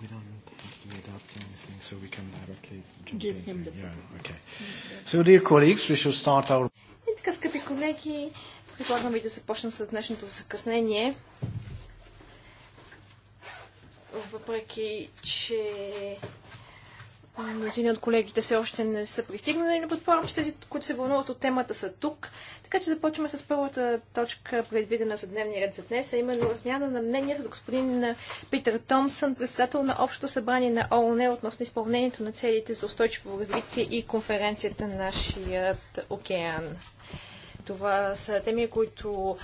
we don't have to adopt anything, so we can directly jump Give him the yeah, okay. So, dear colleagues, we shall start our... И така, скъпи колеги, предлагам ви да започнем с днешното закъснение. Въпреки, че Мнозини от колегите все още не са пристигнали, но предполагам, че тези, които се вълнуват от темата, са тук. Така че започваме с първата точка, предвидена за дневния ред за днес, а именно размяна на мнение с господин Питър Томсън, председател на Общото събрание на ООН относно изпълнението на целите за устойчиво развитие и конференцията на нашият океан. Това са теми, които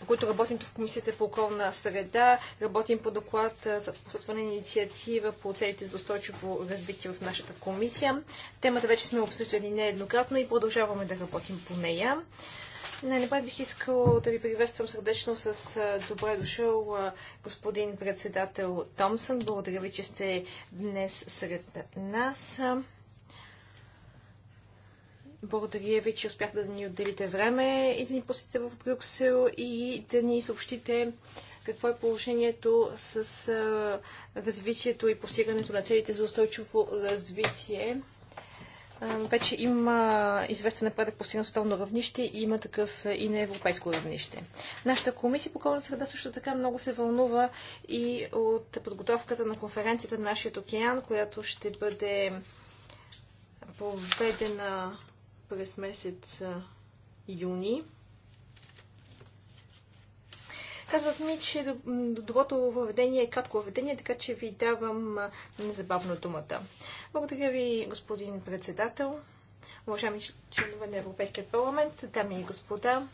по които работим в Комисията по околна среда. Работим по доклад за посътване инициатива по целите за устойчиво развитие в нашата комисия. Темата вече сме обсъждали нееднократно и продължаваме да работим по нея. Не, не бих искал да ви приветствам сърдечно с добре дошъл господин председател Томсън. Благодаря ви, че сте днес сред нас. Благодаря ви, че успяхте да ни отделите време и да ни посетите в Брюксел и да ни съобщите какво е положението с а, развитието и постигането на целите за устойчиво развитие. А, вече има известен напредък постигнат световно равнище и има такъв и на европейско равнище. Нашата комисия по околната среда също така много се вълнува и от подготовката на конференцията на нашия океан, която ще бъде проведена през месец юни. Казват ми, че доброто въведение е кратко въведение, така че ви давам незабавно думата. Благодаря ви, господин председател, уважаеми членове на Европейския парламент, дами и господа.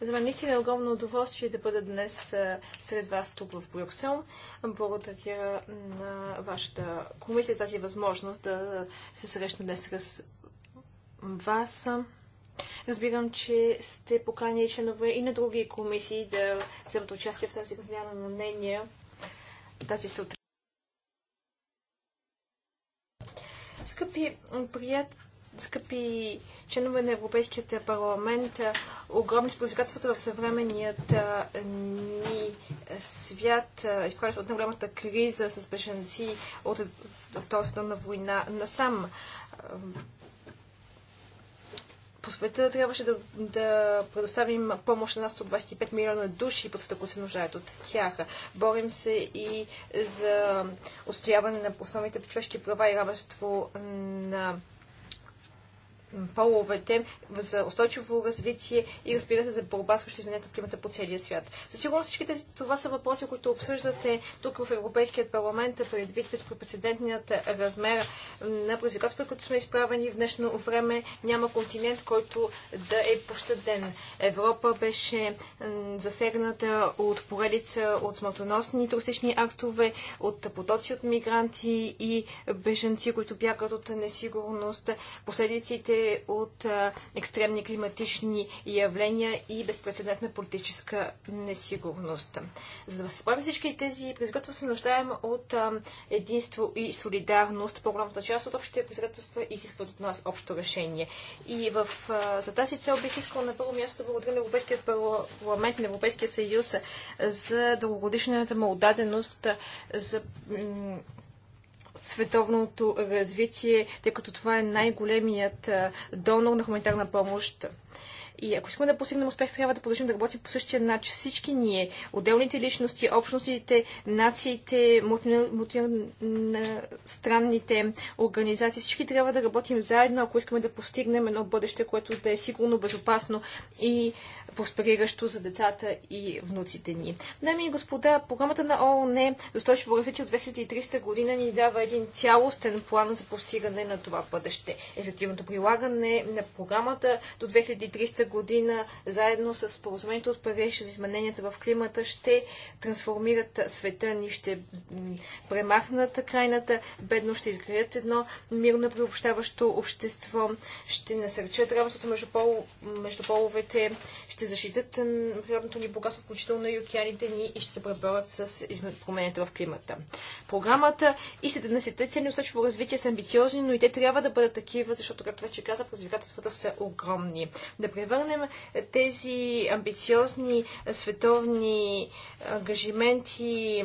За мен наистина е огромно удоволствие да бъда днес сред вас тук в Брюксел. Благодаря на вашата комисия тази възможност да се срещна днес с вас. Разбирам, че сте поканили членове и на други комисии да вземат участие в тази размяна на мнения тази сутрин. Скъпи, прият... Скъпи членове на Европейския парламент, огромни са в съвременният ни свят, изправят от най голямата криза с бежанци от Втората световна война насам по света трябваше да, да предоставим помощ на 125 милиона души по света, които се нуждаят от тях. Борим се и за устояване на основните човешки права и равенство на половете за устойчиво развитие и разбира се за борба с измененията в климата по целия свят. Със сигурност всички това са въпроси, които обсъждате тук в Европейският парламент предвид безпредседентният размер на предизвикателството, които сме изправени в днешно време. Няма континент, който да е пощаден. Европа беше засегната от поредица от смъртоносни туристични актове, от потоци от мигранти и беженци, които бягат от несигурност. Последиците от екстремни климатични явления и безпредседентна политическа несигурност. За да се справим всички тези предизвикателства, се нуждаем от единство и солидарност. По-голямата част от общите предизвикателства изискват от нас общо решение. И в, за тази цел бих искала на първо място да благодаря на Европейския парламент на Европейския съюз за дългогодишната му отдаденост за световното развитие, тъй като това е най-големият донор на хуманитарна помощ. И ако искаме да постигнем успех, трябва да продължим да работим по същия начин. Всички ние, отделните личности, общностите, нациите, странните организации, всички трябва да работим заедно, ако искаме да постигнем едно бъдеще, което да е сигурно, безопасно и проспериращо за децата и внуците ни. Дами и господа, програмата на ООН за е устойчиво развитие от 2300 година ни дава един цялостен план за постигане на това бъдеще. Ефективното прилагане на програмата до 2300 година, заедно с поразумението от Париж за измененията в климата, ще трансформират света ни, ще премахнат крайната бедност, ще изградят едно мирно приобщаващо общество, ще насърчат работата между, пол, между половете, ще ще защитят природното ни богатство, включително и океаните ни и ще се преборят с промените в климата. Програмата и 17-те цели устойчиво развитие са амбициозни, но и те трябва да бъдат такива, защото, както вече казах, предизвикателствата са огромни. Да превърнем е, тези амбициозни е, световни е, ангажименти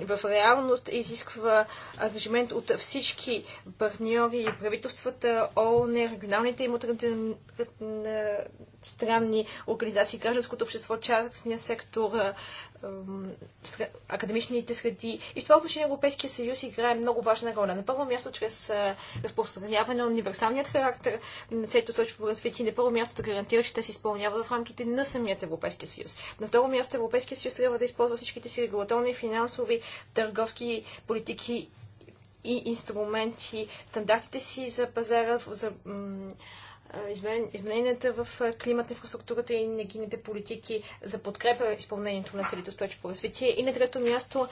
в реалност изисква ангажимент от всички партньори и правителствата, ООН, регионалните и странни организации, гражданското общество, частния сектор, академичните среди. И в това отношение Европейския съюз играе много важна роля. На първо място, чрез разпространяване на универсалният характер на целите устойчиво развитие, на първо място да гарантира, че те се изпълнява в рамките на самият Европейския съюз. На второ място, Европейския съюз трябва да използва всичките си регулаторни, финансови, търговски политики и инструменти, стандартите си за пазара, за измененията в климата, инфраструктурата и енергийните политики за подкрепа изпълнението на целите устойчиво развитие. И на трето място,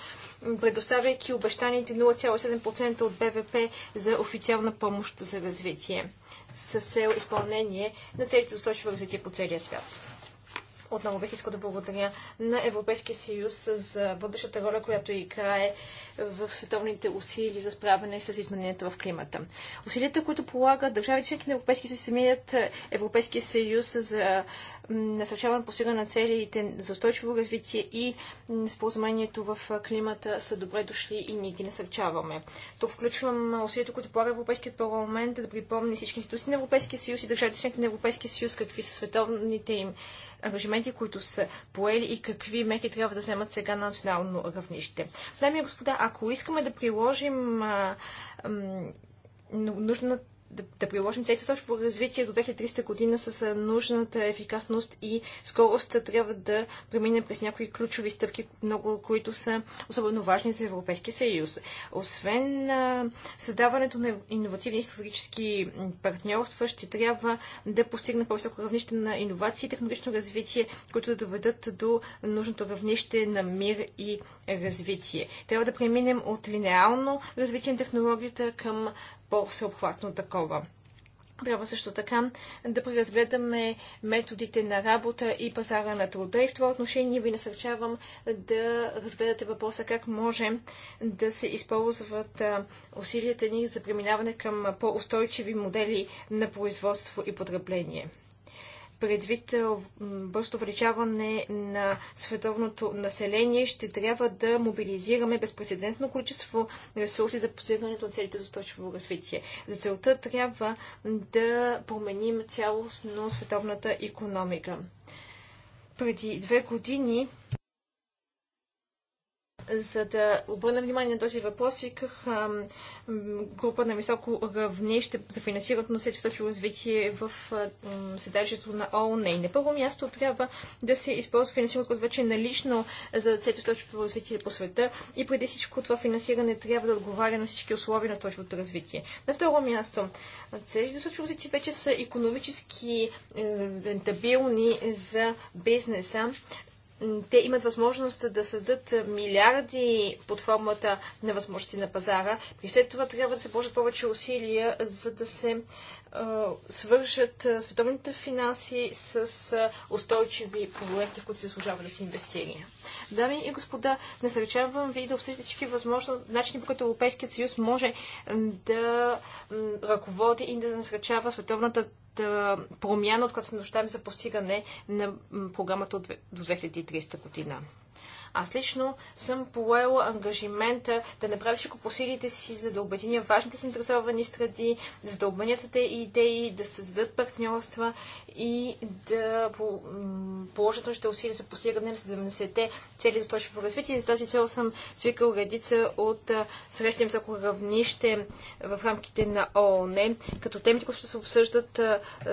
предоставяйки обещаните 0,7% от БВП за официална помощ за развитие с цел изпълнение на целите за устойчиво развитие по целия свят. Отново бих искал да благодаря на Европейския съюз за бъдещата роля, която играе в световните усилия за справяне с измененията в климата. Усилията, които полагат държавите членки на Европейския съюз, самият Европейския съюз за насърчаване постигане на целите за устойчиво развитие и споразумението в климата са добре дошли и ние ги насърчаваме. Тук включвам усилията, които полага Европейският парламент да припомни всички институции на Европейския съюз и държавите членки на Европейския съюз какви са световните им ангажименти, които са поели и какви меки трябва да вземат сега на национално равнище. Дами и господа, ако искаме да приложим а, м, нужната да, да приложим целите устойчиво развитие до 2300 година с нужната ефикасност и скорост трябва да преминем през някои ключови стъпки, много които са особено важни за Европейския съюз. Освен а, създаването на иновативни и стратегически партньорства, ще трябва да постигне по-високо равнище на иновации и технологично развитие, които да доведат до нужното равнище на мир и развитие. Трябва да преминем от линеално развитие на технологията към по-всеобхватно такова. Трябва също така да преразгледаме методите на работа и пазара на труда. И в това отношение ви насърчавам да разгледате въпроса как може да се използват усилията ни за преминаване към по-устойчиви модели на производство и потребление предвид е, бързо увеличаване на световното население, ще трябва да мобилизираме безпредседентно количество ресурси за постигането на целите за устойчиво развитие. За целта трябва да променим цялостно световната економика. Преди две години за да обърна внимание на този въпрос, виках група на високо равнище за финансирането на сетивточно развитие в седалището на ООН. И на първо място трябва да се използва финансирането, което вече е налично за сетивточно развитие по света. И преди всичко това финансиране трябва да отговаря на всички условия на точното развитие. На второ място, сетивточно развитие вече са економически е, рентабилни за бизнеса, те имат възможност да създадат милиарди под формата на възможности на пазара. При след това трябва да се положат повече усилия, за да се е, свършат световните финанси с устойчиви проекти, в които се служава да се инвестира. Дами и господа, насърчавам ви да обсъждате всички възможни начини, по които Европейският съюз може да ръководи и да насърчава световната промяна, от която се нуждаем за постигане на програмата до 2300 година. Аз лично съм поела ангажимента да направя всичко по силите си, за да обединя важните си интересовани стради, за да обменят те идеи, да създадат партньорства и да положат още усилия за постигане на 70-те цели за точно развитие. За тази цел съм свикал редица от срещи за равнище в рамките на ООН, като темите, които ще се обсъждат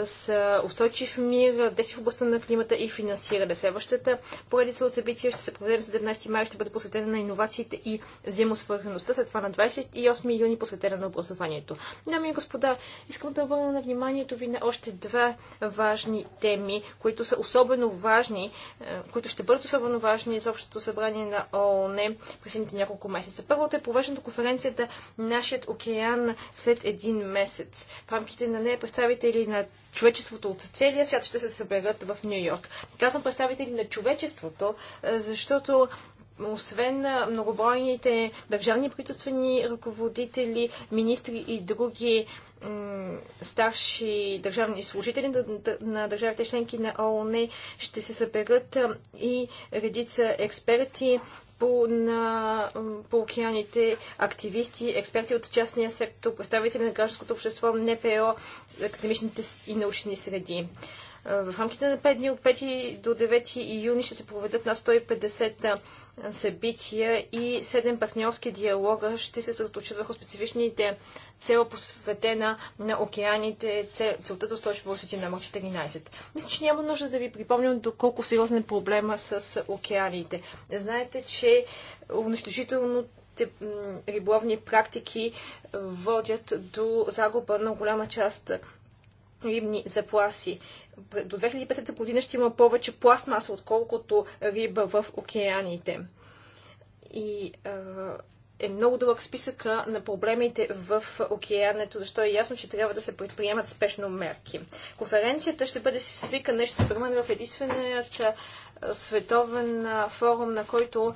с устойчив мир, действия в областта на климата и финансиране. Следващата поредица от събития ще се проведе 17 май ще бъде посветена на иновациите и взаимосвързаността, след това на 28 юни посветена на образованието. Дами и господа, искам да обърна на вниманието ви на още две важни теми, които са особено важни, е, които ще бъдат особено важни за общото събрание на ООН през следните няколко месеца. Първото е провеждането конференцията Нашият океан след един месец. В рамките на нея представители на човечеството от целия свят ще се съберат в Нью Йорк. Казвам представители на човечеството, е, защото освен на многобройните държавни правителствени ръководители, министри и други старши държавни служители на, на държавите членки на ООН ще се съберат и редица експерти по, на, по океаните, активисти, експерти от частния сектор, представители на гражданското общество, НПО, академичните и научни среди. В рамките на 5 дни от 5 до 9 юни ще се проведат на 150 събития и 7 партньорски диалога ще се съсредоточат върху специфичните цела посветена на океаните, цел, целта за устойчиво развитие номер 14. Мисля, че няма нужда да ви припомням доколко сериозен е проблема с океаните. Знаете, че унищожително риболовни практики водят до загуба на голяма част рибни запласи. До 2050 година ще има повече пластмаса, отколкото риба в океаните. И е много дълъг списъка на проблемите в океането, защо е ясно, че трябва да се предприемат спешно мерки. Конференцията ще бъде свикана, ще се превърне в единствената световен форум, на който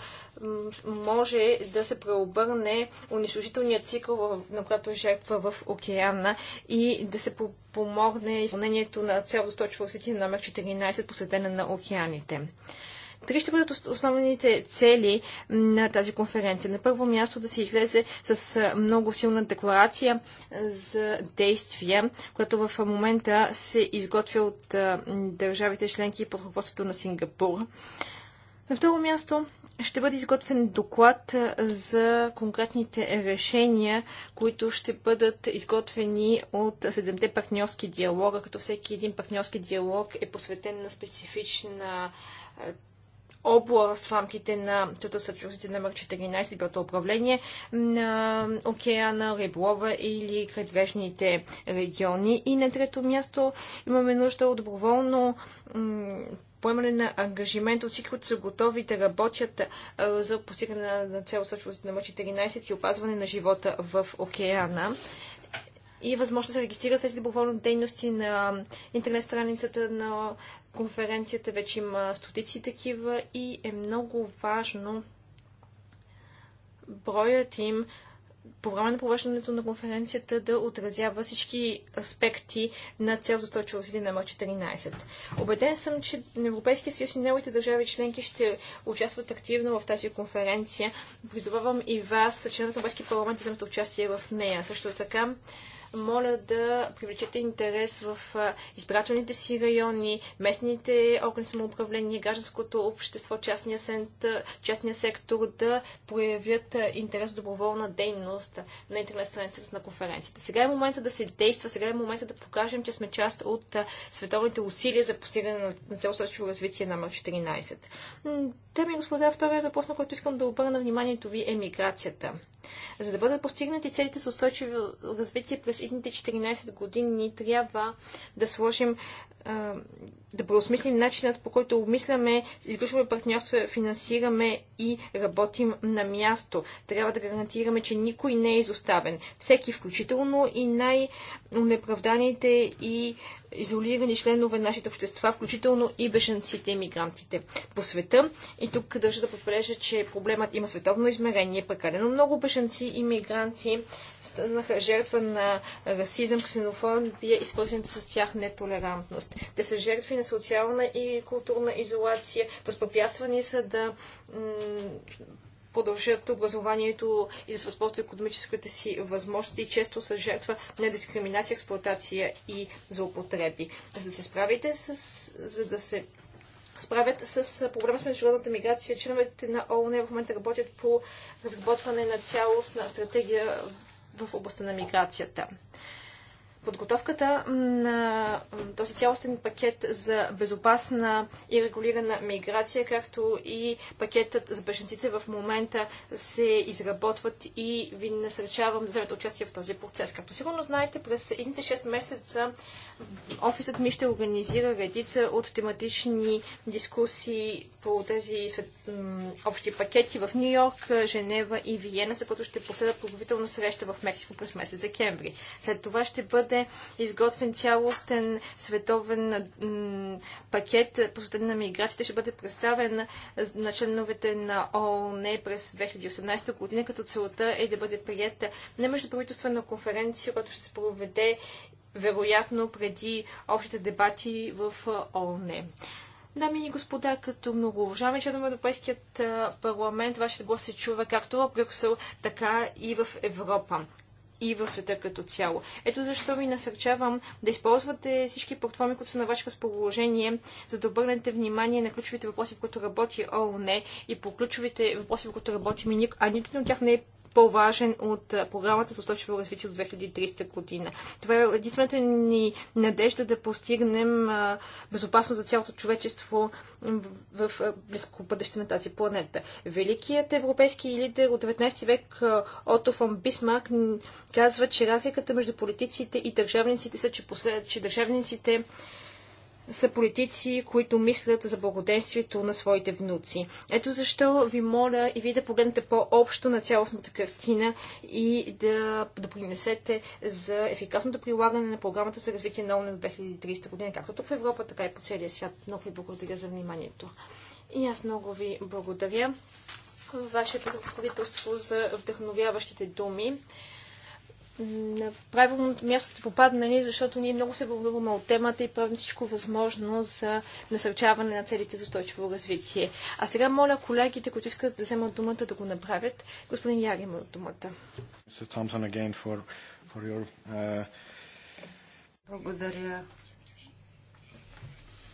може да се преобърне унищожителният цикъл, на която е жертва в океана и да се помогне изпълнението на цел за устойчиво развитие номер 14, посветена на океаните. Три ще бъдат основните цели на тази конференция. На първо място да се излезе с много силна декларация за действия, която в момента се изготвя от държавите членки под ръководството на Сингапур. На второ място ще бъде изготвен доклад за конкретните решения, които ще бъдат изготвени от седемте партньорски диалога, като всеки един партньорски диалог е посветен на специфична област в рамките на чето са на номер 14, билото управление на океана, риболова или крайбрежните региони. И на трето място имаме нужда от доброволно поемане на ангажимент от всички, които са готови да работят за постигане на, цел същност на 14 и опазване на живота в океана и възможност да се регистрира тези доброволни дейности на интернет страницата на конференцията. Вече има стотици такива и е много важно броят им по време на провеждането на конференцията да отразява всички аспекти на цел за устойчивост на 14. Обеден съм, че Европейския съюз и неговите държави членки ще участват активно в тази конференция. Призовавам и вас, членовете на Европейския парламент, да вземете участие в нея. Също така, моля да привлечете интерес в избирателните си райони, местните органи самоуправление, гражданското общество, частния, сент, частния сектор да проявят интерес доброволна дейност на интернет страницата на конференцията. Сега е момента да се действа, сега е момента да покажем, че сме част от световните усилия за постигане на цел развитие на 14. Дами и господа, вторият въпрос, на който искам да обърна вниманието ви е миграцията. За да бъдат постигнати целите за устойчиво развитие през идните 14 години ни трябва да сложим да преосмислим начинът по който обмисляме, изключваме партньорство, финансираме и работим на място. Трябва да гарантираме, че никой не е изоставен. Всеки, включително и най-неправданите и изолирани членове на нашите общества, включително и бешенците и мигрантите по света. И тук държа да подбележа, че проблемът има световно измерение. Прекалено много бешенци и мигранти станаха жертва на расизъм, ксенофобия и свързаните с тях нетолерантност. Те са жертви на социална и културна изолация, възпрепятствани са да продължат образованието и да се възползват економическите си възможности, често са жертва на дискриминация, експлуатация и злоупотреби. За да се справите с... за да се справят с проблема с международната миграция. Членовете на ООН в момента работят по разработване на цялостна стратегия в областта на миграцията подготовката на този цялостен пакет за безопасна и регулирана миграция, както и пакетът за беженците в момента се изработват и ви насърчавам да вземете участие в този процес. Както сигурно знаете, през едните 6 месеца офисът ми ще организира редица от тематични дискусии по тези свет... общи пакети в Нью Йорк, Женева и Виена, за което ще последва подготовителна среща в Мексико през месец декември. След това ще бъде изготвен цялостен световен пакет, посветен на миграцията, ще бъде представен на членовете на ООН през 2018 година, като целта е да бъде прията на междуправителствена конференция, която ще се проведе вероятно преди общите дебати в ООН. Дами и господа, като много уважаваме членове на Европейският парламент, вашето глас се чува както в Брюксел, така и в Европа и в света като цяло. Ето защо ви насърчавам да използвате всички платформи, които са на ваше разположение, за да обърнете внимание на ключовите въпроси, в които работи ООН и по ключовите въпроси, в които работи МИНИК, а никой от тях не е по-важен от програмата за устойчиво развитие от 2300 година. Това е единствената ни надежда да постигнем безопасност за цялото човечество в близко бъдеще на тази планета. Великият европейски лидер от 19 век Ото фон Бисмарк казва, че разликата между политиците и държавниците са, че, послед... че държавниците са политици, които мислят за благодействието на своите внуци. Ето защо ви моля и ви да погледнете по-общо на цялостната картина и да допринесете за ефикасното прилагане на програмата за развитие на ООН до 2030 година, както тук в Европа, така и по целия свят. Много ви благодаря за вниманието. И аз много ви благодаря. Ваше превъзходителство за вдъхновяващите думи на правилното място сте попаднали, защото ние много се вълнуваме от темата и правим всичко възможно за насърчаване на целите за устойчиво развитие. А сега моля колегите, които искат да вземат думата, да го направят. Господин Яр има думата. Uh, Благодаря,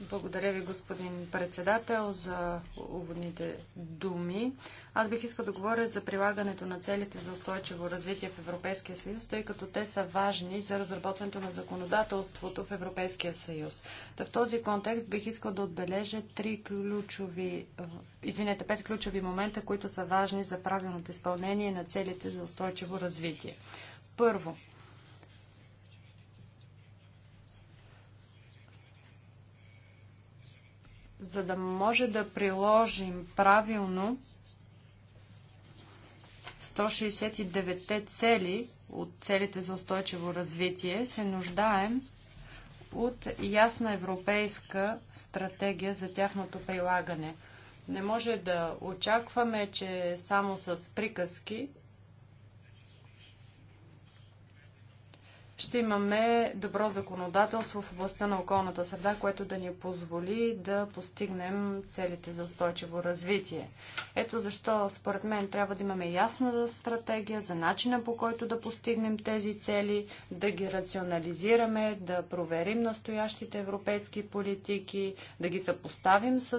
благодаря ви, господин председател, за уводните думи. Аз бих искал да говоря за прилагането на целите за устойчиво развитие в Европейския съюз, тъй като те са важни за разработването на законодателството в Европейския съюз. Та в този контекст бих искал да отбележа три ключови, извинете, пет ключови момента, които са важни за правилното изпълнение на целите за устойчиво развитие. Първо, за да може да приложим правилно 169-те цели от целите за устойчиво развитие, се нуждаем от ясна европейска стратегия за тяхното прилагане. Не може да очакваме, че само с приказки ще имаме добро законодателство в областта на околната среда, което да ни позволи да постигнем целите за устойчиво развитие. Ето защо, според мен, трябва да имаме ясна стратегия за начина по който да постигнем тези цели, да ги рационализираме, да проверим настоящите европейски политики, да ги съпоставим с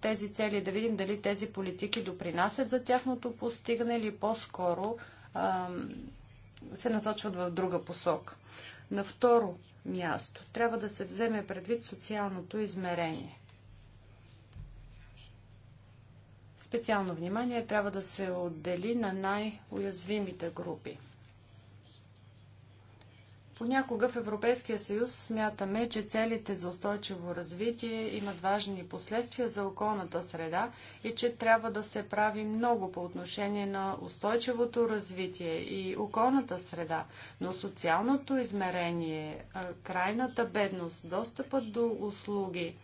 тези цели, да видим дали тези политики допринасят за тяхното постигане или по-скоро се насочват в друга посока. На второ място трябва да се вземе предвид социалното измерение. Специално внимание трябва да се отдели на най-уязвимите групи. Понякога в Европейския съюз смятаме, че целите за устойчиво развитие имат важни последствия за околната среда и че трябва да се прави много по отношение на устойчивото развитие и околната среда, но социалното измерение, крайната бедност, достъпът до услуги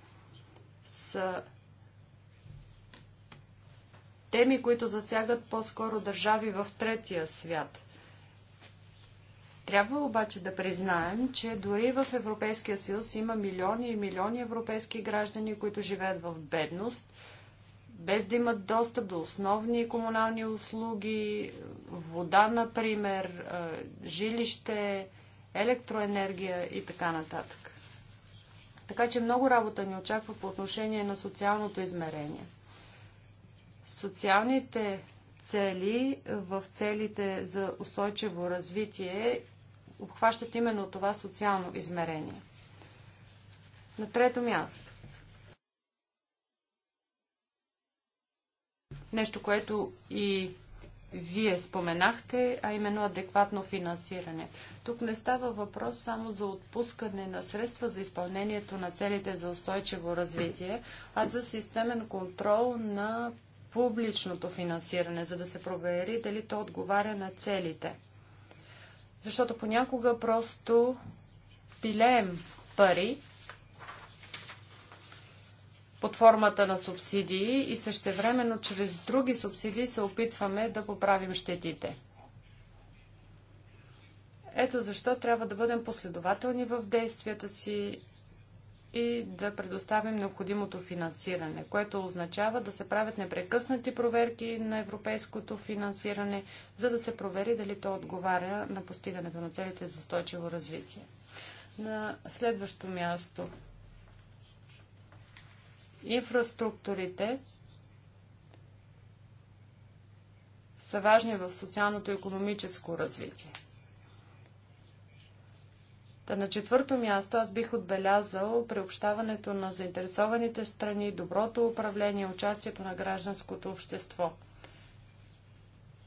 са теми, които засягат по-скоро държави в третия свят. Трябва обаче да признаем, че дори в Европейския съюз има милиони и милиони европейски граждани, които живеят в бедност, без да имат достъп до основни комунални услуги, вода, например, жилище, електроенергия и така нататък. Така че много работа ни очаква по отношение на социалното измерение. Социалните цели в целите за устойчиво развитие обхващат именно това социално измерение. На трето място. Нещо, което и вие споменахте, а именно адекватно финансиране. Тук не става въпрос само за отпускане на средства за изпълнението на целите за устойчиво развитие, а за системен контрол на публичното финансиране, за да се провери дали то отговаря на целите защото понякога просто пилеем пари под формата на субсидии и същевременно чрез други субсидии се опитваме да поправим щетите. Ето защо трябва да бъдем последователни в действията си и да предоставим необходимото финансиране, което означава да се правят непрекъснати проверки на европейското финансиране, за да се провери дали то отговаря на постигането на целите за устойчиво развитие. На следващо място. Инфраструктурите са важни в социалното и економическо развитие. Та на четвърто място аз бих отбелязал приобщаването на заинтересованите страни, доброто управление, участието на гражданското общество.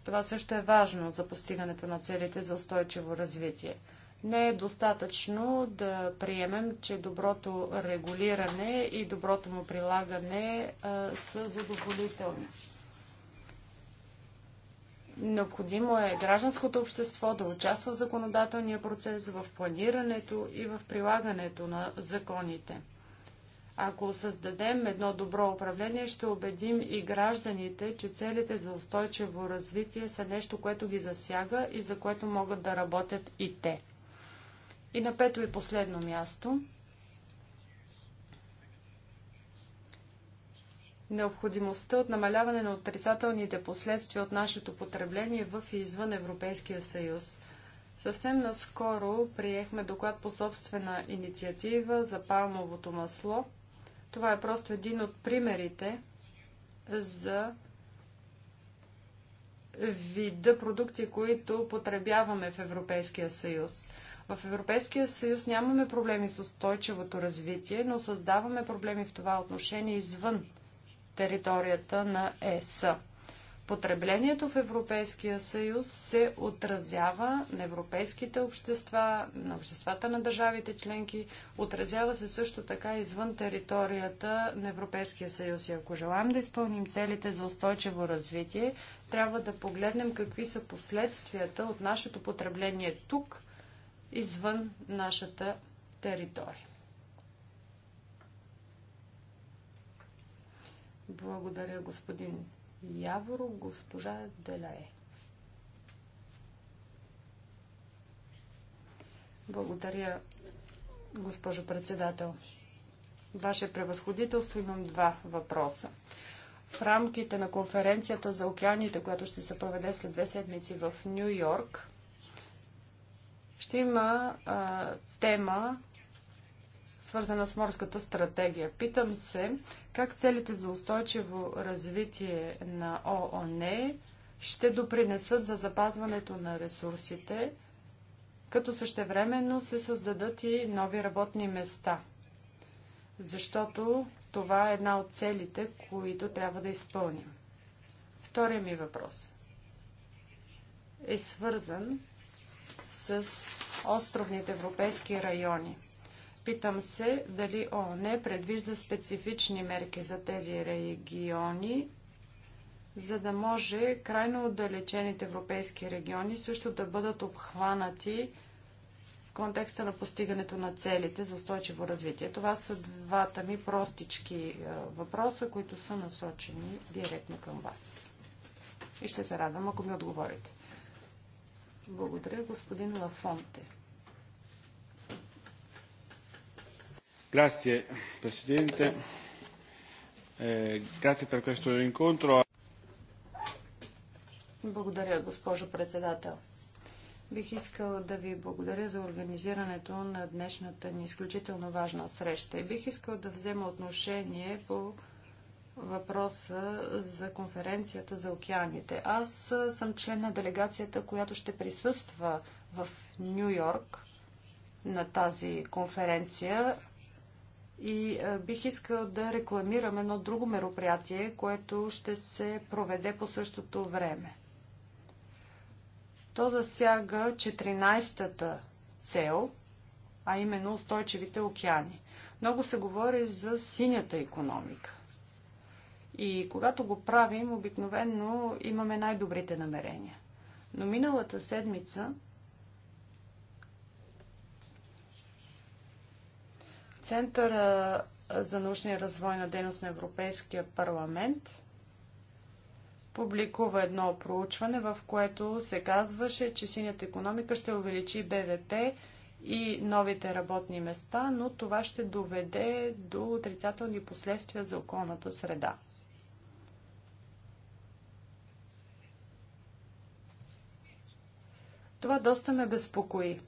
Това също е важно за постигането на целите за устойчиво развитие. Не е достатъчно да приемем, че доброто регулиране и доброто му прилагане а, са задоволителни. Необходимо е гражданското общество да участва в законодателния процес, в планирането и в прилагането на законите. Ако създадем едно добро управление, ще убедим и гражданите, че целите за устойчиво развитие са нещо, което ги засяга и за което могат да работят и те. И на пето и последно място – необходимостта от намаляване на отрицателните последствия от нашето потребление в и извън Европейския съюз. Съвсем наскоро приехме доклад по собствена инициатива за палмовото масло. Това е просто един от примерите за вида продукти, които потребяваме в Европейския съюз. В Европейския съюз нямаме проблеми с устойчивото развитие, но създаваме проблеми в това отношение извън територията на ЕС. Потреблението в Европейския съюз се отразява на европейските общества, на обществата на държавите членки, отразява се също така извън територията на Европейския съюз. И ако желаем да изпълним целите за устойчиво развитие, трябва да погледнем какви са последствията от нашето потребление тук, извън нашата територия. Благодаря, господин Яворо, госпожа Делае. Благодаря, госпожо председател. Ваше превъзходителство имам два въпроса. В рамките на конференцията за океаните, която ще се проведе след две седмици в Нью Йорк, ще има а, тема свързана с морската стратегия. Питам се как целите за устойчиво развитие на ООН ще допринесат за запазването на ресурсите, като същевременно се създадат и нови работни места. Защото това е една от целите, които трябва да изпълним. Втория ми въпрос е свързан с островните европейски райони. Питам се дали ООН предвижда специфични мерки за тези региони, за да може крайно отдалечените европейски региони също да бъдат обхванати в контекста на постигането на целите за устойчиво развитие. Това са двата ми простички е, въпроса, които са насочени директно към вас. И ще се радвам, ако ми отговорите. Благодаря, господин Лафонте. signor Presidente, eh, grazie Благодаря, госпожо председател. Бих искал да ви благодаря за организирането на днешната ни изключително важна среща и бих искал да взема отношение по въпроса за конференцията за океаните. Аз съм член на делегацията, която ще присъства в Нью Йорк на тази конференция. И е, бих искал да рекламирам едно друго мероприятие, което ще се проведе по същото време. То засяга 14-та цел, а именно устойчивите океани. Много се говори за синята економика. И когато го правим, обикновенно имаме най-добрите намерения. Но миналата седмица Центъра за научния и на дейност на Европейския парламент публикува едно проучване, в което се казваше, че синята економика ще увеличи БВП и новите работни места, но това ще доведе до отрицателни последствия за околната среда. Това доста ме безпокои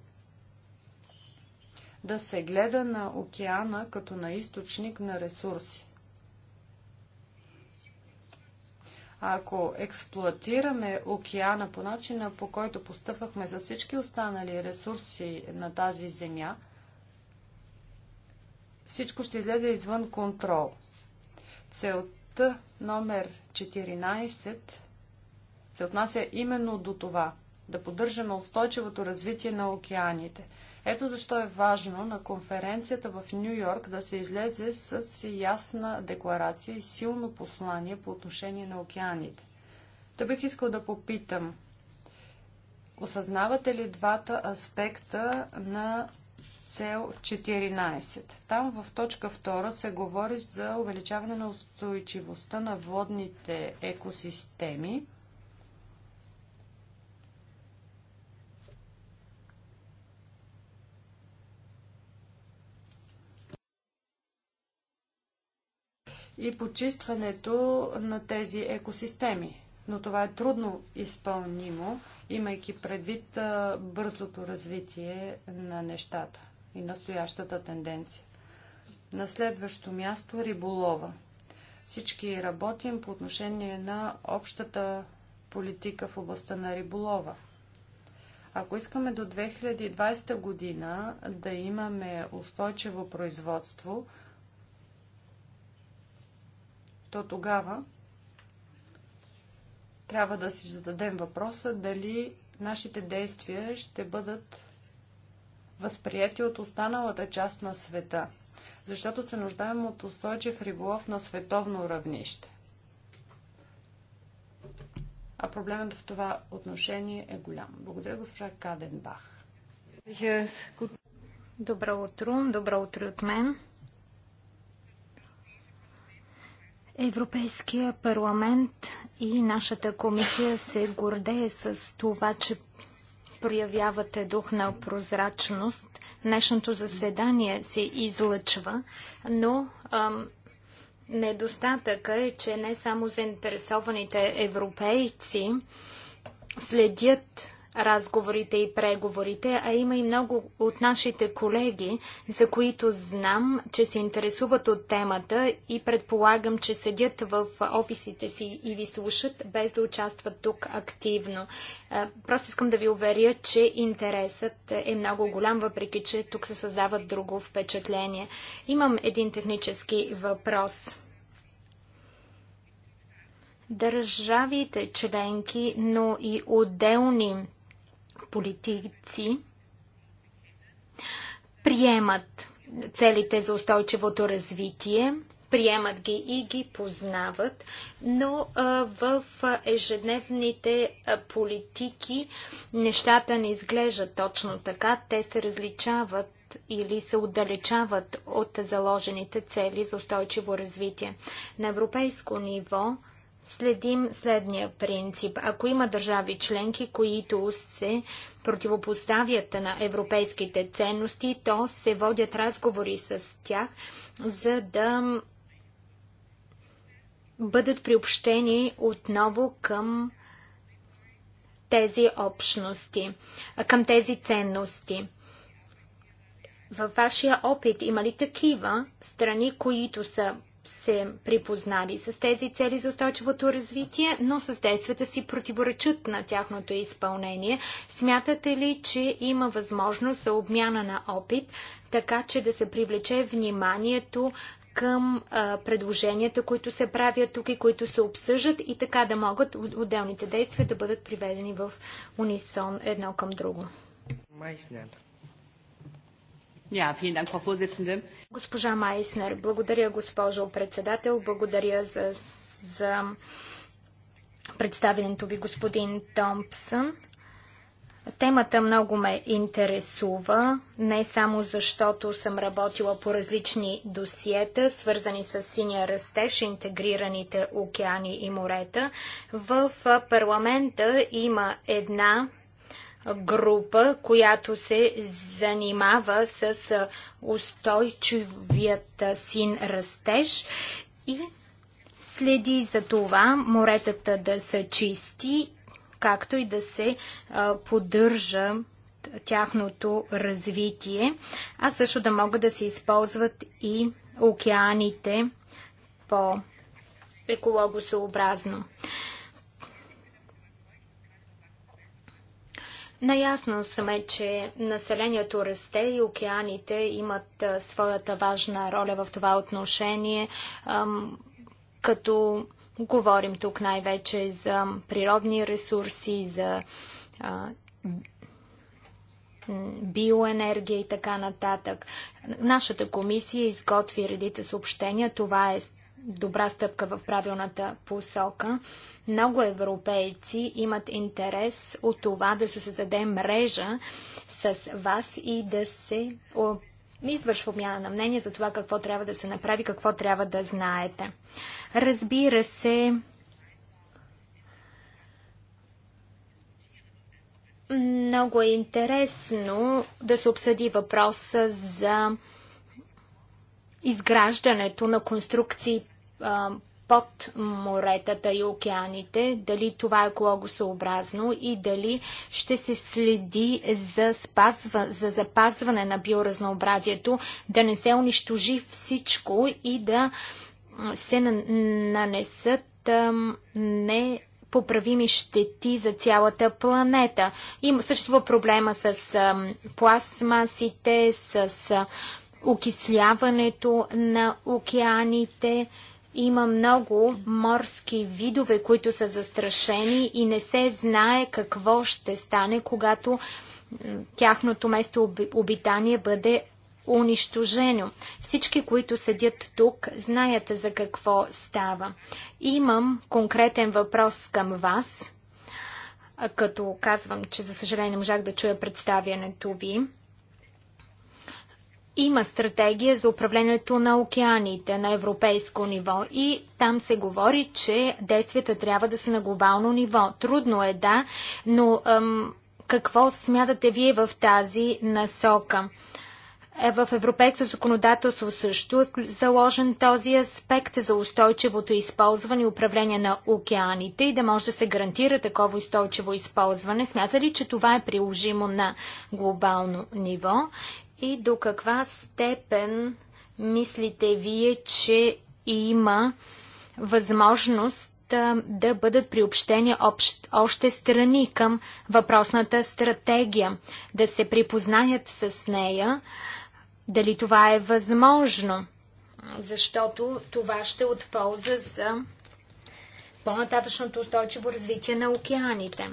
да се гледа на океана като на източник на ресурси. А ако експлуатираме океана по начина, по който постъпвахме за всички останали ресурси на тази земя, всичко ще излезе извън контрол. Целта номер 14 се отнася именно до това да поддържаме устойчивото развитие на океаните – ето защо е важно на конференцията в Нью Йорк да се излезе с ясна декларация и силно послание по отношение на океаните. Та бих искал да попитам, осъзнавате ли двата аспекта на цел 14? Там в точка 2 се говори за увеличаване на устойчивостта на водните екосистеми – и почистването на тези екосистеми. Но това е трудно изпълнимо, имайки предвид бързото развитие на нещата и настоящата тенденция. На следващо място риболова. Всички работим по отношение на общата политика в областта на риболова. Ако искаме до 2020 година да имаме устойчиво производство, то тогава трябва да си зададем въпроса дали нашите действия ще бъдат възприяти от останалата част на света, защото се нуждаем от устойчив риболов на световно равнище. А проблемът в това отношение е голям. Благодаря, госпожа Каденбах. Добро утро, добро утро от мен. Европейския парламент и нашата комисия се гордее с това, че проявявате дух на прозрачност. Днешното заседание се излъчва, но ам, недостатъка е, че не само заинтересованите европейци следят разговорите и преговорите, а има и много от нашите колеги, за които знам, че се интересуват от темата и предполагам, че седят в офисите си и ви слушат, без да участват тук активно. Е, просто искам да ви уверя, че интересът е много голям, въпреки че тук се създава друго впечатление. Имам един технически въпрос. Държавите членки, но и отделни политици приемат целите за устойчивото развитие, приемат ги и ги познават, но в ежедневните политики нещата не изглеждат точно така. Те се различават или се отдалечават от заложените цели за устойчиво развитие. На европейско ниво следим следния принцип. Ако има държави членки, които се противопоставят на европейските ценности, то се водят разговори с тях, за да бъдат приобщени отново към тези общности, към тези ценности. Във вашия опит има ли такива страни, които са се припознали с тези цели за устойчивото развитие, но с действията си противоречат на тяхното изпълнение. Смятате ли, че има възможност за обмяна на опит, така че да се привлече вниманието към а, предложенията, които се правят тук и които се обсъждат и така да могат отделните действия да бъдат приведени в унисон едно към друго? Майснер. Госпожа Майснер, благодаря госпожо председател, благодаря за, за представенето ви господин Томпсън. Темата много ме интересува, не само защото съм работила по различни досиета, свързани с синия растеж, интегрираните океани и морета. В парламента има една група, която се занимава с устойчивият син растеж и следи за това моретата да са чисти, както и да се поддържа тяхното развитие, а също да могат да се използват и океаните по екологосъобразно. Наясно сме, че населението расте и океаните имат своята важна роля в това отношение, като говорим тук най-вече за природни ресурси, за биоенергия и така нататък. Нашата комисия изготви редите съобщения. Това е добра стъпка в правилната посока. Много европейци имат интерес от това да се създаде мрежа с вас и да се извършва обмяна на мнение за това какво трябва да се направи, какво трябва да знаете. Разбира се, много е интересно да се обсъди въпроса за изграждането на конструкции под моретата и океаните, дали това е екологосъобразно и дали ще се следи за, спазва, за запазване на биоразнообразието, да не се унищожи всичко и да се нанесат непоправими не поправими щети за цялата планета. Има също проблема с пластмасите, с окисляването на океаните. Има много морски видове, които са застрашени и не се знае какво ще стане, когато тяхното место обитание бъде унищожено. Всички, които седят тук, знаят за какво става. Имам конкретен въпрос към вас, като казвам, че за съжаление не можах да чуя представянето ви. Има стратегия за управлението на океаните на европейско ниво и там се говори, че действията трябва да са на глобално ниво. Трудно е, да, но ам, какво смятате вие в тази насока? Е, в европейско законодателство също е заложен този аспект за устойчивото използване и управление на океаните и да може да се гарантира такова устойчиво използване. Смята ли, че това е приложимо на глобално ниво? И до каква степен мислите вие, че има възможност да бъдат приобщени още страни към въпросната стратегия, да се припознаят с нея, дали това е възможно, защото това ще отполза за по-нататъчното устойчиво развитие на океаните.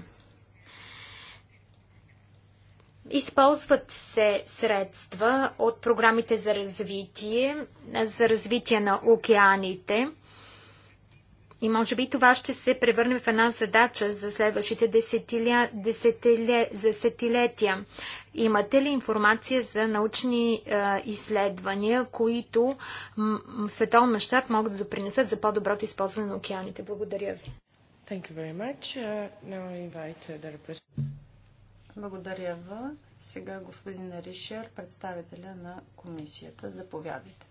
Използват се средства от програмите за развитие, за развитие на океаните. И може би това ще се превърне в една задача за следващите десетиля, десетиле, десетилетия. Имате ли информация за научни е, изследвания, които в световен мащаб могат да допринесат за по-доброто използване на океаните? Благодаря ви. Thank you very much. Uh, now I invite uh, the благодаря ви. Сега господин Ришер, представителя на комисията. Заповядайте.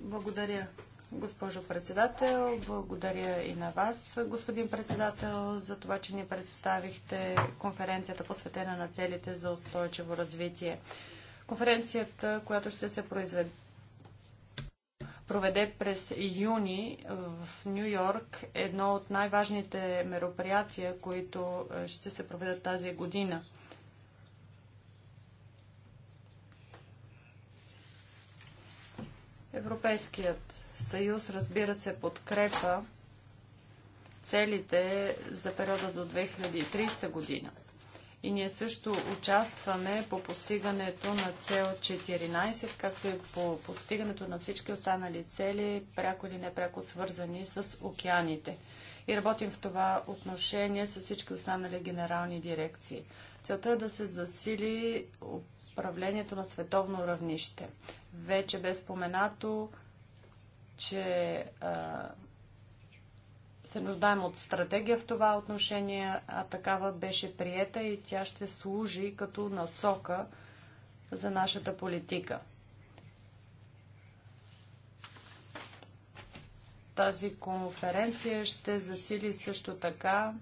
Благодаря, госпожо председател. Благодаря и на вас, господин председател, за това, че ни представихте конференцията посветена на целите за устойчиво развитие. Конференцията, която ще се произведе проведе през юни в Нью Йорк едно от най-важните мероприятия, които е, ще се проведат тази година. Европейският съюз, разбира се, подкрепа целите за периода до 2030 година. И ние също участваме по постигането на цел 14, както и по постигането на всички останали цели, пряко или непряко свързани с океаните. И работим в това отношение с всички останали генерални дирекции. Целта е да се засили управлението на световно равнище. Вече бе споменато, че а, се нуждаем от стратегия в това отношение, а такава беше приета и тя ще служи като насока за нашата политика. Тази конференция ще засили също така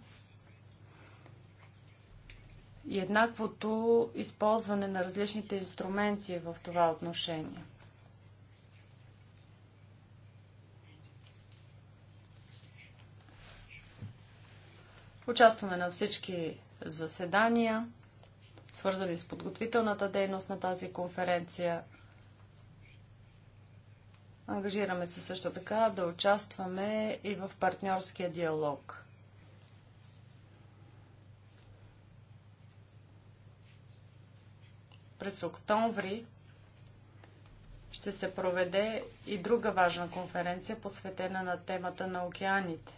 и еднаквото използване на различните инструменти в това отношение. Участваме на всички заседания, свързани с подготвителната дейност на тази конференция. Ангажираме се също така да участваме и в партньорския диалог. През октомври ще се проведе и друга важна конференция, посветена на темата на океаните.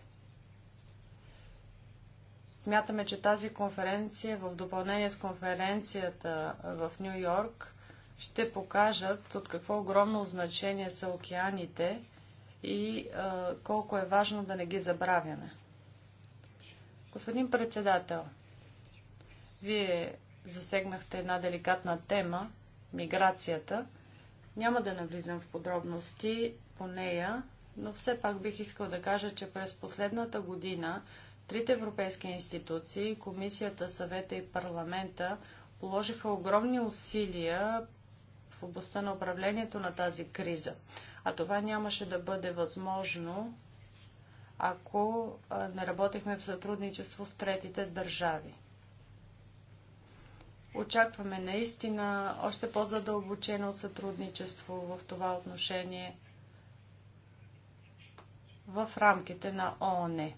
Смятаме, че тази конференция в допълнение с конференцията в Нью Йорк ще покажат от какво огромно значение са океаните и а, колко е важно да не ги забравяме. Господин председател, вие засегнахте една деликатна тема миграцията. Няма да навлизам в подробности по нея, но все пак бих искал да кажа, че през последната година Трите европейски институции, Комисията, Съвета и Парламента, положиха огромни усилия в областта на управлението на тази криза. А това нямаше да бъде възможно, ако не работехме в сътрудничество с третите държави. Очакваме наистина още по-задълбочено сътрудничество в това отношение в рамките на ООН.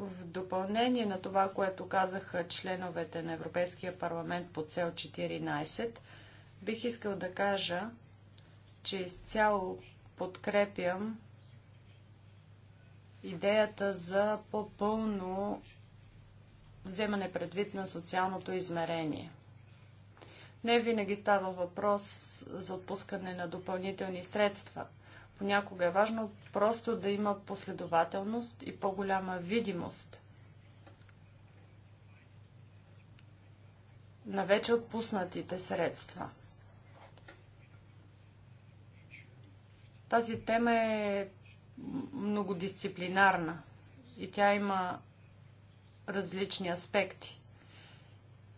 В допълнение на това, което казаха членовете на Европейския парламент по цел 14, бих искал да кажа, че изцяло подкрепям идеята за по-пълно вземане предвид на социалното измерение. Не винаги става въпрос за отпускане на допълнителни средства – Понякога е важно просто да има последователност и по-голяма видимост на вече отпуснатите средства. Тази тема е многодисциплинарна и тя има различни аспекти.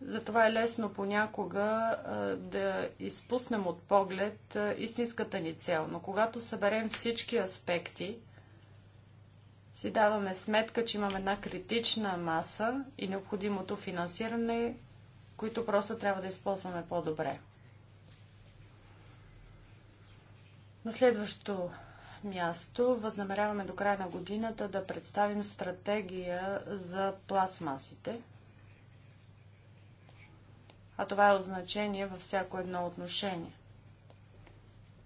Затова е лесно понякога да изпуснем от поглед истинската ни цел. Но когато съберем всички аспекти, си даваме сметка, че имаме една критична маса и необходимото финансиране, които просто трябва да използваме по-добре. На следващо място възнамеряваме до края на годината да представим стратегия за пластмасите – а това е от значение във всяко едно отношение.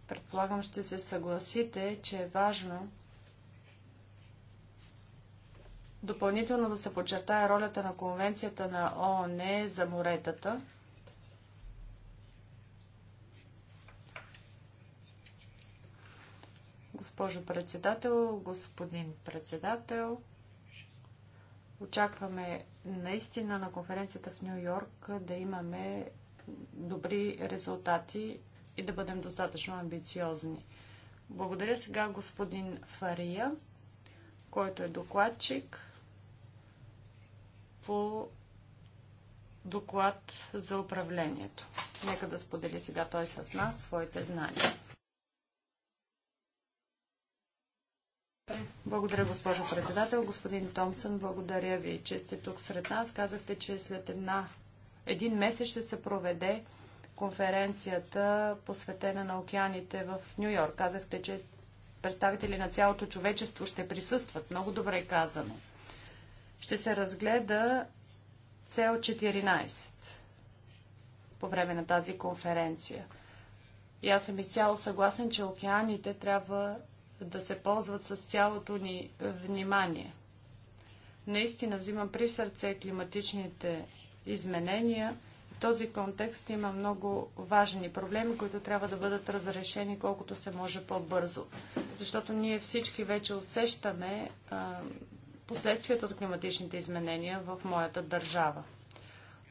Предполагам, ще се съгласите, че е важно допълнително да се подчертае ролята на Конвенцията на ООН за моретата. Госпожо председател, господин председател, Очакваме наистина на конференцията в Нью Йорк да имаме добри резултати и да бъдем достатъчно амбициозни. Благодаря сега господин Фария, който е докладчик по доклад за управлението. Нека да сподели сега той с нас своите знания. Благодаря, госпожо председател. Господин Томсън, благодаря ви, че сте тук сред нас. Казахте, че след една, един месец ще се проведе конференцията, посветена на океаните в Нью Йорк. Казахте, че представители на цялото човечество ще присъстват. Много добре казано. Ще се разгледа цел 14 по време на тази конференция. И аз съм изцяло съгласен, че океаните трябва да се ползват с цялото ни е, внимание. Наистина взимам при сърце климатичните изменения. В този контекст има много важни проблеми, които трябва да бъдат разрешени колкото се може по-бързо. Защото ние всички вече усещаме а, е, последствията от климатичните изменения в моята държава.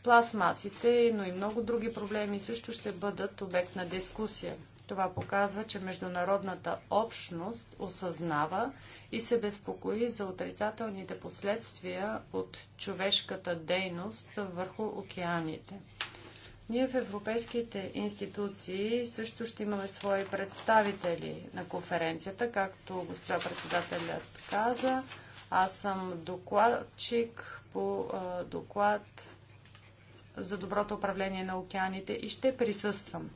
Пластмасите, но и много други проблеми също ще бъдат обект на дискусия. Това показва, че международната общност осъзнава и се безпокои за отрицателните последствия от човешката дейност върху океаните. Ние в европейските институции също ще имаме свои представители на конференцията, както госпожа председателят каза. Аз съм докладчик по доклад за доброто управление на океаните и ще присъствам.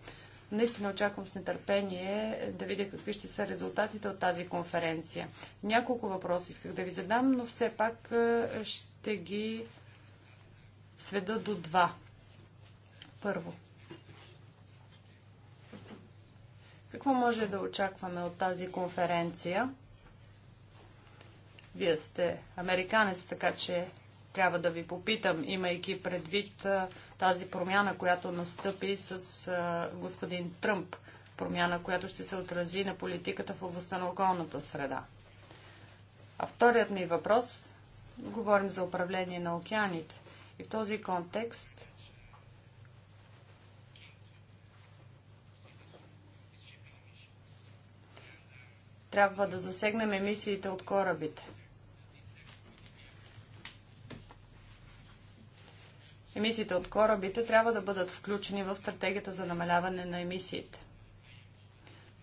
Наистина очаквам с нетърпение да видя какви ще са резултатите от тази конференция. Няколко въпроси исках да ви задам, но все пак е, ще ги сведа до два. Първо. Какво може да очакваме от тази конференция? Вие сте американец, така че трябва да ви попитам, имайки предвид тази промяна, която настъпи с господин Тръмп, промяна, която ще се отрази на политиката в областта на околната среда. А вторият ми въпрос говорим за управление на океаните. И в този контекст трябва да засегнем емисиите от корабите. емисиите от корабите трябва да бъдат включени в стратегията за намаляване на емисиите.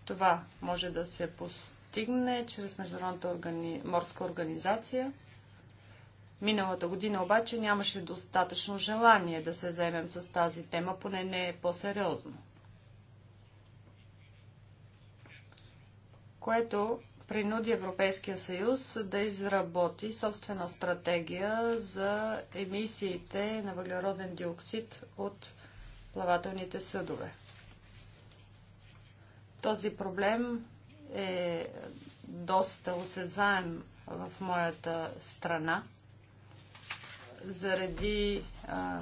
Това може да се постигне чрез Международната органи... морска организация. Миналата година обаче нямаше достатъчно желание да се заемем с тази тема, поне не е по-сериозно. Което принуди Европейския съюз да изработи собствена стратегия за емисиите на въглероден диоксид от плавателните съдове. Този проблем е доста осезаем в моята страна заради а,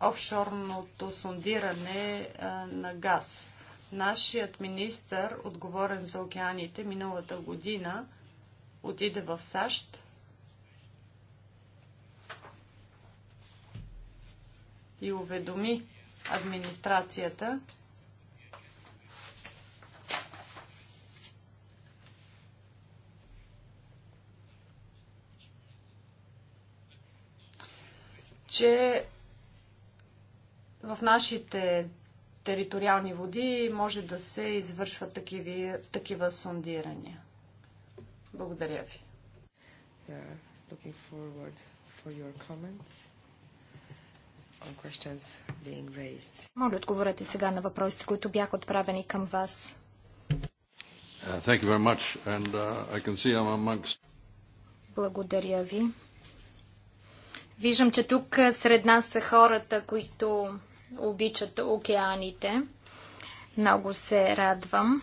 офшорното сондиране а, на газ. Нашият министър, отговорен за океаните, миналата година отиде в САЩ и уведоми администрацията, че в нашите териториални води може да се извършват такиви, такива сондирания. Благодаря ви. Моля, отговорете сега на въпросите, които бяха отправени към вас. Uh, uh, Благодаря ви. Виждам, че тук е, сред нас са хората, които обичат океаните. Много се радвам.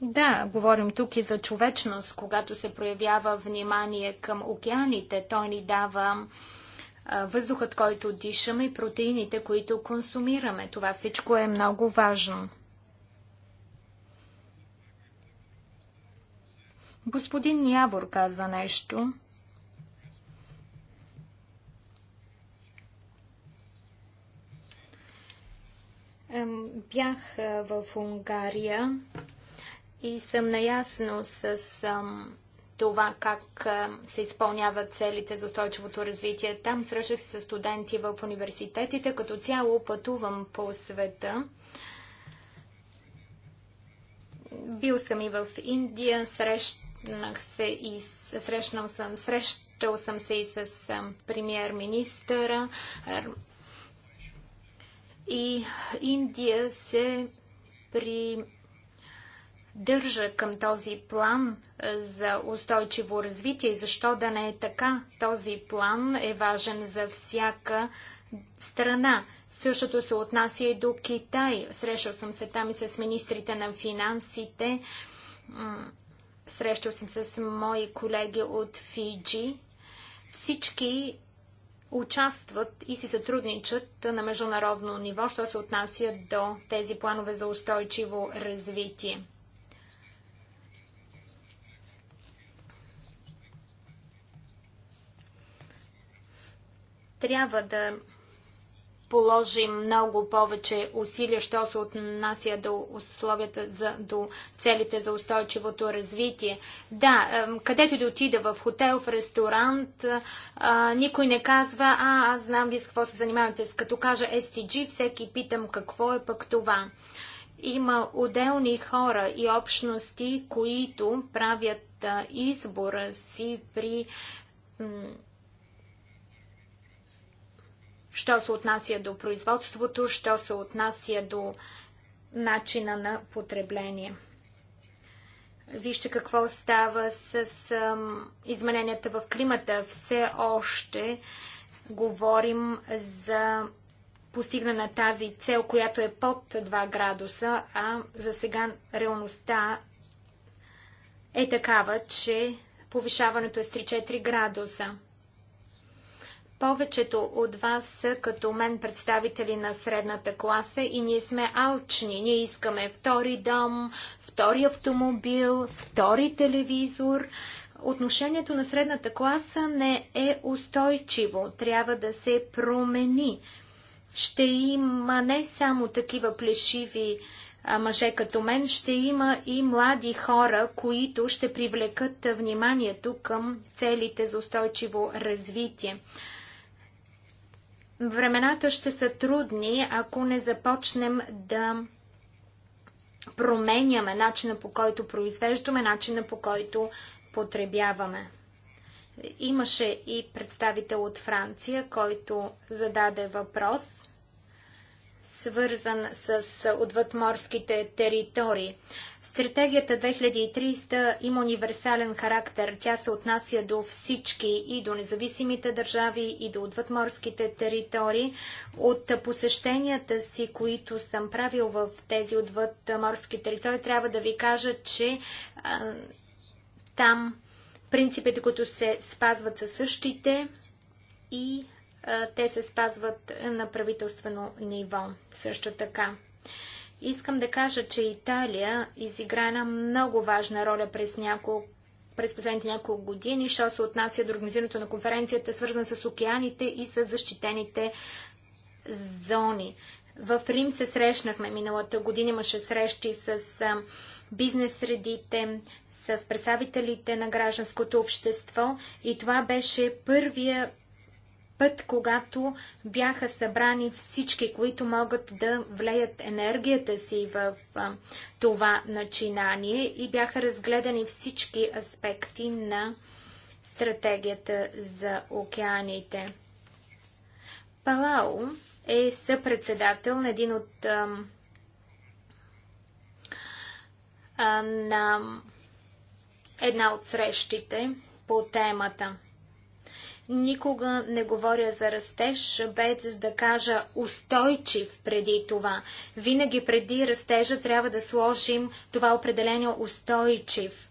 Да, говорим тук и за човечност. Когато се проявява внимание към океаните, то ни дава въздухът, който дишаме и протеините, които консумираме. Това всичко е много важно. Господин Явор каза нещо. Бях е, в Унгария и съм наясно с това как е, се изпълняват целите за устойчивото развитие. Там срещах се с студенти в университетите. Като цяло пътувам по света. Бил съм и в Индия, срещнах се и срещнал съм, срещал съм се и с премьер-министъра и Индия се при държа към този план е, за устойчиво развитие и защо да не е така. Този план е важен за всяка страна. Същото се отнася и до Китай. Срещал съм се там и с министрите на финансите. Срещал съм се с мои колеги от Фиджи. Всички участват и си сътрудничат на международно ниво, що се отнася до тези планове за устойчиво развитие. Трябва да положим много повече усилия, що се отнася до условията, за, до целите за устойчивото развитие. Да, където да отида в хотел, в ресторант, е, никой не казва, а, аз знам вие с какво се занимавате. Като кажа STG, всеки питам какво е пък това. Има отделни хора и общности, които правят е, избора си при що се отнася до производството, що се отнася до начина на потребление. Вижте какво става с, измененията в климата. Все още говорим за постигна на тази цел, която е под 2 градуса, а за сега реалността е такава, че повишаването е с 3-4 градуса. Повечето от вас са като мен представители на средната класа и ние сме алчни. Ние искаме втори дом, втори автомобил, втори телевизор. Отношението на средната класа не е устойчиво. Трябва да се промени. Ще има не само такива плешиви мъже като мен, ще има и млади хора, които ще привлекат вниманието към целите за устойчиво развитие. Времената ще са трудни, ако не започнем да променяме начина по който произвеждаме, начина по който потребяваме. Имаше и представител от Франция, който зададе въпрос – свързан с отвъдморските територии. Стратегията 2300 има универсален характер. Тя се отнася до всички и до независимите държави, и до отвъдморските територии. От посещенията си, които съм правил в тези отвъдморски територии, трябва да ви кажа, че а, там принципите, които се спазват са същите и те се спазват на правителствено ниво. Също така. Искам да кажа, че Италия изигра една много важна роля през няколко през последните няколко години, що се отнася до организирането на конференцията, свързана с океаните и с защитените зони. В Рим се срещнахме миналата година, имаше срещи с бизнес средите, с представителите на гражданското общество и това беше първия път, когато бяха събрани всички, които могат да влеят енергията си в това начинание и бяха разгледани всички аспекти на стратегията за океаните. Палао е съпредседател на един от на една от срещите по темата. Никога не говоря за растеж, без да кажа устойчив преди това. Винаги преди растежа трябва да сложим това определение устойчив.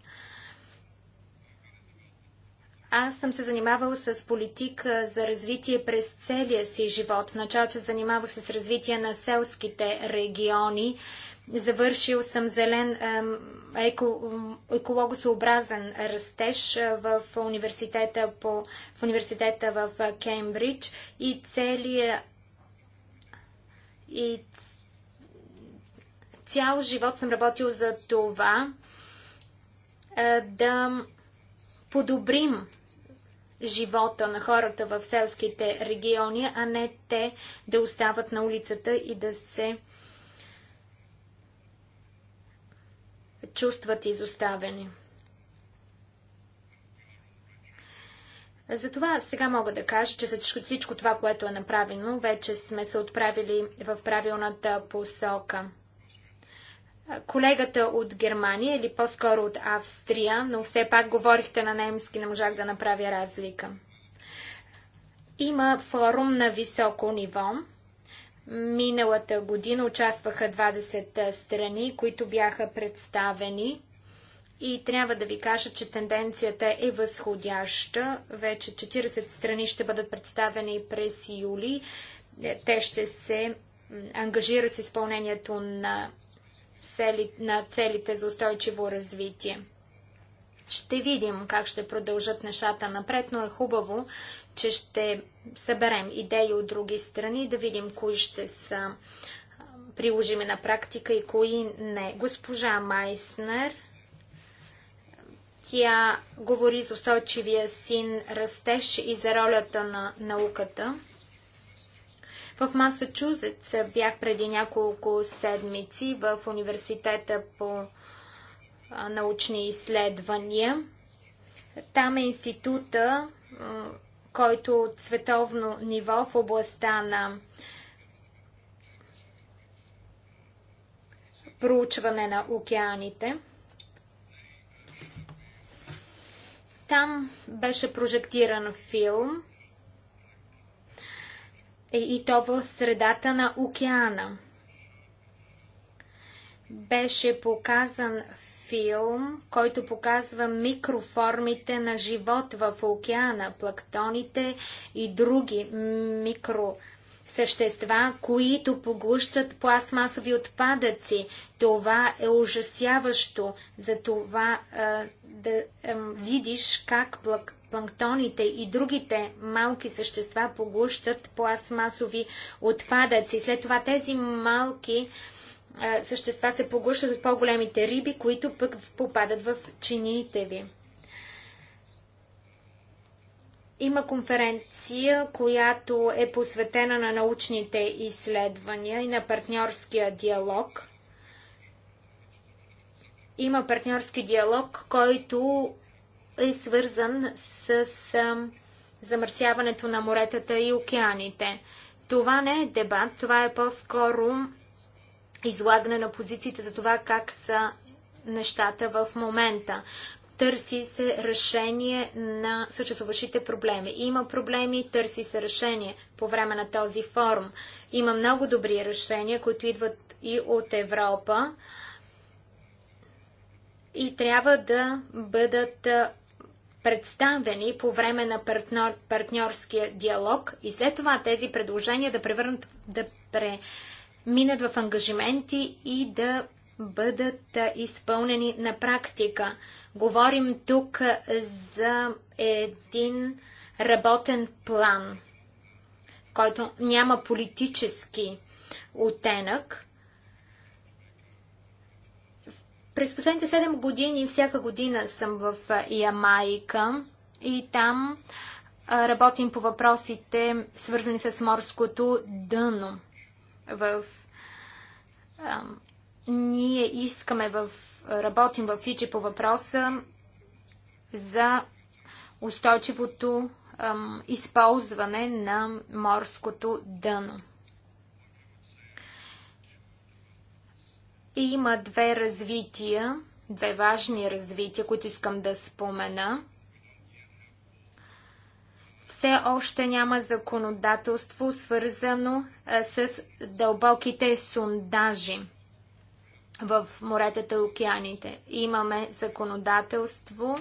Аз съм се занимавал с политика за развитие през целия си живот. В началото занимавах се с развитие на селските региони. Завършил съм зелен еко, екологосообразен растеж в университета, по, в университета в Кембридж и целият и цял живот съм работил за това да подобрим живота на хората в селските региони, а не те да остават на улицата и да се чувстват изоставени. Затова сега мога да кажа, че всичко, всичко това, което е направено, вече сме се отправили в правилната посока. Колегата от Германия или по-скоро от Австрия, но все пак говорихте на немски, не можах да направя разлика. Има форум на високо ниво, Миналата година участваха 20 страни, които бяха представени. И трябва да ви кажа, че тенденцията е възходяща. Вече 40 страни ще бъдат представени през юли. Е, те ще се ангажират с изпълнението на, цели, на целите за устойчиво развитие. Ще видим как ще продължат нещата напред, но е хубаво, че ще съберем идеи от други страни, да видим кои ще са приложими на практика и кои не. Госпожа Майснер, тя говори за устойчивия син растеж и за ролята на науката. В Масачузетс бях преди няколко седмици в университета по научни изследвания. Там е института, който е от световно ниво в областта на проучване на океаните. Там беше прожектиран филм е, и то в средата на океана. Беше показан филм, който показва микроформите на живот в океана, плактоните и други микро същества, които поглъщат пластмасови отпадъци. Това е ужасяващо. За това е, да е, видиш как планктоните и другите малки същества поглъщат пластмасови отпадъци. След това тези малки е, същества се поглъщат от по-големите риби, които пък попадат в чиниите ви. Има конференция, която е посветена на научните изследвания и на партньорския диалог. Има партньорски диалог, който е свързан с замърсяването на моретата и океаните. Това не е дебат, това е по-скоро излагане на позициите за това как са нещата в момента. Търси се решение на съществуващите проблеми. Има проблеми, търси се решение по време на този форум. Има много добри решения, които идват и от Европа и трябва да бъдат представени по време на партньор, партньорския диалог и след това тези предложения да превърнат да пре, минат в ангажименти и да бъдат изпълнени на практика. Говорим тук за един работен план, който няма политически оттенък. През последните 7 години всяка година съм в Ямайка и там работим по въпросите, свързани с морското дъно в а, ние искаме в работим в Фиджи по въпроса за устойчивото ам, използване на морското дъно. И има две развития, две важни развития, които искам да спомена все още няма законодателство, свързано а, с дълбоките сундажи в моретата и океаните. Имаме законодателство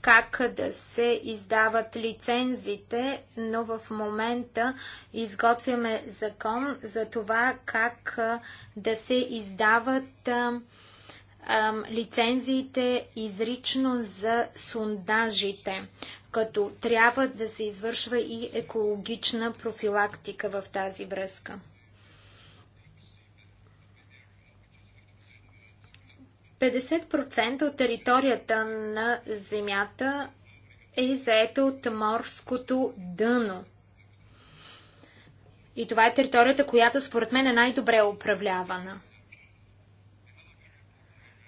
как да се издават лицензите, но в момента изготвяме закон за това как да се издават лицензиите изрично за сундажите като трябва да се извършва и екологична профилактика в тази връзка. от територията на Земята е заета от морското дъно. И това е територията, която според мен е най-добре управлявана –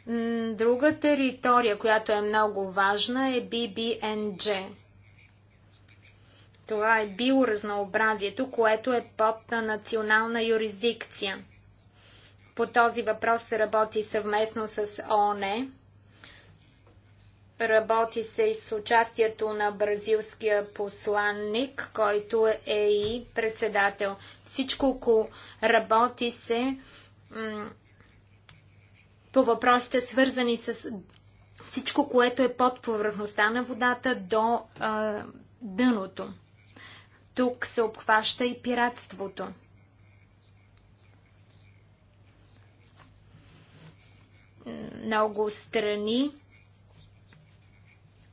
Друга територия, която е много важна е BBNG. Това е биоразнообразието, което е под национална юрисдикция. По този въпрос се работи съвместно с ООН. Работи се и с участието на бразилския посланник, който е и председател. Всичко работи се по въпросите свързани с всичко, което е под повърхността на водата до а, дъното. Тук се обхваща и пиратството. Много страни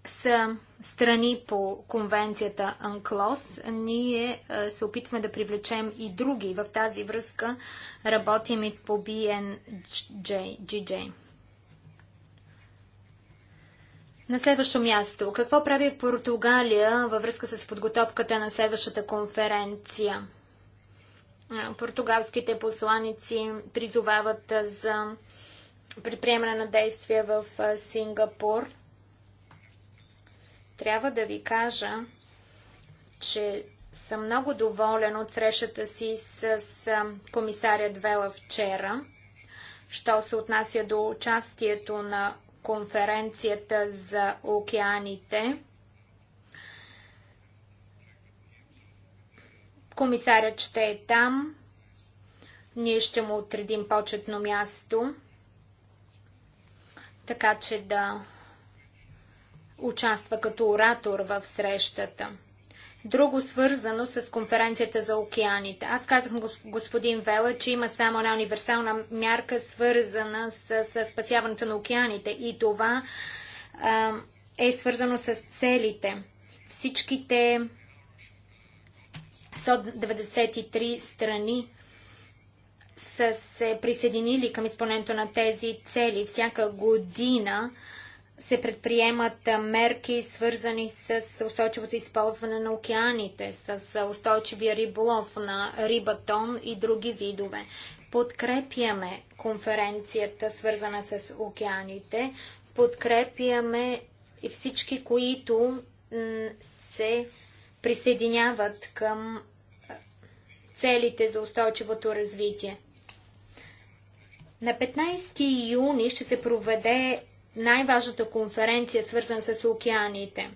са страни по конвенцията АНКЛОС, ние се опитваме да привлечем и други. В тази връзка работим и по BNGJ. На следващо място, какво прави Португалия във връзка с подготовката на следващата конференция? Португалските посланици призовават за предприемане на действия в Сингапур – трябва да ви кажа, че съм много доволен от срещата си с, с комисаря Двела вчера, що се отнася до участието на конференцията за океаните. Комисарят ще е там. Ние ще му отредим почетно място, така че да участва като оратор в срещата. Друго свързано с конференцията за океаните. Аз казах господин Вела, че има само една универсална мярка, свързана с, с спасяването на океаните. И това а, е свързано с целите. Всичките 193 страни са се присъединили към изпълнението на тези цели. Всяка година се предприемат мерки, свързани с устойчивото използване на океаните, с устойчивия риболов на рибатон и други видове. Подкрепяме конференцията, свързана с океаните. Подкрепяме и всички, които се присъединяват към целите за устойчивото развитие. На 15 юни ще се проведе най-важната конференция, свързана с океаните.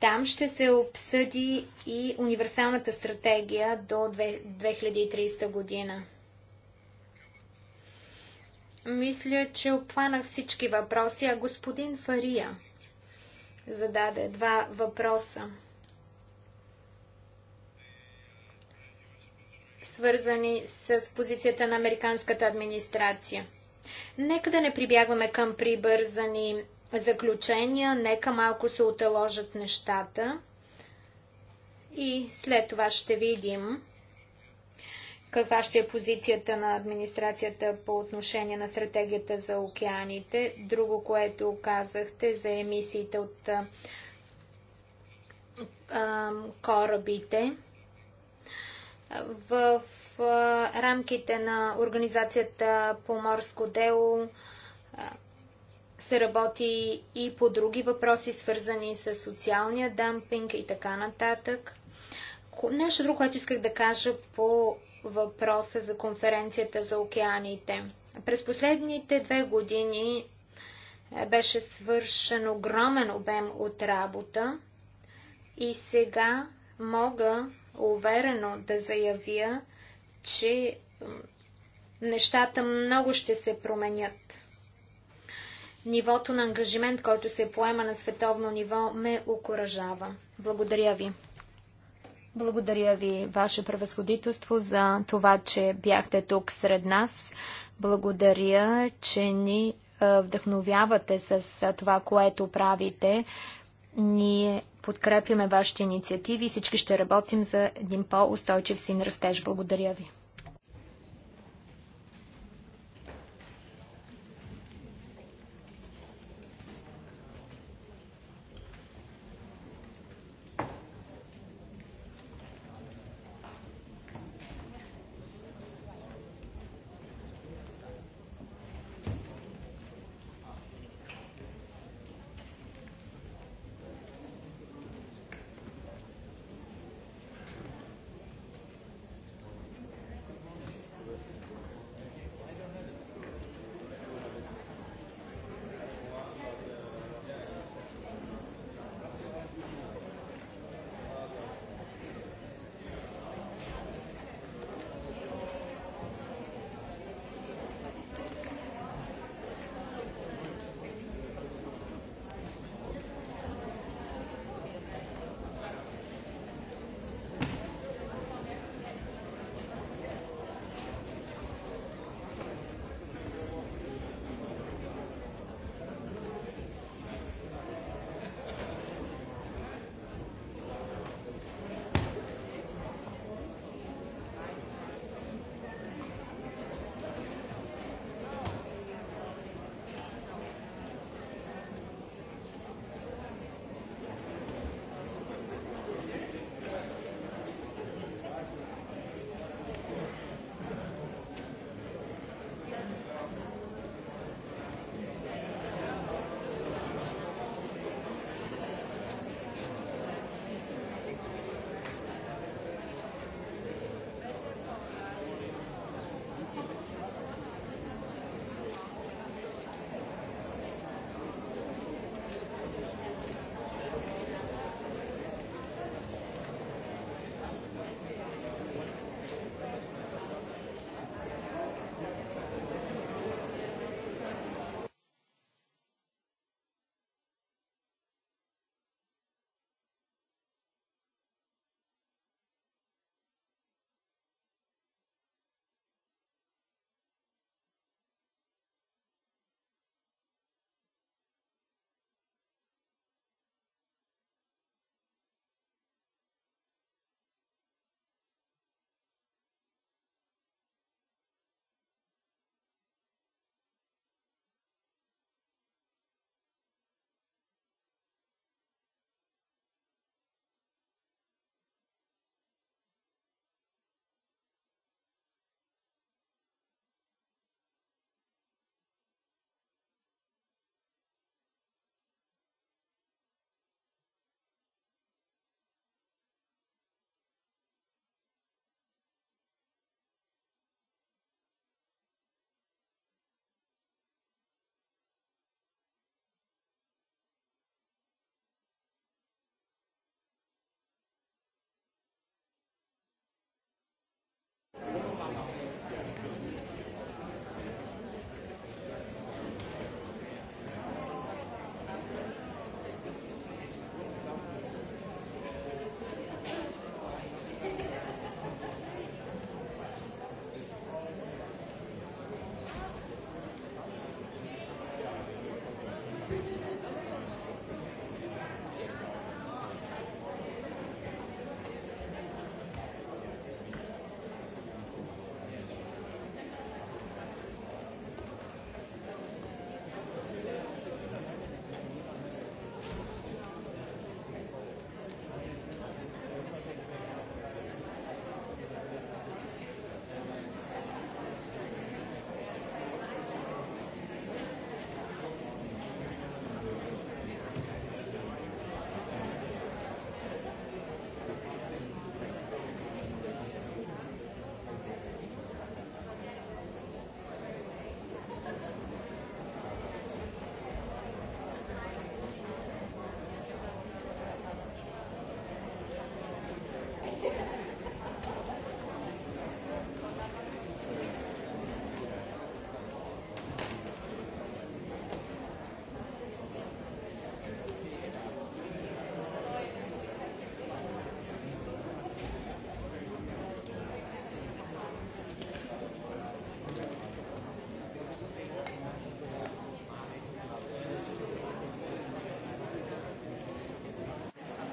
Там ще се обсъди и универсалната стратегия до 2030 година. Мисля, че обхванах всички въпроси, а господин Фария зададе два въпроса, свързани с позицията на американската администрация. Нека да не прибягваме към прибързани заключения, нека малко се оталожат нещата и след това ще видим каква ще е позицията на администрацията по отношение на стратегията за океаните. Друго, което казахте за емисиите от а, корабите. В рамките на Организацията по морско дело се работи и по други въпроси, свързани с социалния дампинг и така нататък. Нещо друго, което исках да кажа по въпроса за конференцията за океаните. През последните две години е, беше свършен огромен обем от работа и сега мога уверено да заявя, че нещата много ще се променят. Нивото на ангажимент, който се поема на световно ниво, ме окоръжава. Благодаря ви. Благодаря ви, Ваше превъзходителство, за това, че бяхте тук сред нас. Благодаря, че ни вдъхновявате с това, което правите. Ние подкрепяме вашите инициативи и всички ще работим за един по-устойчив син растеж. Благодаря ви.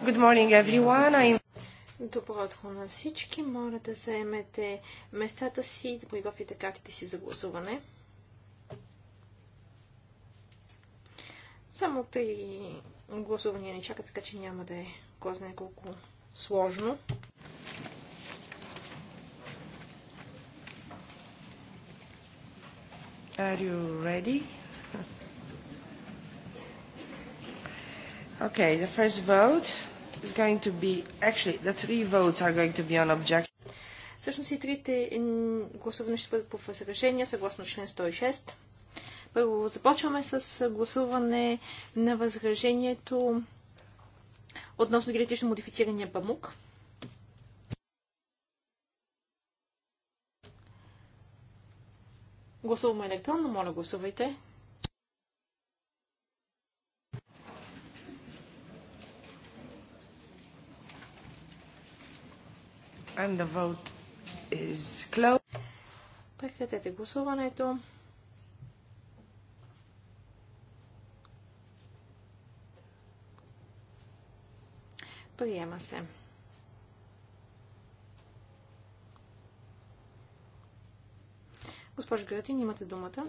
Good morning, everyone. I'm... Добро утро на всички. Моля да заемете местата си, и да приготвите картите си за гласуване. Само три гласувания не чакат, така че няма да е кой знае колко сложно. Are you ready? Okay, the first vote is going to be, actually, the three votes are going to be on objection. Всъщност и трите гласувания ще бъдат по възражение, съгласно член 106. Първо започваме с гласуване на възражението относно генетично модифицирания памук. Гласуваме електронно, моля гласувайте. And the vote is closed. Прекратете гласуването. Приема се. Госпожо Гратин, имате думата.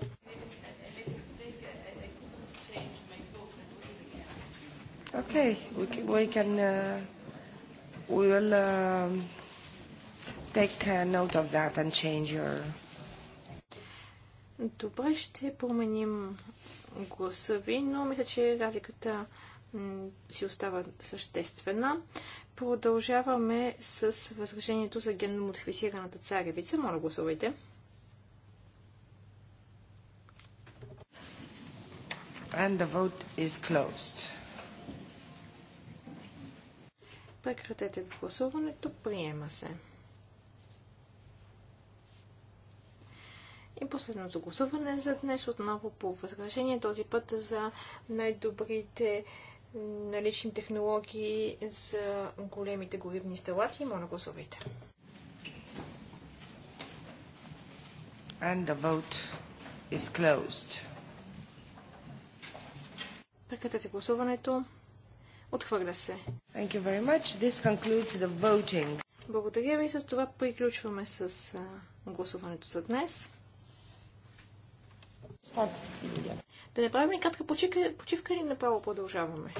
Okay, we can, we can uh, we will uh, take uh, note of that and change your... Добре, ще променим гласа ви, но мисля, че разликата си остава съществена. Продължаваме с възражението за генномодифицираната царевица. Моля, гласувайте. And the vote is closed. Прекратете гласуването. Приема се. И последното гласуване за днес отново по възражение, този път за най-добрите налични технологии за големите горивни инсталации. Моля, гласувайте. And the vote is closed. Прекратете гласуването. Отхвърля се. Thank you very much. This concludes the voting. Благодаря ви. С това приключваме с гласуването за днес. Да направим ли кратка почивка, почивка или направо продължаваме?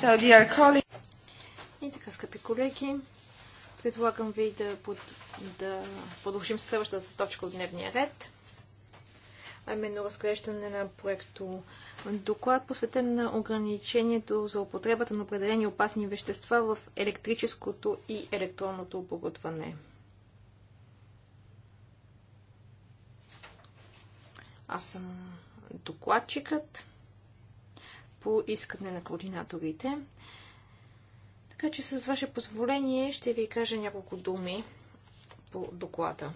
So, dear И така, скъпи колеги, предлагам ви да, под, да продължим следващата точка от дневния ред, а именно разглеждане на проекто доклад, посветен на ограничението за употребата на определени опасни вещества в електрическото и електронното оборудване. Аз съм докладчикът по искане на координаторите. Така че с ваше позволение ще ви кажа няколко думи по доклада.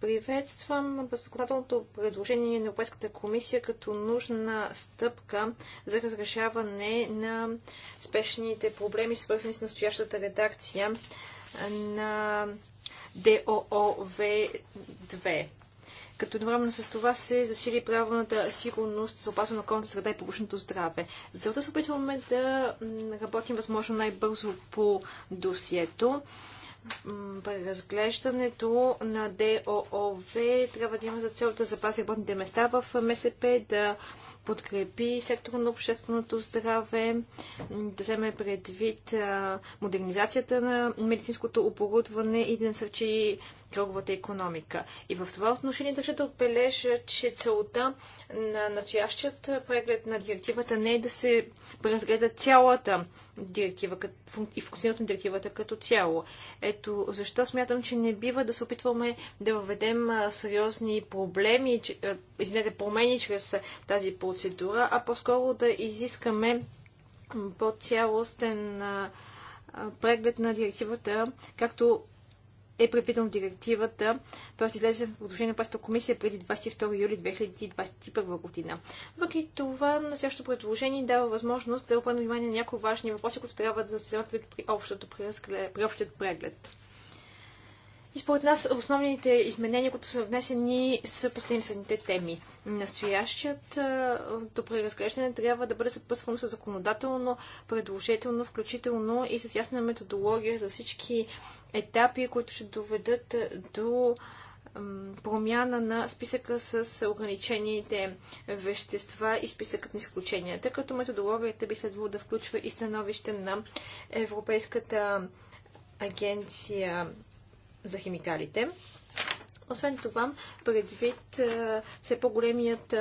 Приветствам законодателното предложение на Европейската комисия като нужна стъпка за разрешаване на спешните проблеми, свързани с настоящата редакция на ДООВ 2 като едновременно с това се засили правилната сигурност за опазване на околната среда и публичното здраве. За да се опитваме да работим възможно най-бързо по досието. Разглеждането на ДООВ трябва да има за цел да запази работните места в МСП, да подкрепи сектора на общественото здраве, да вземе предвид модернизацията на медицинското оборудване и да насърчи кръговата економика. И в това отношение държа да отбележа, че целта на настоящият преглед на директивата не е да се преразгледа цялата директива и функционирането на директивата като цяло. Ето защо смятам, че не бива да се опитваме да въведем сериозни проблеми, извинете, промени чрез тази процедура, а по-скоро да изискаме по-цялостен преглед на директивата, както е предвидено в директивата, т.е. излезе в отношение на пасто комисия преди 22 юли 2021 година. Въпреки това, настоящото предложение дава възможност да обърна внимание на някои важни въпроси, които трябва да се вземат при, общото, при общият преглед. И според нас основните изменения, които са внесени, са последните следните теми. Настоящият до преразглеждане трябва да бъде съпъсвано с законодателно, предложително, включително и с ясна методология за всички етапи, които ще доведат е, до промяна на списъка с ограничените вещества и списъкът на изключенията, като методологията би следвало да включва и становище на Европейската агенция за химикалите. Освен това, предвид все по-големият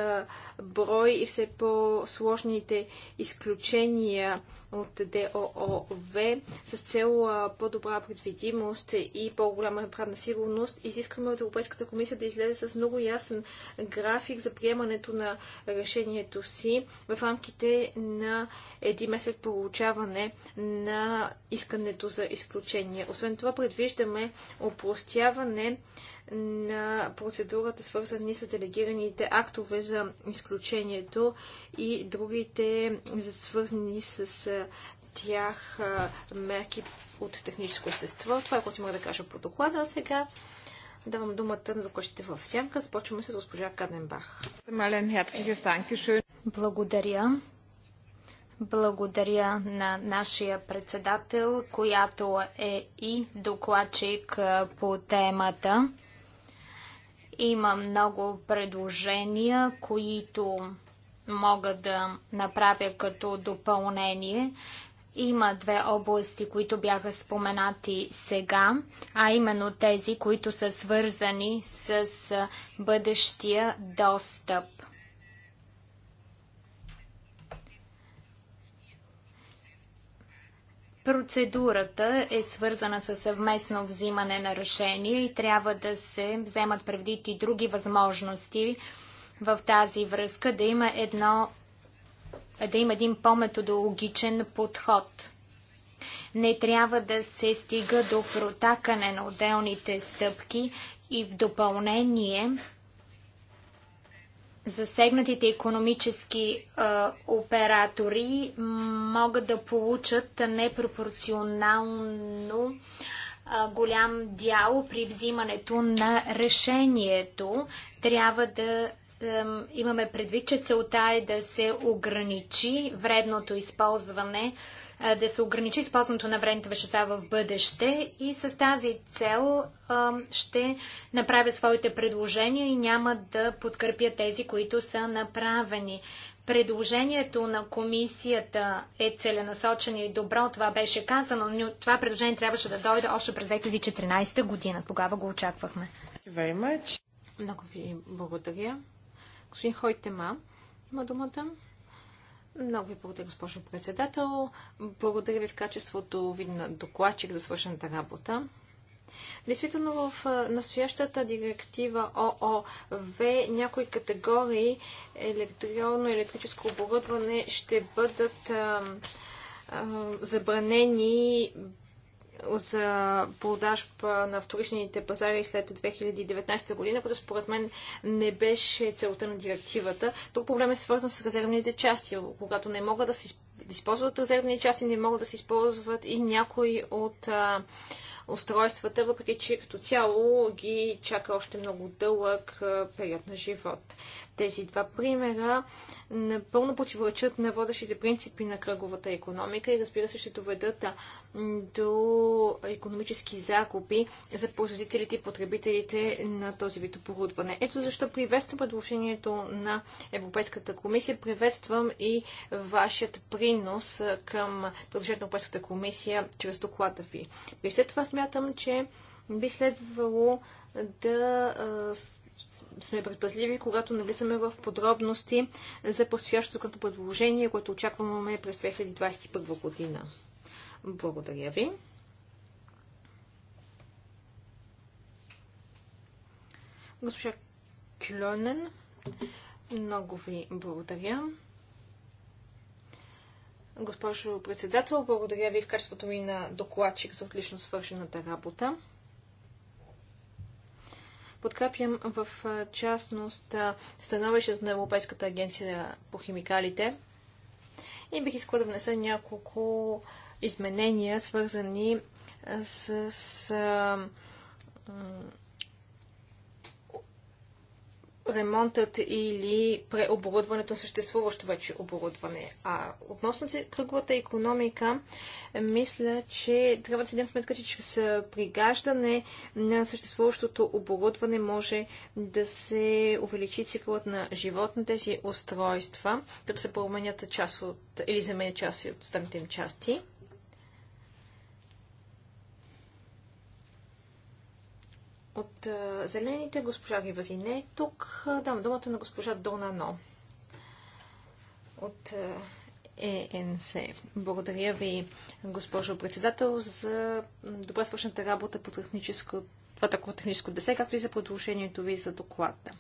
брой и все по-сложните изключения от ДООВ с цел по-добра предвидимост и по-голяма правна сигурност, изискваме от Европейската комисия да излезе с много ясен график за приемането на решението си в рамките на един месец получаване на искането за изключение. Освен това, предвиждаме опростяване на процедурата, свързани с делегираните актове за изключението и другите, свързани с тях мерки от техническо естество. Това е което мога да кажа по доклада. сега давам думата на докладчите в сянка. Започваме с госпожа Каденбах. Благодаря. Благодаря на нашия председател, която е и докладчик по темата. Има много предложения, които мога да направя като допълнение. Има две области, които бяха споменати сега, а именно тези, които са свързани с бъдещия достъп Процедурата е свързана с съвместно взимане на решение и трябва да се вземат предвид и други възможности в тази връзка, да има, едно, да има един по-методологичен подход. Не трябва да се стига до протакане на отделните стъпки и в допълнение – засегнатите економически а, оператори могат да получат непропорционално а, голям дял при взимането на решението. Трябва да а, имаме предвид, че целта е да се ограничи вредното използване а, да се ограничи използването на вредните вещества в бъдеще и с тази цел ще направя своите предложения и няма да подкърпя тези, които са направени. Предложението на комисията е целенасочено и добро, това беше казано, но това предложение трябваше да дойде още през 2014 година. Тогава го очаквахме. Много ви благодаря. Господин Хойтема има думата. Много ви благодаря, госпожо председател. Благодаря ви в качеството ви на докладчик за свършената работа. Действително в настоящата директива ООВ някои категории електронно-електрическо оборудване ще бъдат а, а, забранени за продажба на вторичните пазари след 2019 година, което според мен не беше целта на директивата. Тук проблем е свързан с резервните части. Когато не могат да се използват резервни части, не могат да се използват и някои от устройствата, въпреки че като цяло ги чака още много дълъг период на живот. Тези два примера напълно противоречат на водещите принципи на кръговата економика и разбира се ще доведат до економически загуби за производителите и потребителите на този вид оборудване. Ето защо приветствам предложението на Европейската комисия, приветствам и вашият принос към предложението на Европейската комисия чрез доклада ви. И след това смятам, че би следвало да сме предпазливи, когато навлизаме в подробности за предстоящото предложение, което очакваме през 2021 година. Благодаря ви. Госпожа Клонен, много ви благодаря. Госпожо председател, благодаря ви в качеството ми на докладчик за отлично свършената работа. Подкрепям в частност становището на Европейската агенция по химикалите и бих искала да внеса няколко изменения, свързани с, с ремонтът или преоборудването на съществуващо вече оборудване. А относно кръговата економика, мисля, че трябва да си дадем сметка, че чрез пригаждане на съществуващото оборудване може да се увеличи цикълът на живот на тези устройства, като се променят част от, или заменят части от старите им части. От зелените госпожа Гивази не е тук. Дам думата на госпожа Но от е ЕНС. Благодаря ви, госпожо председател, за добре свършната работа по техническо, това такова техническо десе, както и за предложението ви за доклада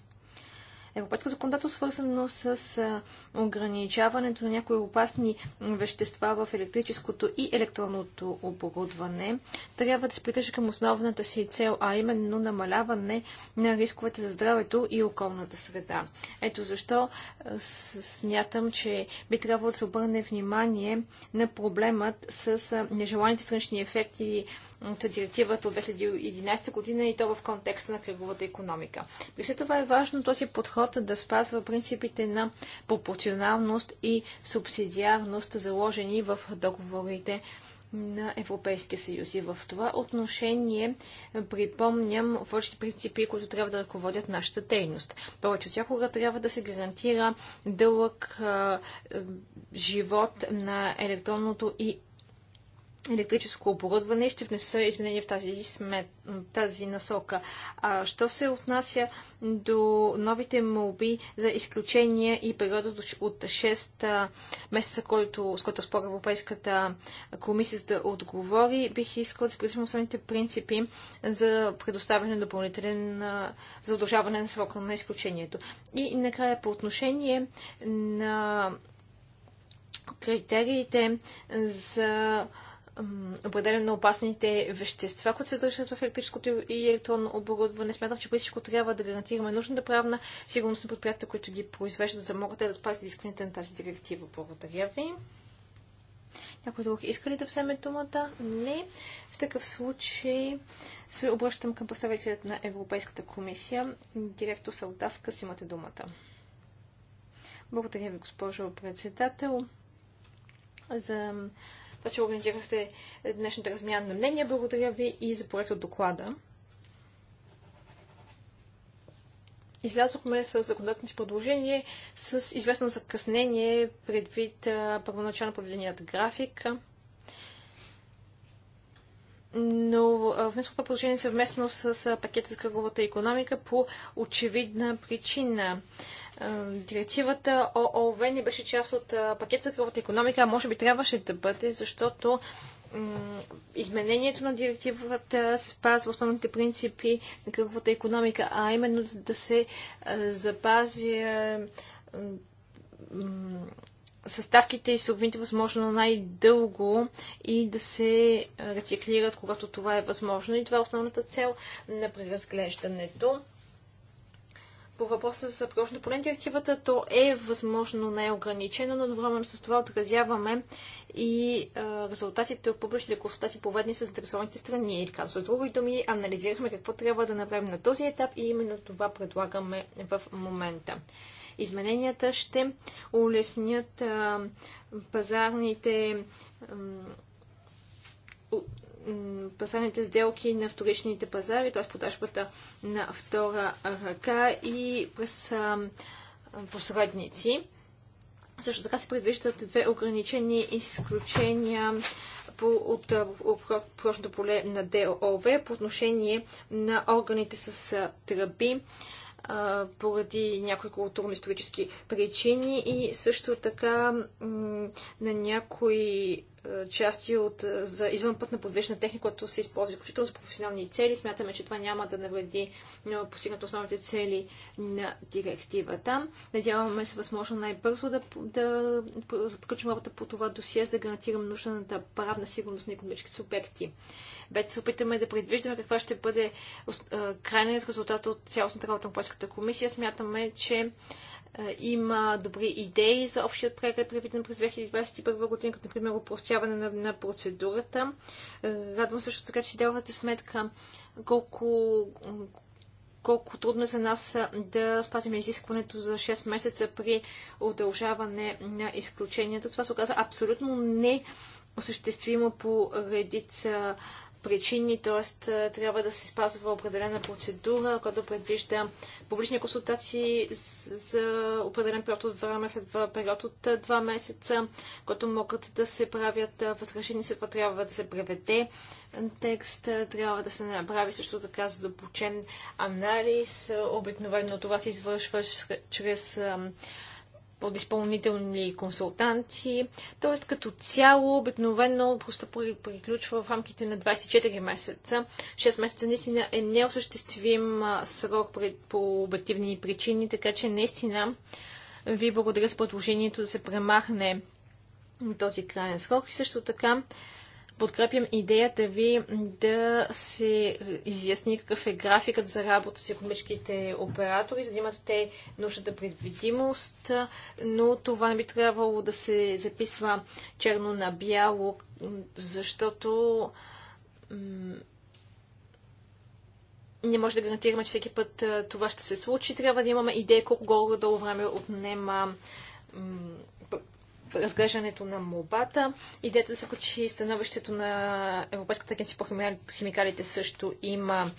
европейско законодателство, свързано с ограничаването на някои опасни вещества в електрическото и електронното оборудване, трябва да се придържа към основната си цел, а именно намаляване на рисковете за здравето и околната среда. Ето защо смятам, че би трябвало да се обърне внимание на проблемът с нежеланите странични ефекти от директивата от 2011 година и то в контекста на кръговата економика. При все това е важно този подход да спазва принципите на пропорционалност и субсидиарност, заложени в договорите на Европейския съюз. И в това отношение е, припомням вършите принципи, които трябва да ръководят нашата дейност. Повече от всякога трябва да се гарантира дълъг а, е, е, живот на електронното и електрическо оборудване, ще внеса изменения в тази, смет, тази насока. А, що се отнася до новите молби за изключения и периодът от 6 месеца, който, с който спора Европейската комисия да отговори, бих искала да споделим основните принципи за предоставяне на допълнителен за удължаване на срока на изключението. И накрая по отношение на критериите за определено на опасните вещества, които се държат в електрическото и електронно оборудване. Смятам, че всичко трябва да гарантираме нужната правна сигурност на предприятията, които ги произвеждат, за да могат да спазят изискванията на тази директива. Благодаря ви. Някой друг иска ли да вземе думата? Не. В такъв случай се обръщам към представителят на Европейската комисия. Директор Салдаска, си имате думата. Благодаря ви, госпожо председател, за това, че организирахте днешната размяна на мнения. Благодаря ви и за проект от доклада. Излязохме с законодателните предложения с известно закъснение предвид първоначално поведеният график. Но внесох това предложение съвместно с пакета за кръговата економика по очевидна причина. Директивата ООВ не беше част от пакет за кръвната економика, а може би трябваше да бъде, защото изменението на директивата спазва основните принципи на кръговата економика, а именно да се запази съставките и суровините възможно най-дълго и да се рециклират, когато това е възможно. И това е основната цел на преразглеждането по въпроса за приложното поле директивата, то е възможно най-ограничено, но едновременно с това отразяваме и а, резултатите от публичните консултации, поведени с заинтересованите страни. Или казвам с други думи, анализирахме какво трябва да направим на този етап и именно това предлагаме в момента. Измененията ще улеснят а, пазарните а, пазарните сделки на вторичните пазари, т.е. продажбата на втора ръка и през посредници. Също така се предвиждат две ограничени изключения по, от прочното поле на ДОВ по отношение на органите с тръби поради някои културно-исторически причини и също така на някои части от, е, за извънпътна подвижна техника, която се използва изключително за професионални цели. Смятаме, че това няма да навреди постигнат основните цели на директивата. Надяваме се възможно най-бързо да, да приключим работа по това досие, за да гарантирам нужната правна сигурност на економически субекти. Вече се опитаме да предвиждаме каква ще бъде е, крайният резултат от цялостната работа на Польската комисия. Смятаме, че е, има добри идеи за общият преглед, предвиден през 2021 година, като например упростяване на, на процедурата. Е, радвам също така, че си давате сметка колко колко трудно е за нас да спазим изискването за 6 месеца при удължаване на изключението, Това се оказа абсолютно не осъществимо по редица причини, т.е. трябва да се спазва определена процедура, която предвижда публични консултации за определен период от време, след това период от два месеца, които могат да се правят възражени, след това трябва да се преведе текст, трябва да се направи също така задълбочен анализ. Обикновено това се извършва чрез подиспълнителни консултанти. Тоест като цяло обикновено просто приключва в рамките на 24 месеца. 6 месеца наистина е неосъществим срок по обективни причини, така че наистина ви благодаря с предложението да се премахне този крайен срок и също така подкрепям идеята ви да се изясни какъв е графикът за работа с економическите оператори, за да имат те нуждата предвидимост, но това не би трябвало да се записва черно на бяло, защото не може да гарантираме, че всеки път това ще се случи. Трябва да имаме идея колко горе-долу време отнема разглеждането на молбата. Идеята да се включи становището на Европейската агенция по химикалите също има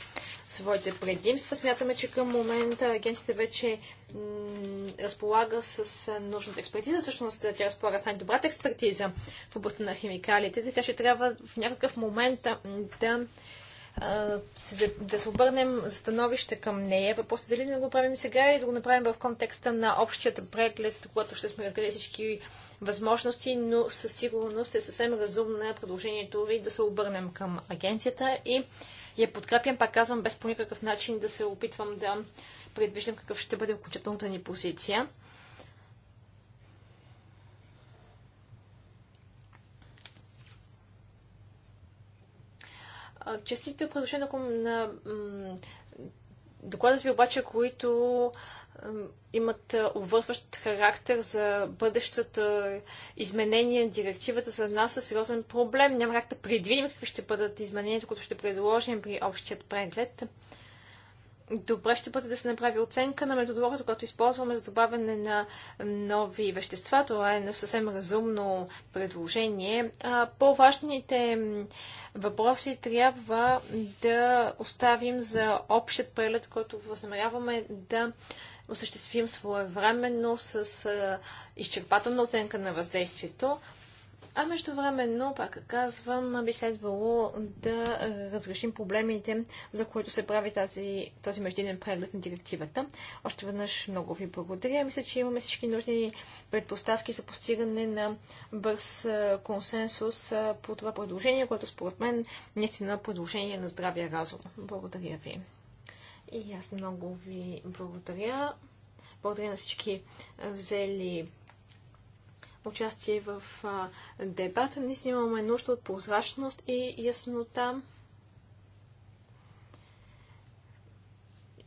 своите предимства. Смятаме, че към момента агенцията вече разполага с нужната експертиза. Всъщност тя разполага с най-добрата експертиза в областта на химикалите, така че трябва в някакъв момент да да се обърнем за становище към нея. Въпросът е дали да го правим сега или да го направим в контекста на общият преглед, когато ще сме разгледали всички възможности, но със сигурност е съвсем разумно е предложението ви да се обърнем към агенцията и я подкрепям, пак казвам, без по никакъв начин да се опитвам да предвиждам какъв ще бъде окончателната ни позиция. Частите предложения на, на докладът ви обаче, които имат обвързващ характер за бъдещата изменение на директивата за нас е сериозен проблем. Няма как да предвидим какви ще бъдат измененията, които ще предложим при общият преглед. Добре ще бъде да се направи оценка на методологията, която използваме за добавяне на нови вещества. Това е съвсем разумно предложение. По-важните въпроси трябва да оставим за общият прелет, който възнамеряваме да осъществим своевременно с изчерпателна оценка на въздействието. А междувременно, пак казвам, би следвало да разрешим проблемите, за които се прави тази, този междинен преглед на директивата. Още веднъж много ви благодаря. Мисля, че имаме всички нужни предпоставки за постигане на бърз консенсус по това предложение, което според мен наистина е предложение на здравия разум. Благодаря ви. И аз много ви благодаря. Благодаря на всички взели участие в дебата. Ние снимаме нужда от прозрачност и яснота.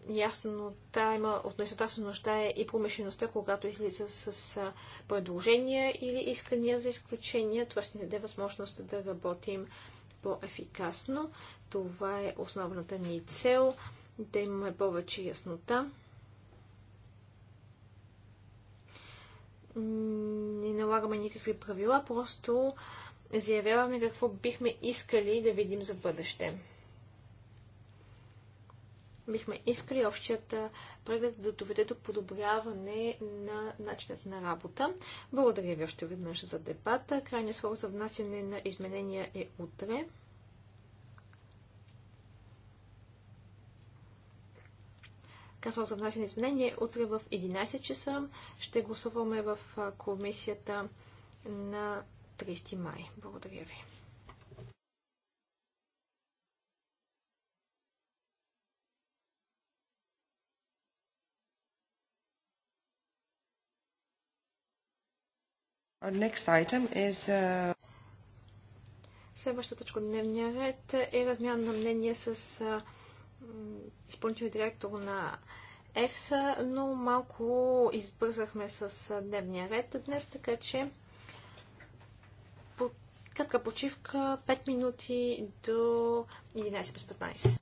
Яснота има, от яснота се нуждае и промишлеността, когато излиза с, с предложения или искания за изключения. Това ще ни даде възможност да работим по-ефикасно. Това е основната ни цел да имаме повече яснота. Не налагаме никакви правила, просто заявяваме какво бихме искали да видим за бъдеще. Бихме искали общият преглед да доведе до подобряване на начинът на работа. Благодаря ви още веднъж за дебата. Крайният срок за внасяне на изменения е утре. казвам за внасяне изменение. Утре в 11 часа ще гласуваме в комисията на 30 май. Благодаря ви. Our next item is, uh... Следващата точка дневния ред е размяна на мнение с uh, изпълнителния директор на ЕФСА, но малко избързахме с дневния ред днес, така че кратка почивка 5 минути до 11 без 15.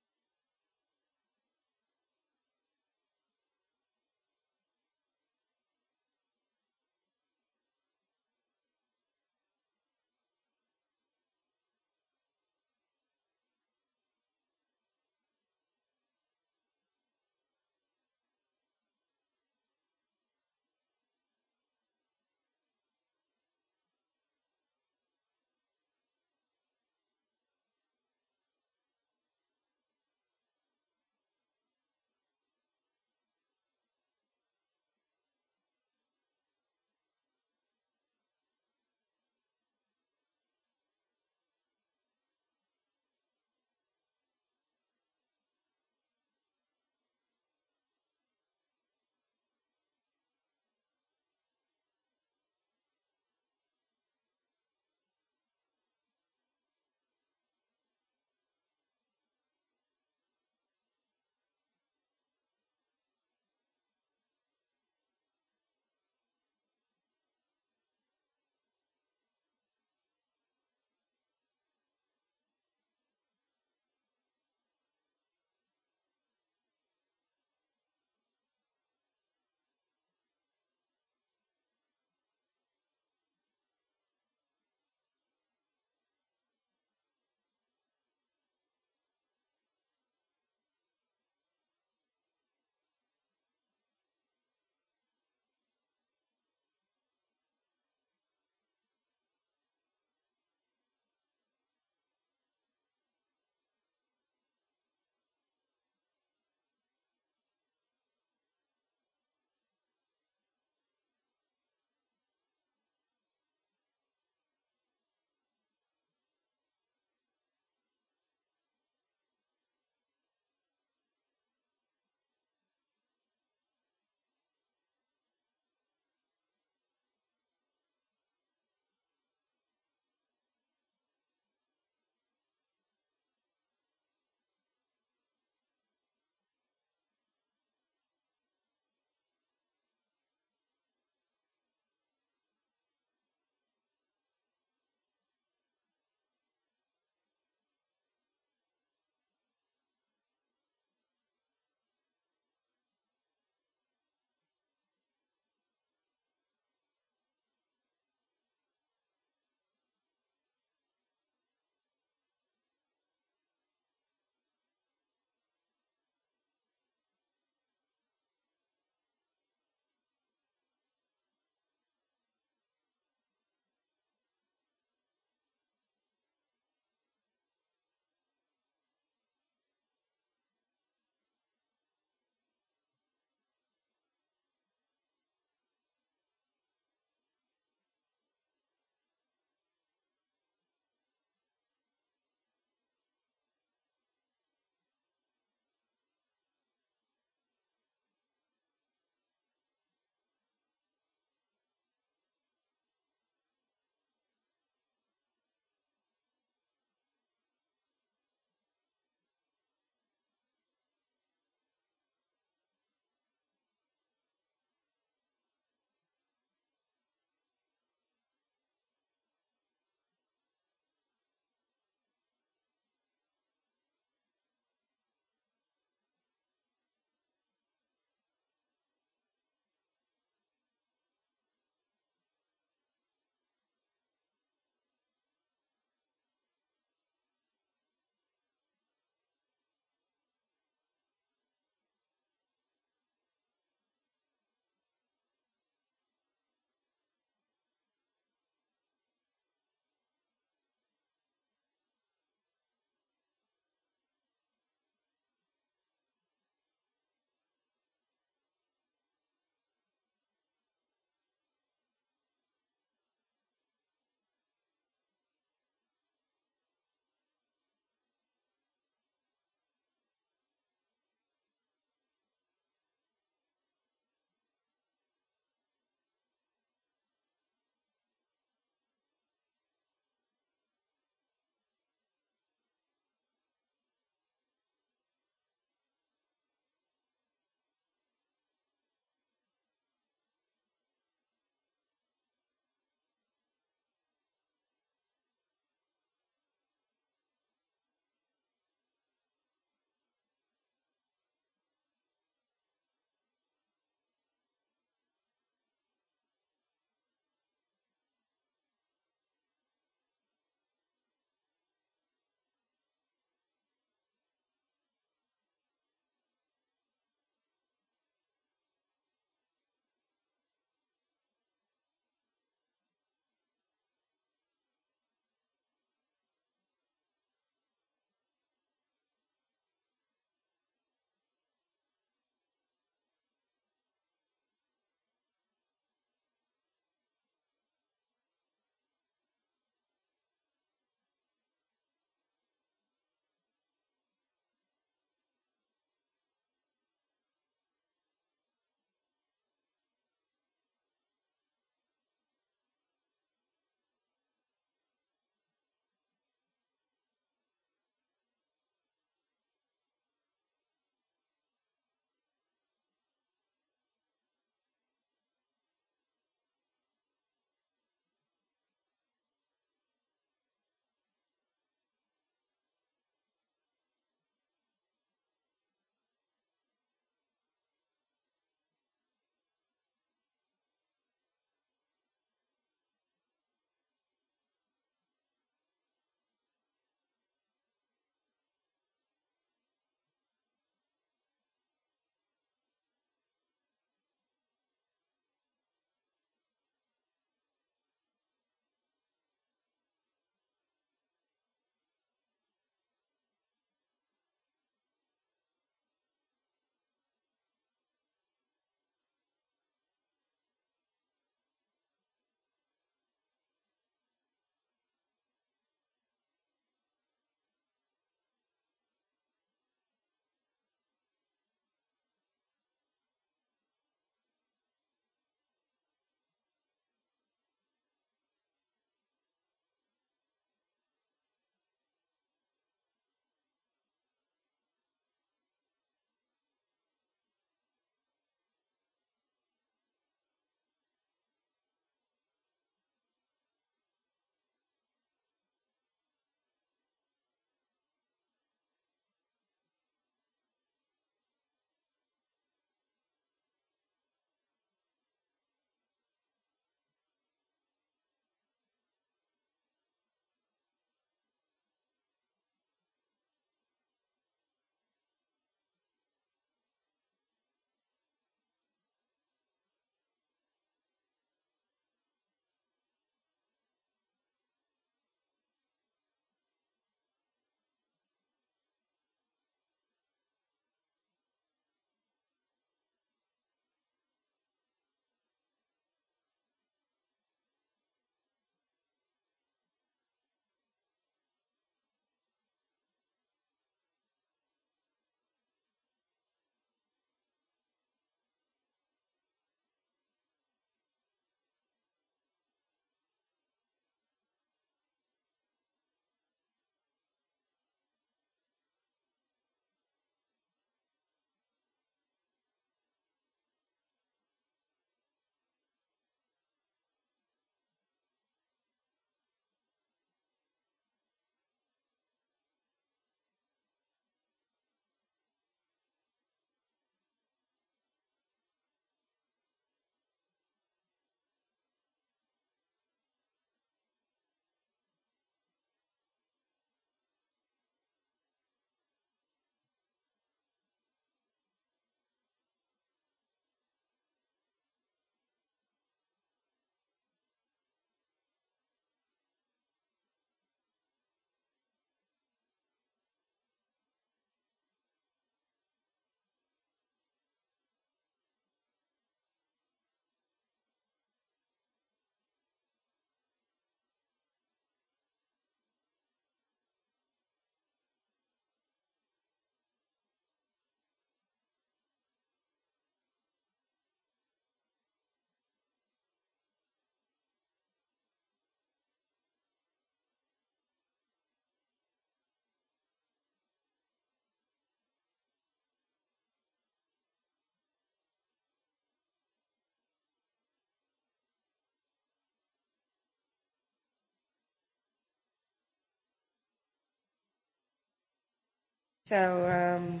So, um,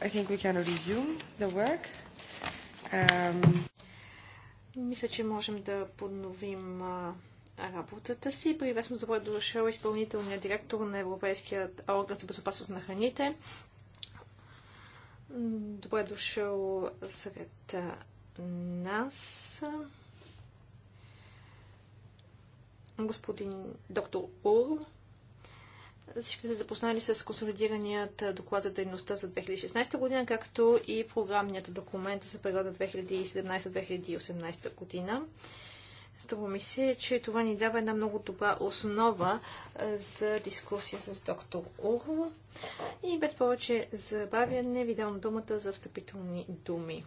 I think we can resume the work. Um... Мисля, че можем да подновим а, работата си. Приветствам добре дошъл изпълнителният директор на Европейския орган за безопасност на храните. Добре е дошъл сред нас господин доктор Ур всички са запознали с консолидираният доклад за дейността за 2016 година, както и програмният документ за периода 2017-2018 година. Струва ми се, че това ни дава една много добра основа за дискусия с доктор Урова. И без повече забавяне ви давам думата за встъпителни думи.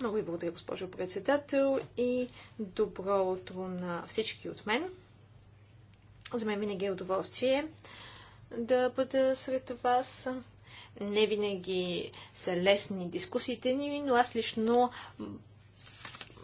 Много ви благодаря, госпожо председател, и добро утро на всички от мен. За мен винаги е удоволствие да бъда сред вас. Не винаги са лесни дискусиите ни, но аз лично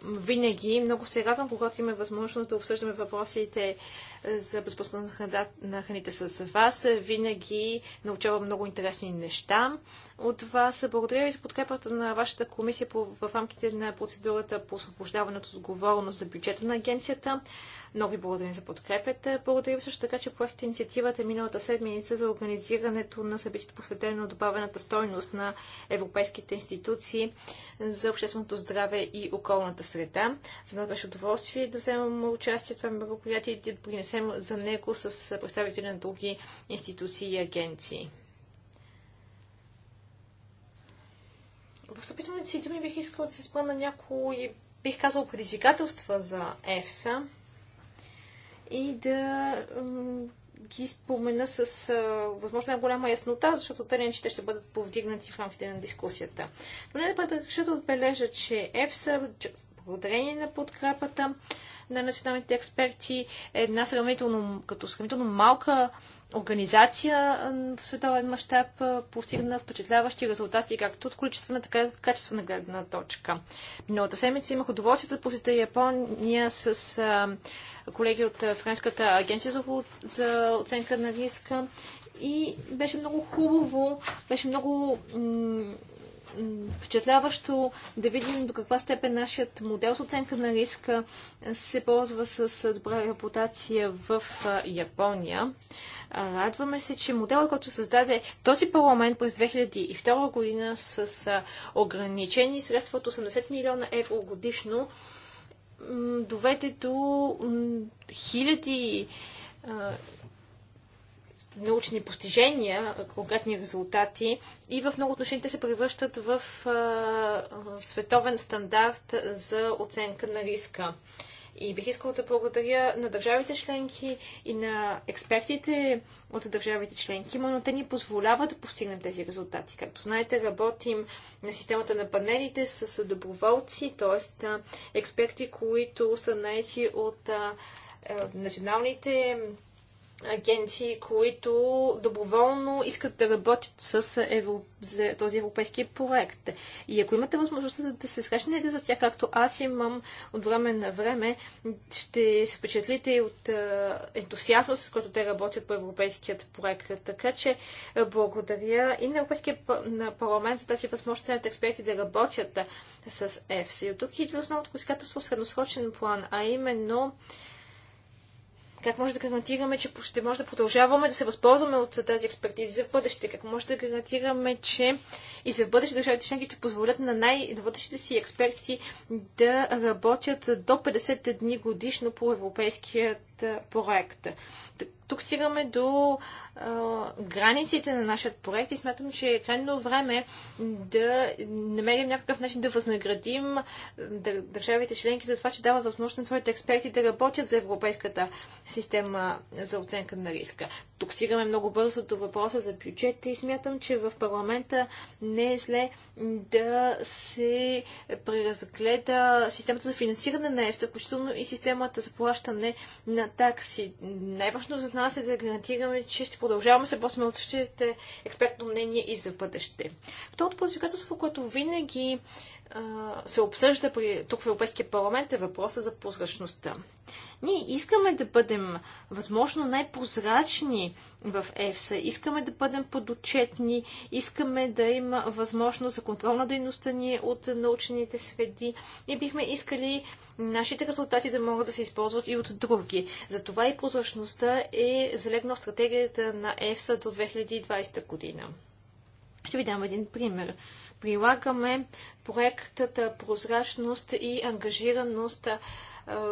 винаги много се радвам, когато имаме възможност да обсъждаме въпросите за безопасността на храните с вас. Винаги научавам много интересни неща от вас. Благодаря ви за подкрепата на вашата комисия по, в рамките на процедурата по освобождаване от отговорност за бюджета на агенцията. Много ви благодаря за подкрепата. Благодаря ви също така, че поехте инициативата миналата седмица за организирането на събитието посветено на добавената стойност на европейските институции за общественото здраве и околната среда. За нас беше удоволствие да вземем участие в това мероприятие и да принесем допринесем за него с представители на други институции и агенции. В встъпителните си думи бих искала да се спъна някои, бих казал, предизвикателства за ЕФСА и да ги спомена с а, възможно голяма яснота, защото те не, ще бъдат повдигнати в рамките на дискусията. Но не да бъда отбележа, че ЕФСА благодарение на подкрепата на националните експерти, една сравнително, като сравнително малка организация в световен мащаб постигна впечатляващи резултати, както от количествена, така и от качествена гледна точка. Миналата седмица имах удоволствието да посетя Япония с а, колеги от Френската агенция за, за оценка на риска и беше много хубаво, беше много впечатляващо да видим до каква степен нашият модел с оценка на риска се ползва с добра репутация в Япония. Радваме се, че моделът, който създаде този парламент през 2002 година с ограничени средства от 80 милиона евро годишно, доведе до хиляди научни постижения, конкретни резултати и в много отношения се превръщат в световен стандарт за оценка на риска. И бих искала да благодаря на държавите членки и на експертите от държавите членки, но те ни позволяват да постигнем тези резултати. Както знаете, работим на системата на панелите с доброволци, т.е. експерти, които са наети от е, националните агенции, които доброволно искат да работят с евро... за този европейски проект. И ако имате възможността да се срещнете за тях, както аз имам от време на време, ще се впечатлите и от ентусиазма, с който те работят по европейският проект. Така че благодаря и на Европейския на парламент за тази възможност на експерти да работят с ЕФСИ. От тук идва основното предизвикателство в средносрочен план, а именно как може да гарантираме, че ще може да продължаваме да се възползваме от тази експертиза за бъдеще? Как може да гарантираме, че и за бъдеще държавите членки ще позволят на най-водещите си експерти да работят до 50 дни годишно по европейският проект. Тук стигаме до а, границите на нашия проект и смятам, че е крайно време да намерим някакъв начин да възнаградим държавите членки за това, че дават възможност на своите експерти да работят за европейската система за оценка на риска. Тук стигаме много бързо до въпроса за бюджета и смятам, че в парламента не е зле да се преразгледа системата за финансиране на ЕФТА, включително и системата за плащане на такси. Най-важно е за нас е да гарантираме, че ще продължаваме се после от същите експертно мнение и за бъдеще. Второто предизвикателство, което винаги а, се обсъжда при, тук в Европейския парламент е въпроса за прозрачността. Ние искаме да бъдем възможно най-прозрачни в ЕФСА, искаме да бъдем подотчетни, искаме да има възможност за контрол на дейността ни от научените среди и бихме искали нашите резултати да могат да се използват и от други. Затова и прозрачността е залегнала в стратегията на ЕФСА до 2020 година. Ще ви дам един пример. Прилагаме проектът прозрачност и ангажираност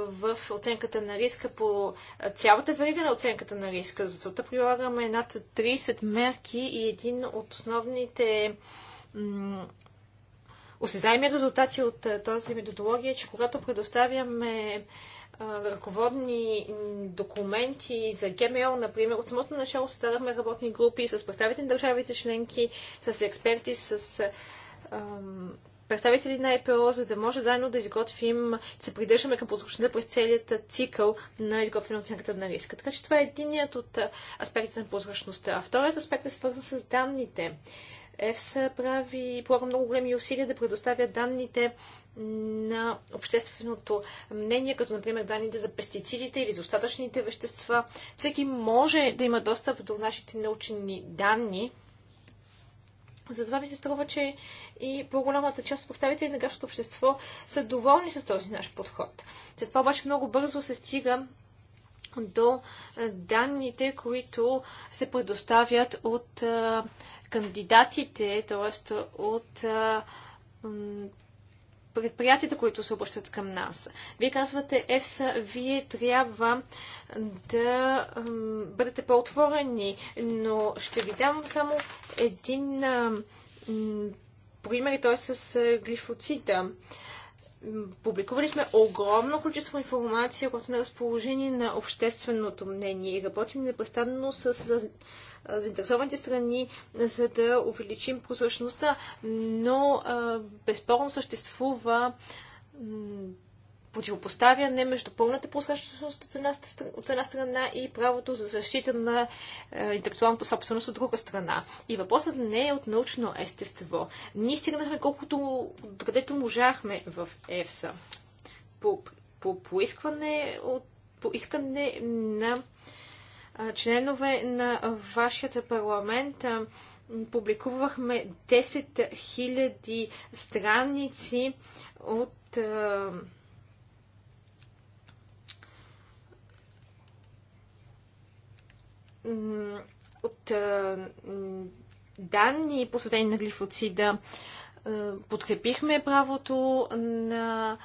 в оценката на риска по цялата верига на оценката на риска. За целта прилагаме над 30 мерки и един от основните осезаеми резултати от е, този методология, че когато предоставяме е, ръководни документи за ГМО, например. От самото начало създадахме работни групи с представители на държавите членки, с експерти, с е, ам, представители на ЕПО, за да може заедно да изготвим, да се придържаме към послушността през целият цикъл на изготвяне оценката на риска. Така че това е единият от аспектите на прозрачността. А вторият аспект е свързан с данните. ЕФСА прави, полага много големи усилия да предоставя данните на общественото мнение, като например данните за пестицидите или за остатъчните вещества. Всеки може да има достъп до нашите научени данни. Затова ми се струва, че и по-голямата част от представители на гражданското общество са доволни с този наш подход. След това обаче много бързо се стига до данните, които се предоставят от кандидатите, т.е. от предприятията, които се обръщат към нас. Вие казвате, ЕФСА, вие трябва да бъдете по-отворени, но ще ви дам само един пример, той е с глифоцита. Публикували сме огромно количество информация, която е на разположение на общественото мнение и работим непрестанно с заинтересованите страни, за да увеличим прозрачността, но безспорно съществува противопоставяне между пълната прозрачност от една, от една страна и правото за защита на е, интелектуалната собственост от друга страна. И въпросът не е от научно естество. Ние стигнахме колкото където можахме в ЕФСА. По, по искане, от, по искане на а, членове на вашият парламент а, публикувахме 10 000 страници от а, от данни, посветени на глифоцида, подкрепихме правото на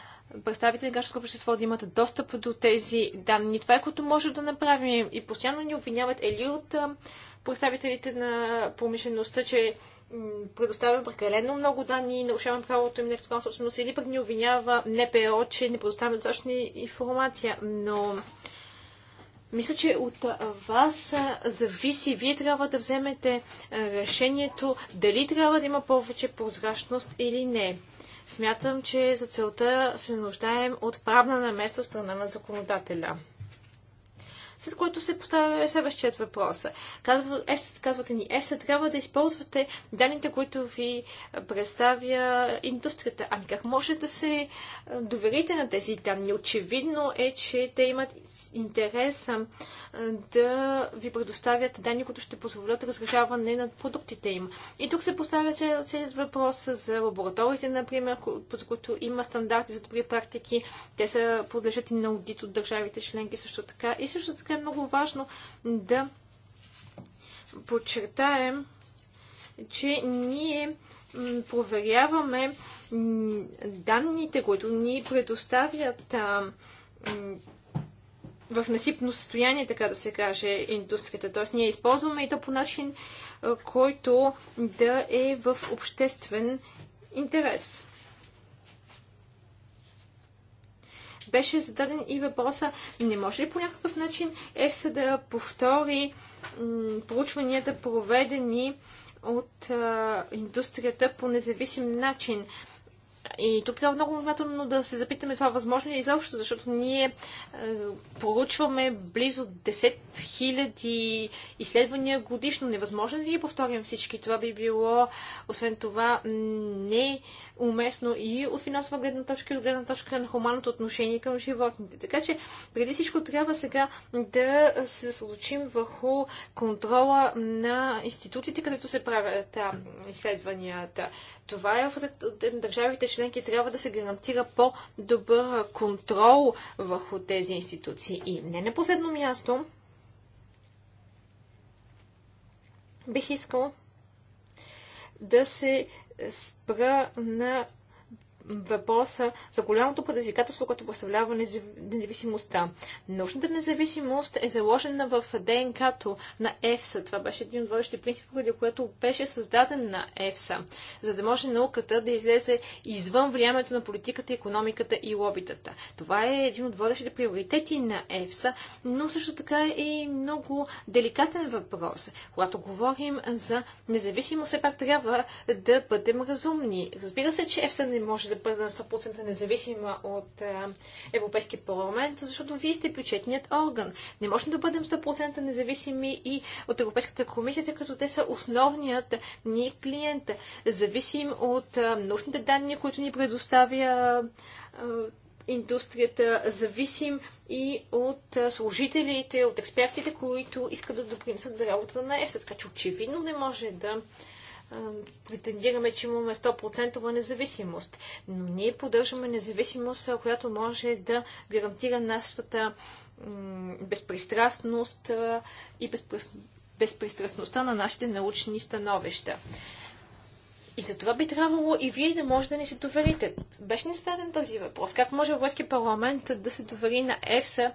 представители на гражданското общество да имат достъп до тези данни. Това е което може да направим. И постоянно ни обвиняват или от представителите на промишлеността, че предоставяме прекалено много данни и нарушаваме правото им на електронна собственост, или пък ни обвинява НПО, че не предоставяме достатъчно информация. Но мисля, че от вас зависи. Вие трябва да вземете е, решението дали трябва да има повече прозрачност или не. Смятам, че за целта се нуждаем от правна намеса от страна на законодателя. След което се поставя следващият въпрос. Казва, казвате ни, ЕФСА трябва да използвате данните, които ви представя индустрията. Ами как може да се доверите на тези данни? Очевидно е, че те имат интерес да ви предоставят данни, които ще позволят разрешаване на продуктите им. И тук се поставя целият въпрос за лабораториите, например, за които има стандарти за добри практики. Те са подлежат и на аудит от държавите членки също така. И също така е много важно да подчертаем, че ние проверяваме данните, които ни предоставят а, в насипно състояние, така да се каже, индустрията. Тоест ние използваме и то по начин, който да е в обществен интерес. беше зададен и въпроса, не може ли по някакъв начин ЕФСА да повтори проучванията, проведени от а, индустрията по независим начин. И тук трябва много внимателно да се запитаме това възможно ли изобщо, защото ние а, проучваме близо 10 000 изследвания годишно. Невъзможно ли повторим всички? Това би било, освен това, не уместно и от финансова гледна точка, и от гледна точка на хуманното отношение към животните. Така че, преди всичко, трябва сега да се случим върху контрола на институтите, където се правят а, изследванията. Това е в държавите членки. Трябва да се гарантира по-добър контрол върху тези институции. И не на последно място, бих искал да се спра на въпроса за голямото предизвикателство, което представлява независимостта. Научната независимост е заложена в ДНК-то на ЕФСА. Това беше един от водещите принципи, поради което беше създаден на ЕФСА, за да може науката да излезе извън влиянието на политиката, економиката и лобитата. Това е един от водещите приоритети на ЕФСА, но също така е и много деликатен въпрос. Когато говорим за независимост, все пак трябва да бъдем разумни. Разбира се, че ЕФСА не може да да бъде на 100% независима от Европейския парламент, защото вие сте бюджетният орган. Не можем да бъдем 100% независими и от Европейската комисия, тъй като те са основният ни клиент. Зависим от научните данни, които ни предоставя индустрията, зависим и от служителите, от експертите, които искат да допринесат за работата на ЕФСА. Така че очевидно не може да претендираме, че имаме 100% независимост. Но ние поддържаме независимост, която може да гарантира нашата безпристрастност и безпристрастността на нашите научни становища. И за това би трябвало и вие да може да ни се доверите. Беше ни зададен този въпрос. Как може Европейския парламент да се довери на ЕФСА,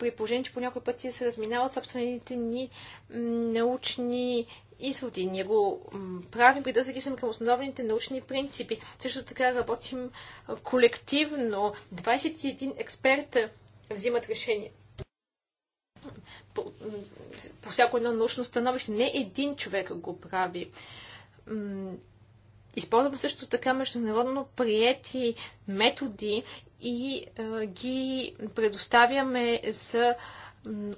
при положение, че по някой пъти се разминават собствените ни научни изводи. Ние го правим, придържайки се към основните научни принципи. Също така работим колективно. 21 експерта взимат решение. По, по всяко едно научно становище. Не един човек го прави. Използвам също така международно приети методи и ги предоставяме за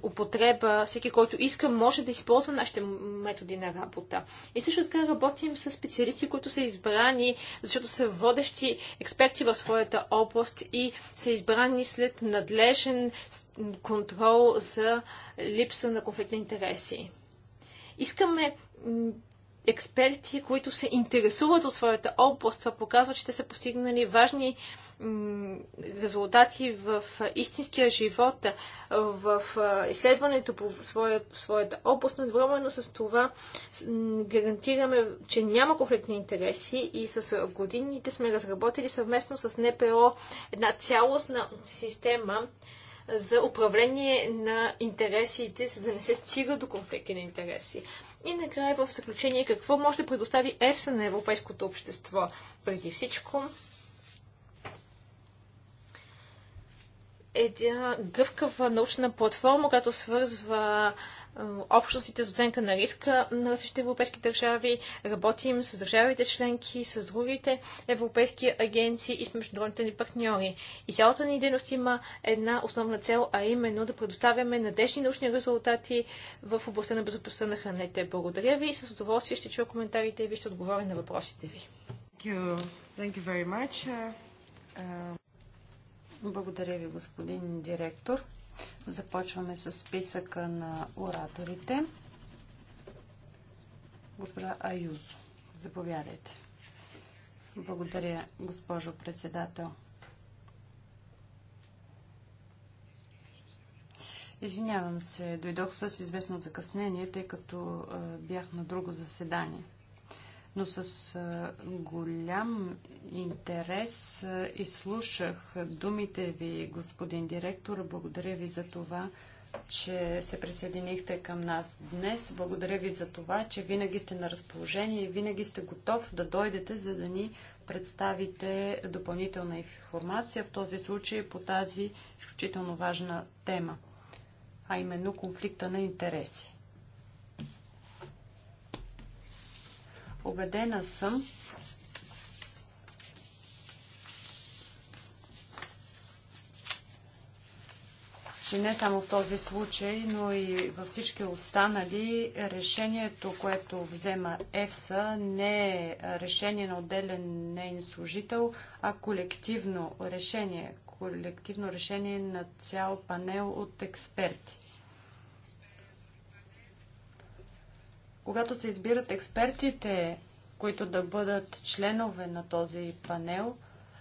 употреба, всеки, който иска, може да използва нашите методи на работа. И също така работим с специалисти, които са избрани, защото са водещи експерти в своята област и са избрани след надлежен контрол за липса на конфликт на интереси. Искаме експерти, които се интересуват от своята област. Това показва, че те са постигнали важни резултати в истинския живот, в изследването по своя, своята област, но едновременно с това гарантираме, че няма конфликт на интереси и с годините сме разработили съвместно с НПО една цялостна система за управление на интересите, за да не се стига до конфликти на интереси. И накрая в заключение какво може да предостави ЕФСА е на европейското общество? Преди всичко, една гъвкава научна платформа, която свързва общностите с оценка на риска на различните европейски държави. Работим с държавите членки, с другите европейски агенции и с международните ни партньори. И цялата ни дейност има една основна цел, а именно да предоставяме надежни научни резултати в областта на безопасността на храните. Благодаря ви и с удоволствие ще чуя коментарите и ви ще отговоря на въпросите ви. Thank you. Thank you uh, uh, благодаря ви, господин директор. Започваме с списъка на ораторите. Госпожа Аюзо, заповядайте. Благодаря, госпожо председател. Извинявам се, дойдох с известно закъснение, тъй като бях на друго заседание но с голям интерес изслушах думите ви, господин директор. Благодаря ви за това, че се присъединихте към нас днес. Благодаря ви за това, че винаги сте на разположение и винаги сте готов да дойдете, за да ни представите допълнителна информация, в този случай по тази изключително важна тема, а именно конфликта на интереси. Обедена съм, че не само в този случай, но и във всички останали, решението, което взема ЕФСА, не е решение на отделен нейн служител, а колективно решение. Колективно решение на цял панел от експерти. Когато се избират експертите, които да бъдат членове на този панел,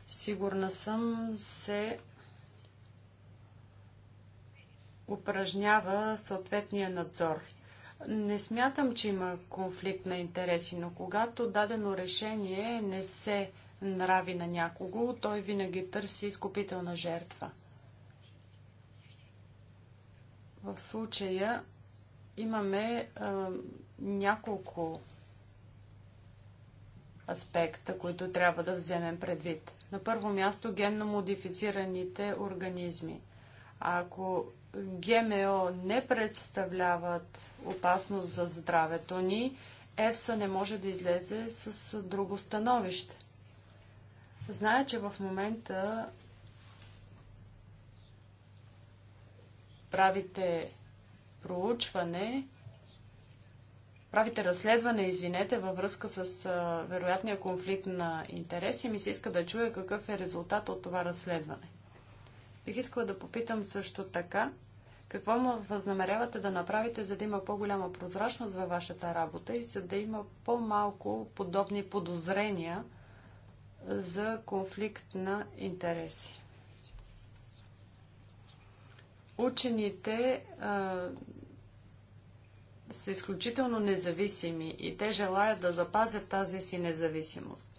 сигурна съм, се упражнява съответния надзор. Не смятам, че има конфликт на интереси, но когато дадено решение не се нрави на някого, той винаги търси изкупителна жертва. В случая имаме а, няколко аспекта, които трябва да вземем предвид. На първо място генно модифицираните организми. А ако ГМО не представляват опасност за здравето ни, ЕФСА не може да излезе с друго становище. Зная, че в момента правите проучване, правите разследване, извинете, във връзка с а, вероятния конфликт на интереси, ми се иска да чуя какъв е резултат от това разследване. Бих искала да попитам също така, какво му възнамерявате да направите, за да има по-голяма прозрачност във вашата работа и за да има по-малко подобни подозрения за конфликт на интереси? Учените а, са изключително независими и те желаят да запазят тази си независимост.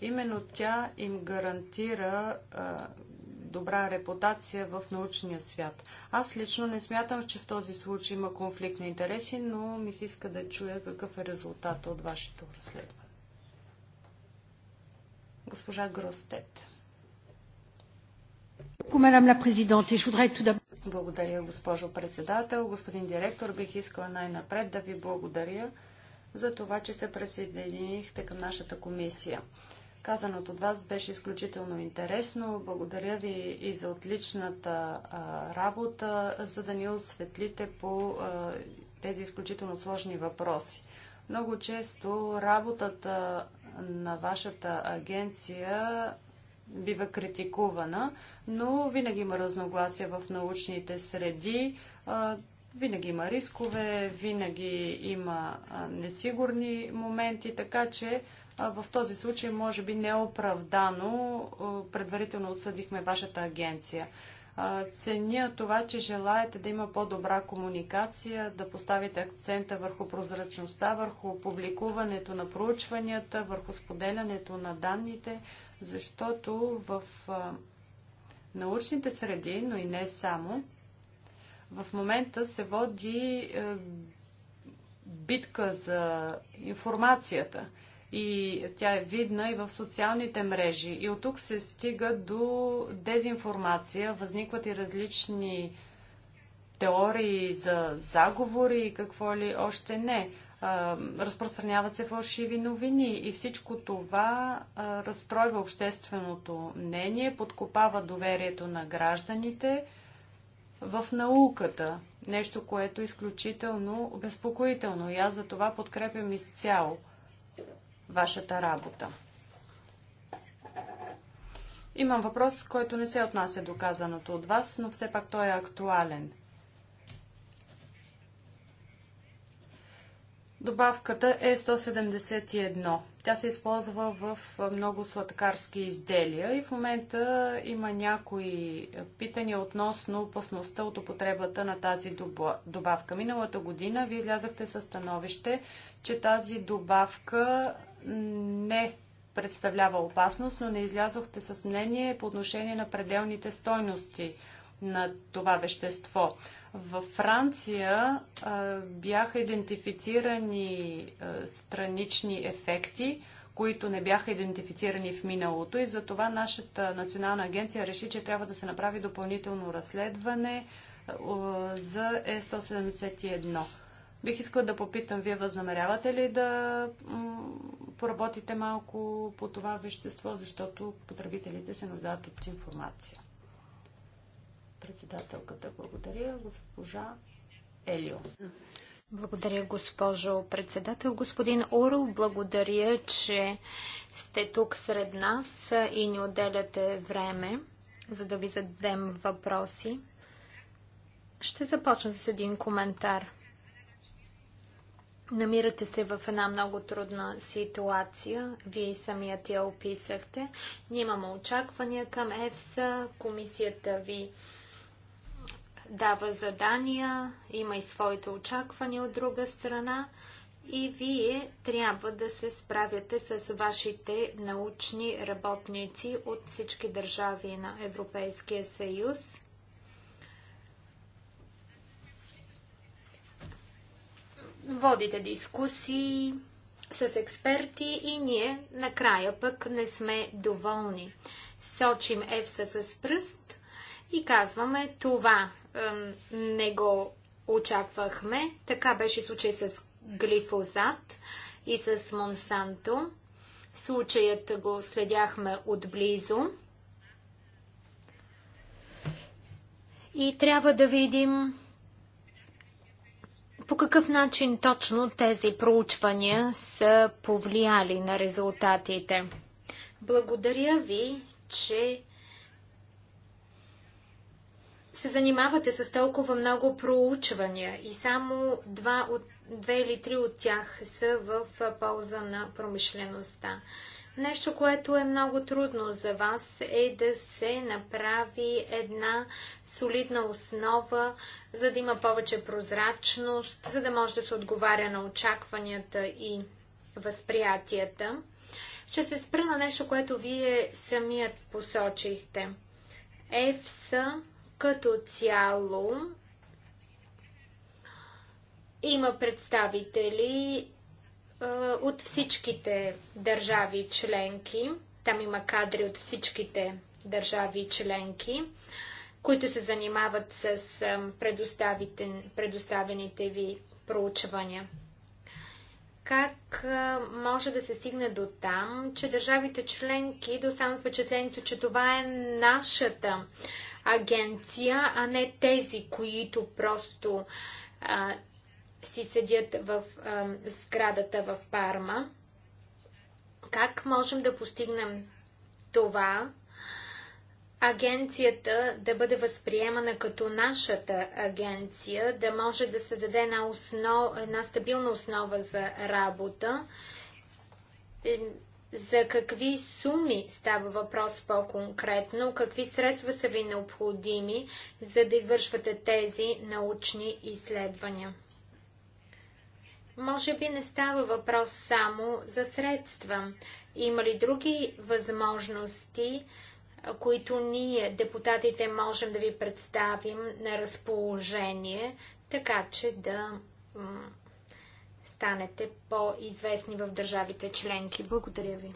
Именно тя им гарантира а, добра репутация в научния свят. Аз лично не смятам, че в този случай има конфликт на интереси, но ми се иска да чуя какъв е резултат от вашето разследване. Госпожа Гростет. Madame la Présidente, благодаря, госпожо председател. Господин директор, бих искала най-напред да ви благодаря за това, че се присъединихте към нашата комисия. Казаното от вас беше изключително интересно. Благодаря ви и за отличната а, работа, за да ни осветлите по а, тези изключително сложни въпроси. Много често работата на вашата агенция бива критикувана, но винаги има разногласия в научните среди, винаги има рискове, винаги има несигурни моменти, така че в този случай може би неоправдано предварително отсъдихме вашата агенция. Ценя това, че желаете да има по-добра комуникация, да поставите акцента върху прозрачността, върху публикуването на проучванията, върху споделянето на данните защото в научните среди, но и не само, в момента се води е, битка за информацията и тя е видна и в социалните мрежи. И от тук се стига до дезинформация, възникват и различни теории за заговори и какво ли още не разпространяват се фалшиви новини и всичко това разстройва общественото мнение, подкопава доверието на гражданите в науката. Нещо, което е изключително безпокоително. И аз за това подкрепям изцяло вашата работа. Имам въпрос, който не се отнася до казаното от вас, но все пак той е актуален – Добавката е 171. Тя се използва в много сладкарски изделия и в момента има някои питания относно опасността от употребата на тази добавка. Миналата година ви излязахте със становище, че тази добавка не представлява опасност, но не излязохте с мнение по отношение на пределните стойности на това вещество. Във Франция бяха идентифицирани странични ефекти, които не бяха идентифицирани в миналото и затова нашата национална агенция реши, че трябва да се направи допълнително разследване за Е171. Бих искала да попитам, вие възнамерявате ли да поработите малко по това вещество, защото потребителите се нуждаят от информация. Председателката, благодаря. Госпожа Елио. Благодаря, госпожо председател. Господин Орл, благодаря, че сте тук сред нас и ни отделяте време, за да ви зададем въпроси. Ще започна с един коментар. Намирате се в една много трудна ситуация. Вие самият я описахте. Нямаме очаквания към ЕФСА. Комисията ви дава задания, има и своите очаквания от друга страна и вие трябва да се справяте с вашите научни работници от всички държави на Европейския съюз. Водите дискусии с експерти и ние накрая пък не сме доволни. Сочим Евса с пръст и казваме това не го очаквахме. Така беше случай с глифозат и с Монсанто. Случаят го следяхме отблизо. И трябва да видим по какъв начин точно тези проучвания са повлияли на резултатите. Благодаря ви, че се занимавате с толкова много проучвания и само два от, две или три от тях са в полза на промишлеността. Нещо, което е много трудно за вас е да се направи една солидна основа, за да има повече прозрачност, за да може да се отговаря на очакванията и възприятията. Ще се спра на нещо, което вие самият посочихте. ЕФСА като цяло има представители от всичките държави членки. Там има кадри от всичките държави членки, които се занимават с предоставените ви проучвания. Как може да се стигне до там, че държавите членки да останат впечатлението, че това е нашата агенция, а не тези, които просто а, си седят в а, сградата в Парма. Как можем да постигнем това? Агенцията да бъде възприемана като нашата агенция, да може да се даде една, основ, една стабилна основа за работа е, за какви суми става въпрос по-конкретно? Какви средства са ви необходими, за да извършвате тези научни изследвания? Може би не става въпрос само за средства. Има ли други възможности, които ние, депутатите, можем да ви представим на разположение, така че да станете по-известни в държавите членки. Благодаря ви.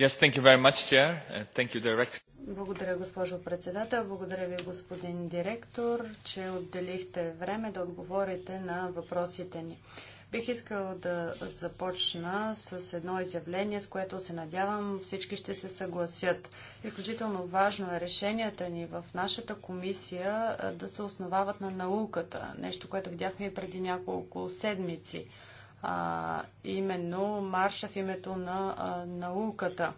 Yes, thank you very much, Chair. Uh, thank you, Director. Благодаря, госпожо председател. Благодаря ви, господин директор, че отделихте време да отговорите на въпросите ни. Бих искал да започна с едно изявление, с което се надявам всички ще се съгласят. Изключително важно е решенията ни в нашата комисия да се основават на науката. Нещо, което видяхме и преди няколко седмици. А, именно марша в името на а, науката.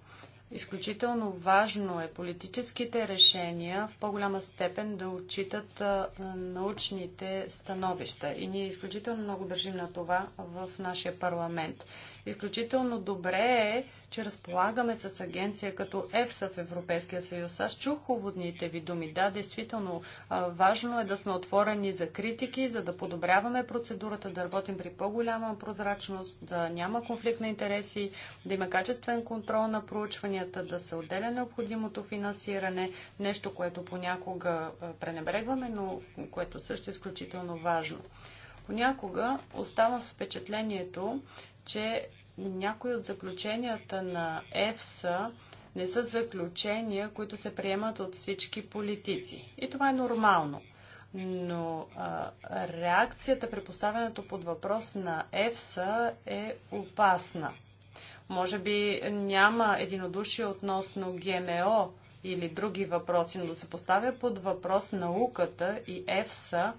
Изключително важно е политическите решения в по-голяма степен да отчитат научните становища. И ние изключително много държим на това в нашия парламент. Изключително добре е, че разполагаме с агенция като ЕФСА в Европейския съюз. Аз чух уводните ви думи. Да, действително важно е да сме отворени за критики, за да подобряваме процедурата, да работим при по-голяма прозрачност, да няма конфликт на интереси, да има качествен контрол на проучвания компанията да се отделя необходимото финансиране, нещо, което понякога пренебрегваме, но което също е изключително важно. Понякога остава с впечатлението, че някои от заключенията на ЕФСА не са заключения, които се приемат от всички политици. И това е нормално. Но а, реакцията при поставянето под въпрос на ЕФСА е опасна. Може би няма единодушие относно ГМО или други въпроси, но да се поставя под въпрос науката и ЕФСА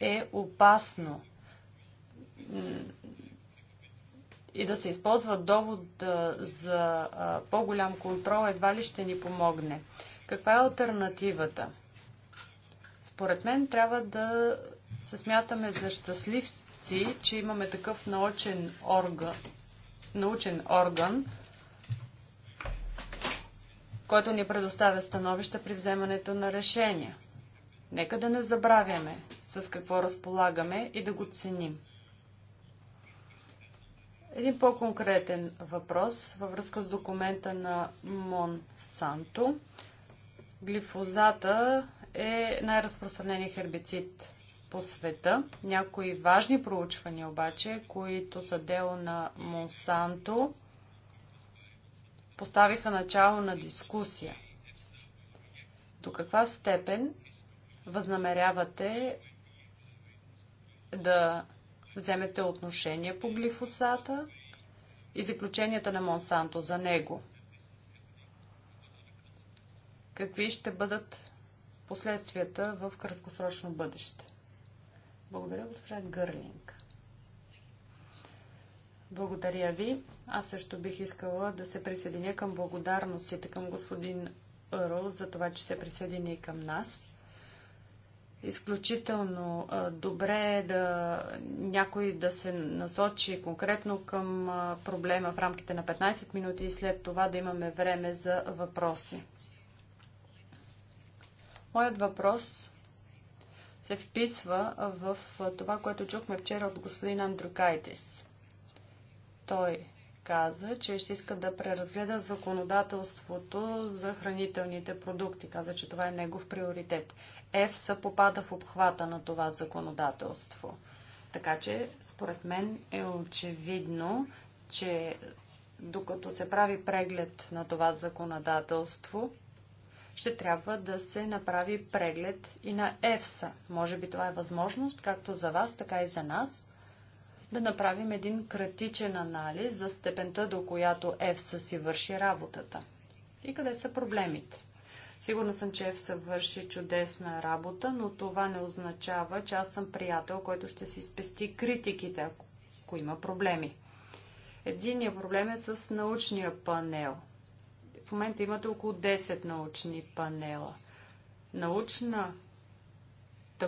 е опасно. И да се използва довод за по-голям контрол едва ли ще ни помогне. Каква е альтернативата? Според мен трябва да се смятаме за щастливци, че имаме такъв научен орган, научен орган, който ни предоставя становища при вземането на решения. Нека да не забравяме с какво разполагаме и да го ценим. Един по-конкретен въпрос във връзка с документа на Монсанто. Глифозата е най разпространеният хербицид по света. Някои важни проучвания обаче, които са дело на Монсанто, поставиха начало на дискусия. До каква степен възнамерявате да вземете отношение по глифосата и заключенията на Монсанто за него? Какви ще бъдат последствията в краткосрочно бъдеще? Благодаря, госпожа Гърлинг. Благодаря ви. Аз също бих искала да се присъединя към благодарностите към господин Ерл за това, че се присъедини към нас. Изключително добре е да някой да се насочи конкретно към проблема в рамките на 15 минути и след това да имаме време за въпроси. Моят въпрос се вписва в това, което чухме вчера от господин Андрюкайтис. Той каза, че ще иска да преразгледа законодателството за хранителните продукти. Каза, че това е негов приоритет. ЕФСА попада в обхвата на това законодателство. Така че, според мен е очевидно, че докато се прави преглед на това законодателство, ще трябва да се направи преглед и на ЕФСА. Може би това е възможност, както за вас, така и за нас, да направим един критичен анализ за степента, до която ЕФСА си върши работата. И къде са проблемите? Сигурна съм, че ЕФСА върши чудесна работа, но това не означава, че аз съм приятел, който ще си спести критиките, ако има проблеми. Единият проблем е с научния панел – в момента имате около 10 научни панела. Научната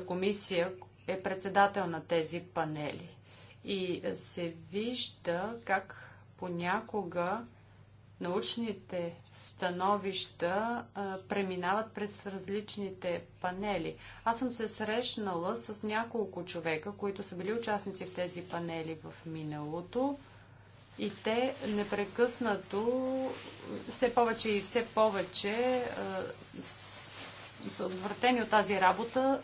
комисия е председател на тези панели. И се вижда как понякога научните становища а, преминават през различните панели. Аз съм се срещнала с няколко човека, които са били участници в тези панели в миналото. И те непрекъснато, все повече и все повече са отвратени от тази работа,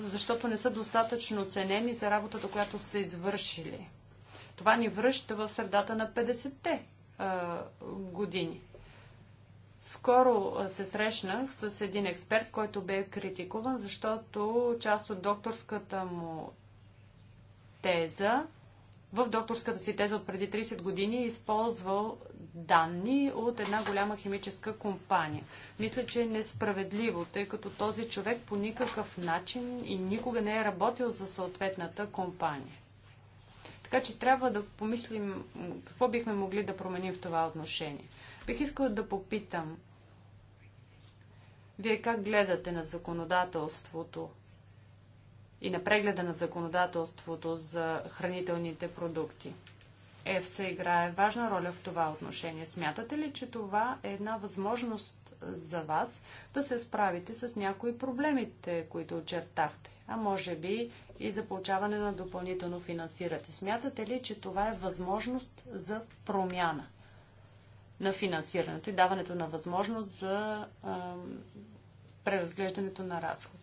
защото не са достатъчно оценени за работата, която са извършили. Това ни връща в средата на 50-те години. Скоро се срещнах с един експерт, който бе критикуван, защото част от докторската му теза в докторската си теза от преди 30 години е използвал данни от една голяма химическа компания. Мисля, че е несправедливо, тъй като този човек по никакъв начин и никога не е работил за съответната компания. Така че трябва да помислим какво бихме могли да променим в това отношение. Бих искала да попитам, вие как гледате на законодателството и на прегледа на законодателството за хранителните продукти. ЕФС играе важна роля в това отношение. Смятате ли, че това е една възможност за вас да се справите с някои проблемите, които очертахте, а може би и за получаване на допълнително финансиране? Смятате ли, че това е възможност за промяна на финансирането и даването на възможност за а, преразглеждането на разход?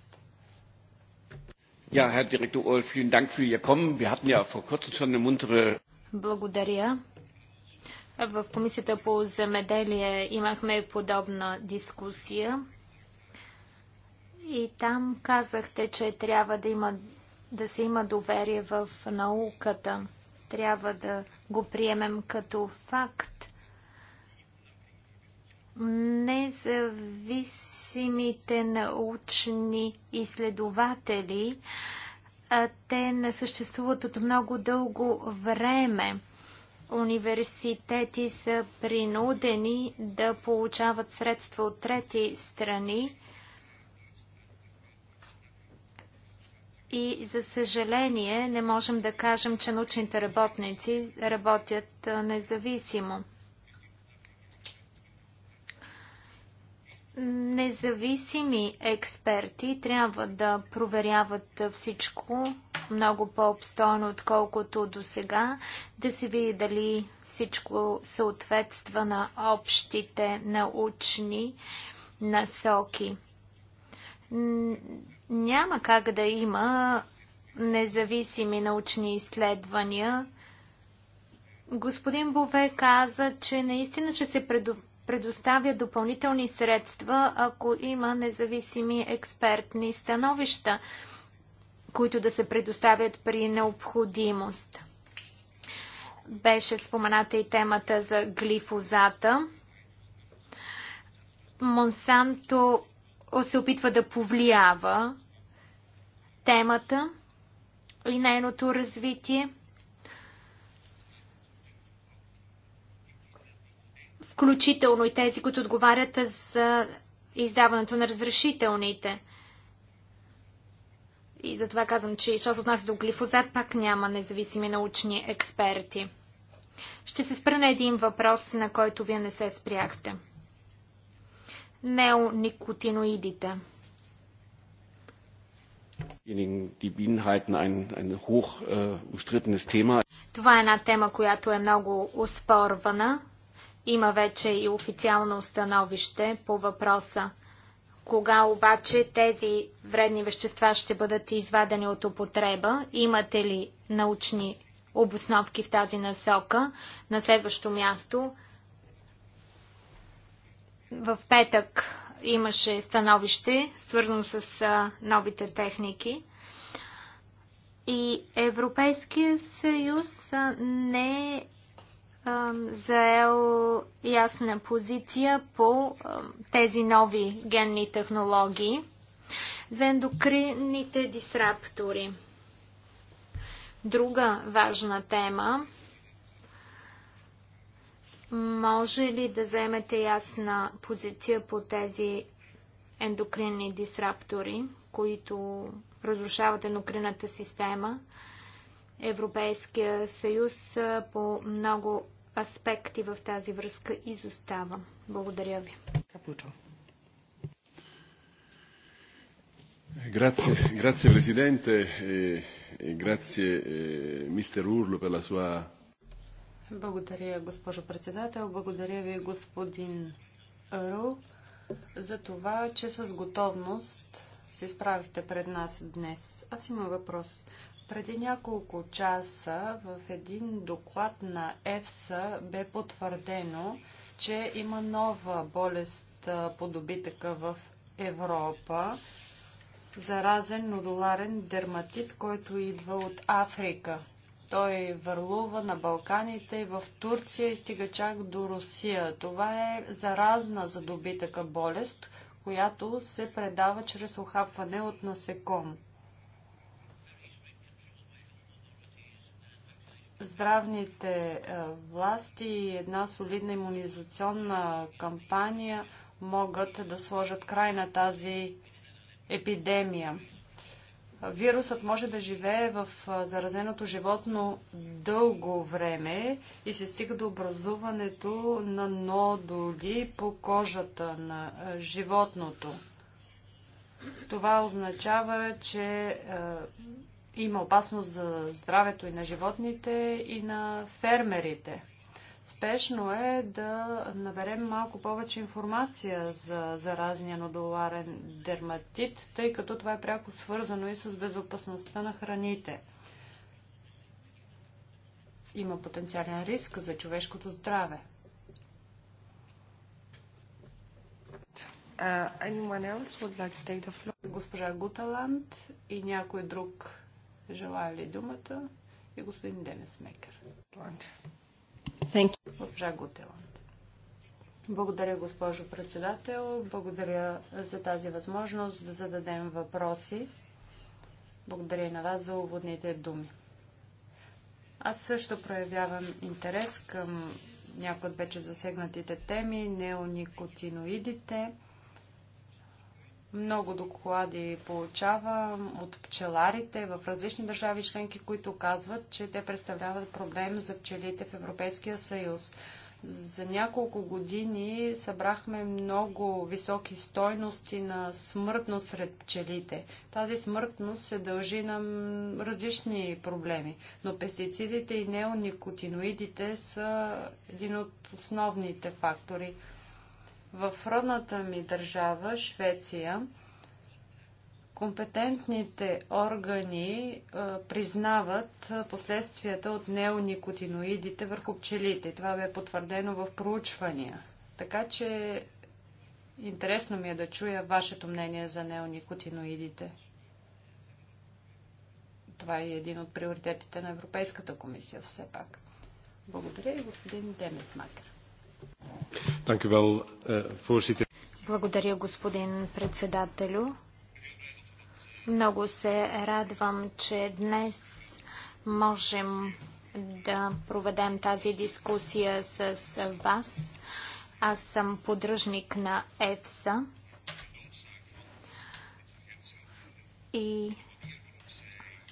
Ja, Herr Direktor Ohl, vielen Dank für Ihr Kommen. Wir hatten ja vor kurzem schon eine muntere... Благодаря. В Комисията по земеделие имахме подобна дискусия и там казахте, че трябва да, има, да се има доверие в науката. Трябва да го приемем като факт. Независимо независимите научни изследователи. Те не съществуват от много дълго време. Университети са принудени да получават средства от трети страни. И за съжаление не можем да кажем, че научните работници работят независимо. Независими експерти трябва да проверяват всичко много по-обстойно, отколкото до сега, да се види дали всичко съответства на общите научни насоки. Няма как да има независими научни изследвания. Господин Бове каза, че наистина ще се предотвратят предоставя допълнителни средства, ако има независими експертни становища, които да се предоставят при необходимост. Беше спомената и темата за глифозата. Монсанто се опитва да повлиява темата и нейното развитие. включително и тези, които отговарят за издаването на разрешителните. И затова казвам, че що се отнася до глифозат, пак няма независими научни експерти. Ще се спра на един въпрос, на който вие не се спряхте. Неоникотиноидите. Äh, Това е една тема, която е много успорвана. Има вече и официално установище по въпроса. Кога обаче тези вредни вещества ще бъдат извадени от употреба? Имате ли научни обосновки в тази насока? На следващо място, в петък имаше становище, свързано с новите техники. И Европейския съюз не заел ясна позиция по тези нови генни технологии за ендокринните дисраптори. Друга важна тема. Може ли да вземете ясна позиция по тези ендокринни дисраптори, които разрушават ендокринната система? Европейския съюз по много аспекти в тази връзка изостава. Благодаря ви. Капуто. Grazie, grazie Presidente e grazie mister Urlo per la sua... Благодаря, госпожо председател. Благодаря ви, господин Ру, за това, че с готовност се справихте пред нас днес. Аз имам въпрос. Преди няколко часа в един доклад на ЕФСА бе потвърдено, че има нова болест по добитъка в Европа, заразен нодуларен дерматит, който идва от Африка. Той върлува на Балканите и в Турция и стига чак до Русия. Това е заразна за добитъка болест, която се предава чрез охапване от насекомо. здравните е, власти и една солидна иммунизационна кампания могат да сложат край на тази епидемия. Вирусът може да живее в е, заразеното животно дълго време и се стига до образуването на нодули по кожата на е, животното. Това означава, че има опасност за здравето и на животните, и на фермерите. Спешно е да наберем малко повече информация за заразния нодуларен дерматит, тъй като това е пряко свързано и с безопасността на храните. Има потенциален риск за човешкото здраве. Uh, like Госпожа Гуталанд и някой друг Желая ли думата? И господин Денис Мекер. Госпожа Гутеланд. Благодаря, госпожо председател. Благодаря за тази възможност да зададем въпроси. Благодаря и на вас за уводните думи. Аз също проявявам интерес към някои от вече засегнатите теми, неоникотиноидите – много доклади получавам от пчеларите в различни държави членки, които казват, че те представляват проблем за пчелите в Европейския съюз. За няколко години събрахме много високи стойности на смъртност сред пчелите. Тази смъртност се дължи на различни проблеми, но пестицидите и неоникотиноидите са един от основните фактори – в родната ми държава, Швеция, компетентните органи признават последствията от неоникотиноидите върху пчелите. Това бе потвърдено в проучвания. Така че интересно ми е да чуя вашето мнение за неоникотиноидите. Това е един от приоритетите на Европейската комисия все пак. Благодаря и господин Демисмакер. Eh, Благодаря, господин председателю. Много се радвам, че днес можем да проведем тази дискусия с вас. Аз съм подръжник на ЕФСА и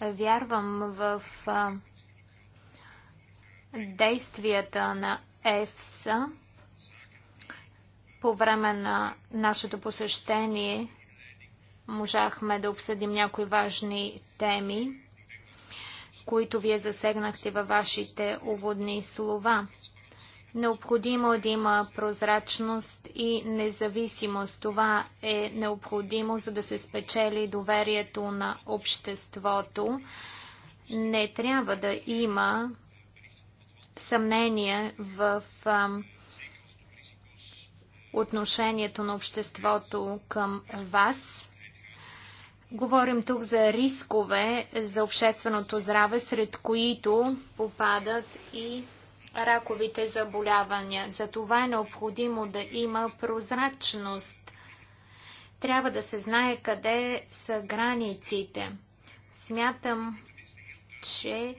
вярвам в действията на ЕФСА по време на нашето посещение можахме да обсъдим някои важни теми, които вие засегнахте във вашите уводни слова. Необходимо е да има прозрачност и независимост. Това е необходимо, за да се спечели доверието на обществото. Не трябва да има съмнение в ам, отношението на обществото към вас. Говорим тук за рискове за общественото здраве, сред които попадат и раковите заболявания. За това е необходимо да има прозрачност. Трябва да се знае къде са границите. Смятам, че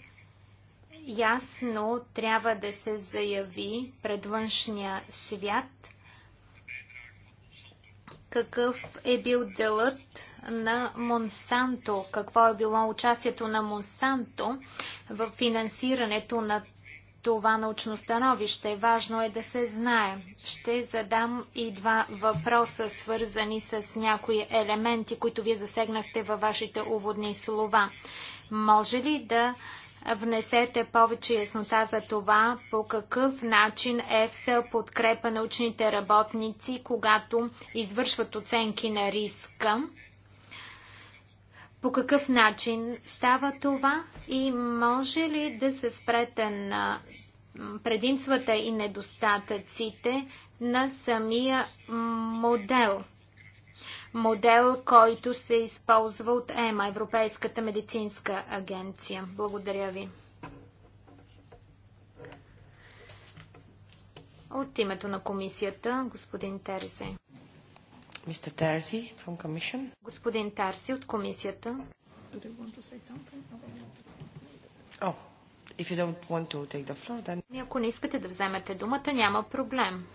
ясно трябва да се заяви пред външния свят, какъв е бил делът на Монсанто, какво е било участието на Монсанто в финансирането на това научно становище. Важно е да се знае. Ще задам и два въпроса, свързани с някои елементи, които вие засегнахте във вашите уводни слова. Може ли да внесете повече яснота за това по какъв начин ЕФСА подкрепа научните работници, когато извършват оценки на риска. По какъв начин става това и може ли да се спрете на предимствата и недостатъците на самия модел? модел, който се използва от ЕМА, Европейската медицинска агенция. Благодаря ви. От името на комисията, господин Терзи. Мистер Терзи, from Commission. Господин Терзи от комисията. Oh, if you don't want to take the floor, then... И ами, ако не искате да вземете думата, няма проблем.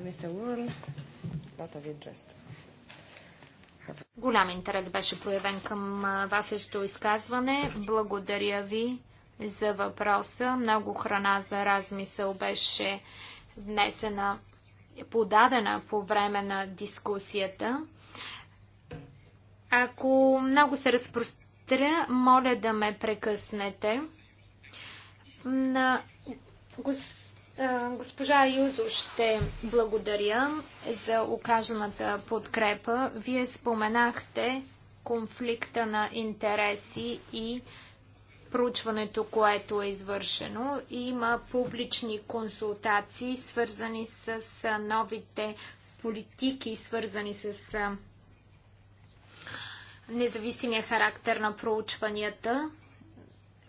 Mr. Wural, not of interest. Голям интерес беше проявен към вашето изказване. Благодаря ви за въпроса. Много храна за размисъл беше внесена, подадена по време на дискусията. Ако много се разпростря, моля да ме прекъснете. На е, госпожа Юзо, ще благодаря за окажената подкрепа. Вие споменахте конфликта на интереси и проучването, което е извършено. Има публични консултации, свързани с новите политики, свързани с независимия характер на проучванията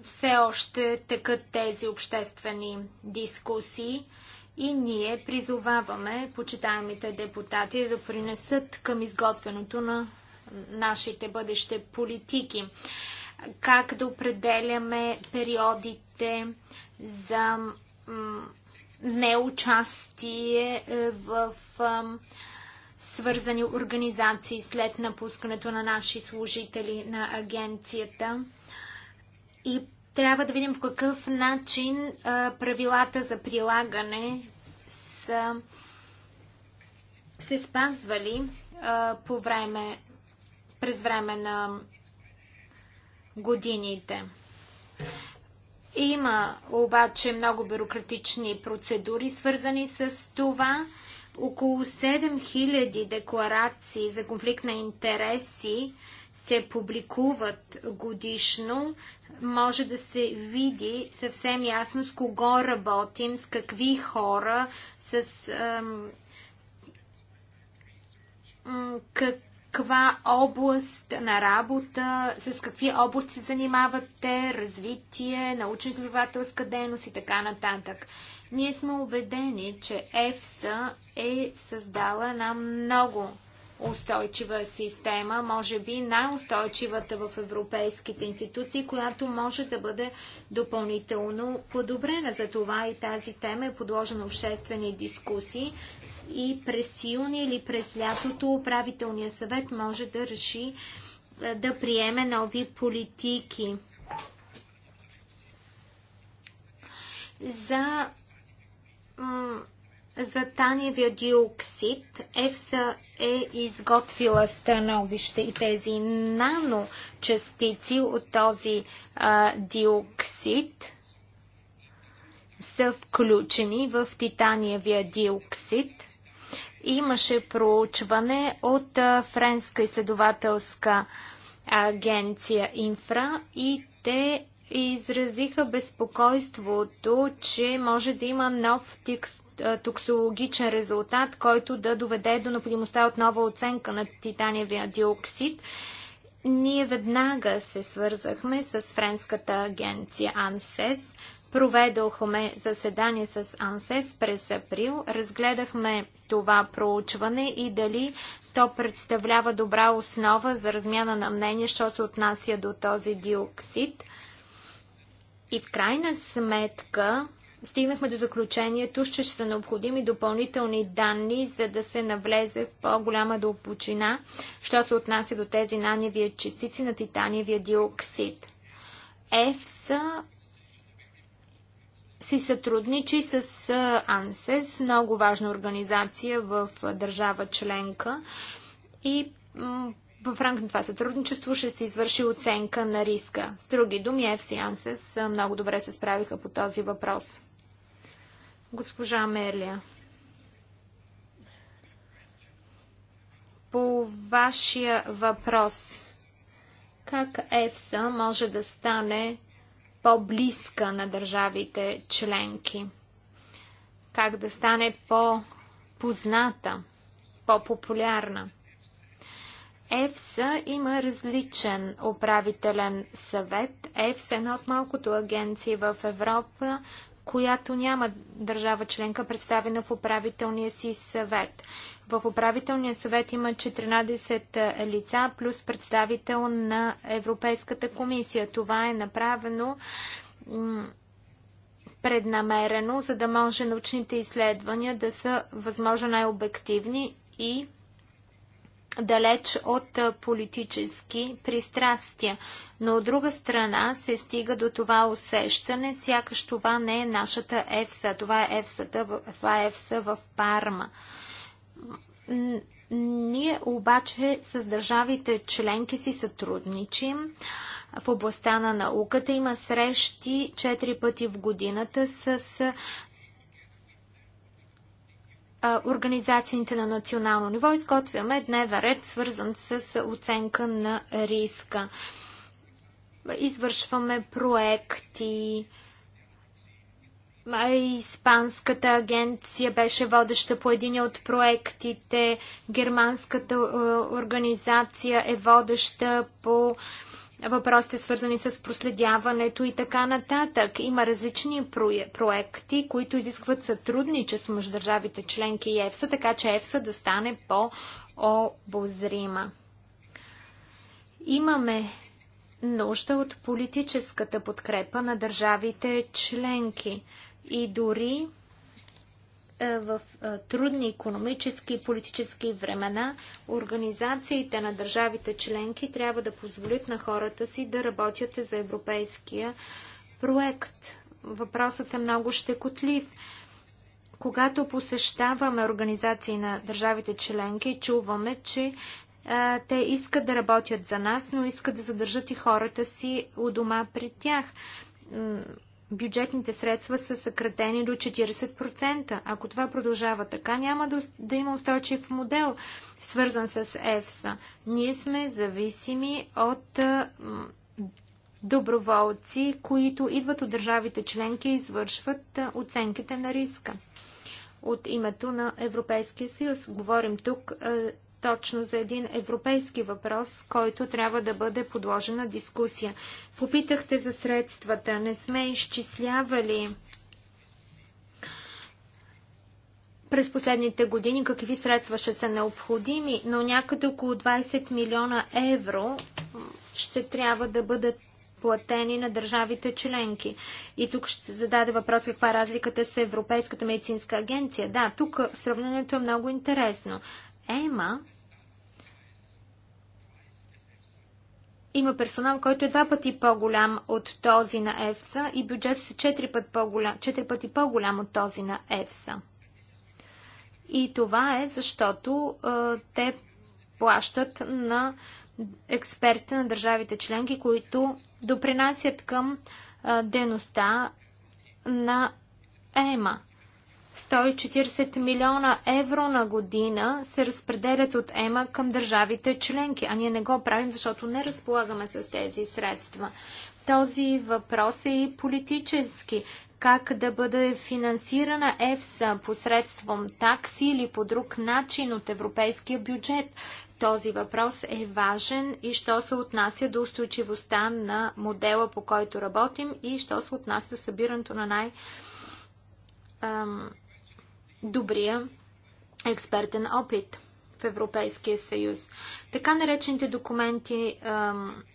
все още тъкат тези обществени дискусии и ние призоваваме почитаемите депутати да принесат към изготвянето на нашите бъдеще политики. Как да определяме периодите за неучастие е, в свързани организации след напускането на наши служители на агенцията. И трябва да видим в какъв начин а, правилата за прилагане са се спазвали а, по време, през време на годините. Има обаче много бюрократични процедури, свързани с това. Около 7000 декларации за конфликт на интереси се публикуват годишно може да се види съвсем ясно с кого работим, с какви хора, с ам, каква област на работа, с какви области се занимават те, развитие, научно-изследователска дейност и така нататък. Ние сме убедени, че ЕФСА е създала една много устойчива система, може би най-устойчивата в европейските институции, която може да бъде допълнително подобрена. За това и тази тема е подложена обществени дискусии и през юни или през лятото управителния съвет може да реши е, да приеме нови политики. За за таневия диоксид ЕФСА е изготвила становище и тези наночастици от този а, диоксид са включени в титаниевия диоксид. Имаше проучване от Френска изследователска агенция Инфра и те изразиха безпокойството, че може да има нов текст е, токсологичен резултат, който да доведе до необходимостта от нова оценка на титаневия диоксид. Ние веднага се свързахме с френската агенция АНСЕС. Проведохме заседание с АНСЕС през април. Разгледахме това проучване и дали то представлява добра основа за размяна на мнение, що се отнася до този диоксид. И в крайна сметка стигнахме до заключението, че ще са необходими допълнителни данни, за да се навлезе в по-голяма дълбочина, що се отнася до тези наневия частици на титаниевия диоксид. ЕФСА си сътрудничи с АНСЕС, много важна организация в държава членка и в рамк на това сътрудничество ще се извърши оценка на риска. С други думи, FC Ансес много добре се справиха по този въпрос. Госпожа Амелия. По вашия въпрос, как ЕФСА може да стане по-близка на държавите членки? Как да стане по-позната, по-популярна? ЕФСА има различен управителен съвет. ЕФСА е една от малкото агенции в Европа, която няма държава членка представена в управителния си съвет. В управителния съвет има 14 е, лица плюс представител на Европейската комисия. Това е направено преднамерено, за да може научните изследвания да са възможно най-обективни и далеч от политически пристрастия. Но от друга страна се стига до това усещане, сякаш това не е нашата ЕФСА, това е ЕФСА, това е ЕФСА в Парма. Ние обаче с държавите членки си сътрудничим в областта на науката. Има срещи 4 пъти в годината с организациите на национално ниво. Изготвяме дневен ред, свързан с оценка на риска. Извършваме проекти. Испанската агенция беше водеща по един от проектите. Германската организация е водеща по въпросите свързани с проследяването и така нататък. Има различни проекти, които изискват сътрудничество между държавите членки и ЕФСА, така че ЕФСА да стане по-обозрима. Имаме нужда от политическата подкрепа на държавите членки и дори е, в е, трудни економически и политически времена организациите на държавите членки трябва да позволят на хората си да работят за европейския проект. Въпросът е много щекотлив. Когато посещаваме организации на държавите членки, чуваме, че а, е, те искат да работят за нас, но искат да задържат и хората си у дома при тях бюджетните средства са съкратени до 40%. Ако това продължава така, няма да, да има устойчив модел, свързан с ЕФСА. Ние сме зависими от доброволци, които идват от държавите членки и извършват оценките на риска. От името на Европейския съюз говорим тук точно за един европейски въпрос, който трябва да бъде подложен на дискусия. Попитахте за средствата. Не сме изчислявали през последните години какви средства ще са необходими, но някъде около 20 милиона евро ще трябва да бъдат платени на държавите членки. И тук ще зададе въпрос каква е разликата с Европейската медицинска агенция. Да, тук сравнението е много интересно. ЕМА има персонал, който е два пъти по-голям от този на ЕФСА и бюджет са е четири, път по-голям, пъти по-голям от този на ЕФСА. И това е защото а, те плащат на експертите на държавите членки, които допринасят към а, дейността на ЕМА. 140 милиона евро на година се разпределят от ЕМА към държавите членки, а ние не го правим, защото не разполагаме с тези средства. Този въпрос е и политически. Как да бъде финансирана ЕФСА посредством такси или по друг начин от европейския бюджет? Този въпрос е важен и що се отнася до устойчивостта на модела, по който работим и що се отнася до събирането на най- добрия експертен опит в Европейския съюз. Така наречените документи,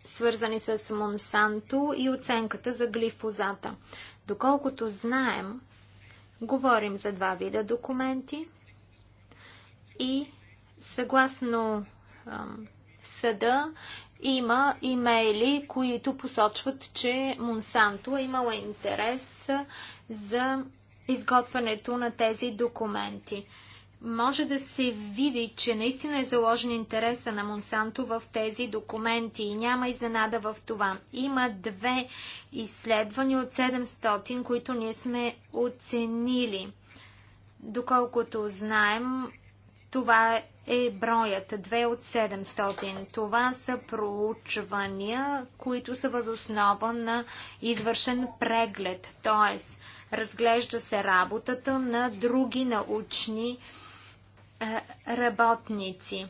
свързани с Монсанто и оценката за глифозата. Доколкото знаем, говорим за два вида документи и съгласно съда има имейли, които посочват, че Монсанто е имала интерес за изготвянето на тези документи. Може да се види, че наистина е заложен интереса на Монсанто в тези документи и няма изненада в това. Има две изследвания от 700, които ние сме оценили. Доколкото знаем, това е броят 2 от 700. Това са проучвания, които са възоснова на извършен преглед, т.е разглежда се работата на други научни е, работници.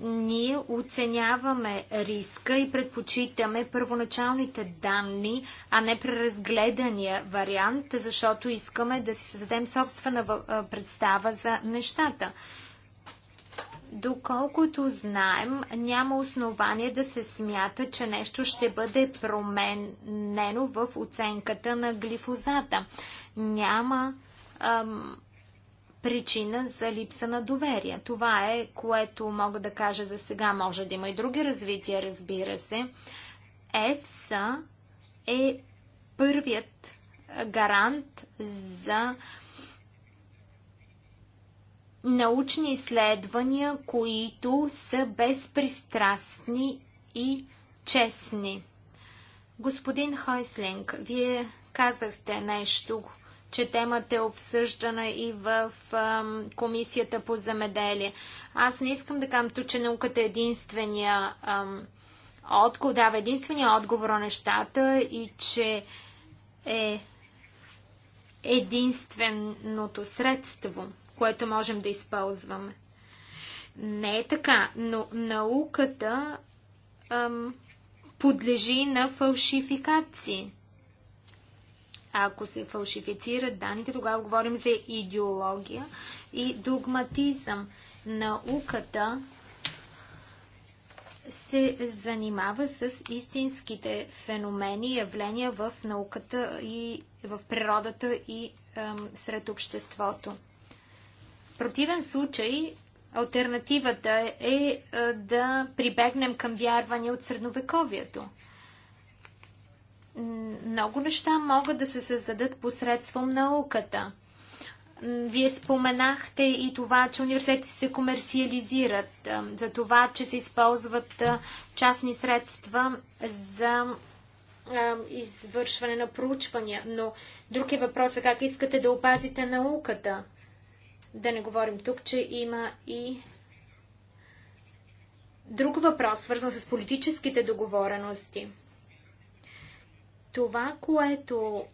Ние оценяваме риска и предпочитаме първоначалните данни, а не преразгледания вариант, защото искаме да си създадем собствена е, представа за нещата. Доколкото знаем, няма основание да се смята, че нещо ще бъде променено в оценката на глифозата. Няма ам, причина за липса на доверие. Това е, което мога да кажа за сега. Може да има и други развития, разбира се. ЕФСА е първият гарант за научни изследвания, които са безпристрастни и честни. Господин Хойслинг, вие казахте нещо, че темата е обсъждана и в Комисията по земеделие. Аз не искам да кажа, че науката е единствения ам, отговор, дава единствения отговор на нещата и че е единственото средство което можем да използваме. Не е така, но науката ам, подлежи на фалшификации. Ако се фалшифицират данните, тогава говорим за идеология и догматизъм. Науката се занимава с истинските феномени и явления в науката и в природата и ам, сред обществото противен случай альтернативата е, е да прибегнем към вярвания от средновековието. Много неща могат да се създадат посредством науката. Вие споменахте и това, че университетите се комерциализират, е, за това, че се използват е, частни средства за извършване на проучвания. Но друг е въпросът как искате да опазите науката. Да не говорим тук, че има и друг въпрос, свързан с политическите договорености. Това, което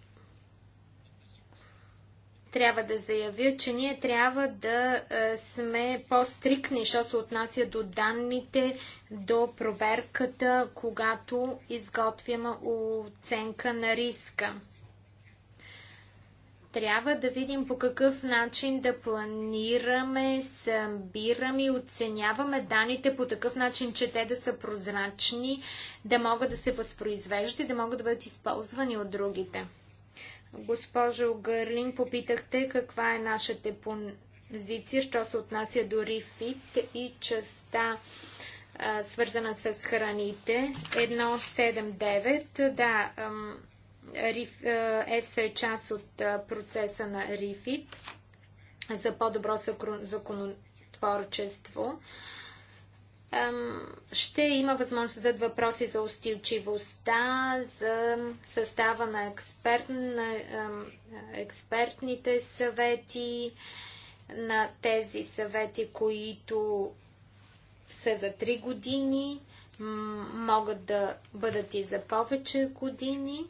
трябва да заявя, че ние трябва да е, сме по-стрикни, що се отнася до данните, до проверката, когато изготвяме оценка на риска трябва да видим по какъв начин да планираме, събираме и оценяваме данните по такъв начин, че те да са прозрачни, да могат да се възпроизвеждат и да могат да бъдат използвани от другите. Госпожо Гърлин, попитахте каква е нашата позиция, що се отнася до рифит и частта свързана с храните. 1.7.9. Да, ЕФСА е част от е, процеса на РИФИТ за по-добро законотворчество. Ще има възможност да въпроси за устойчивостта, за състава на, експерт, на експертните съвети, на тези съвети, които са за 3 години, могат да бъдат и за повече години.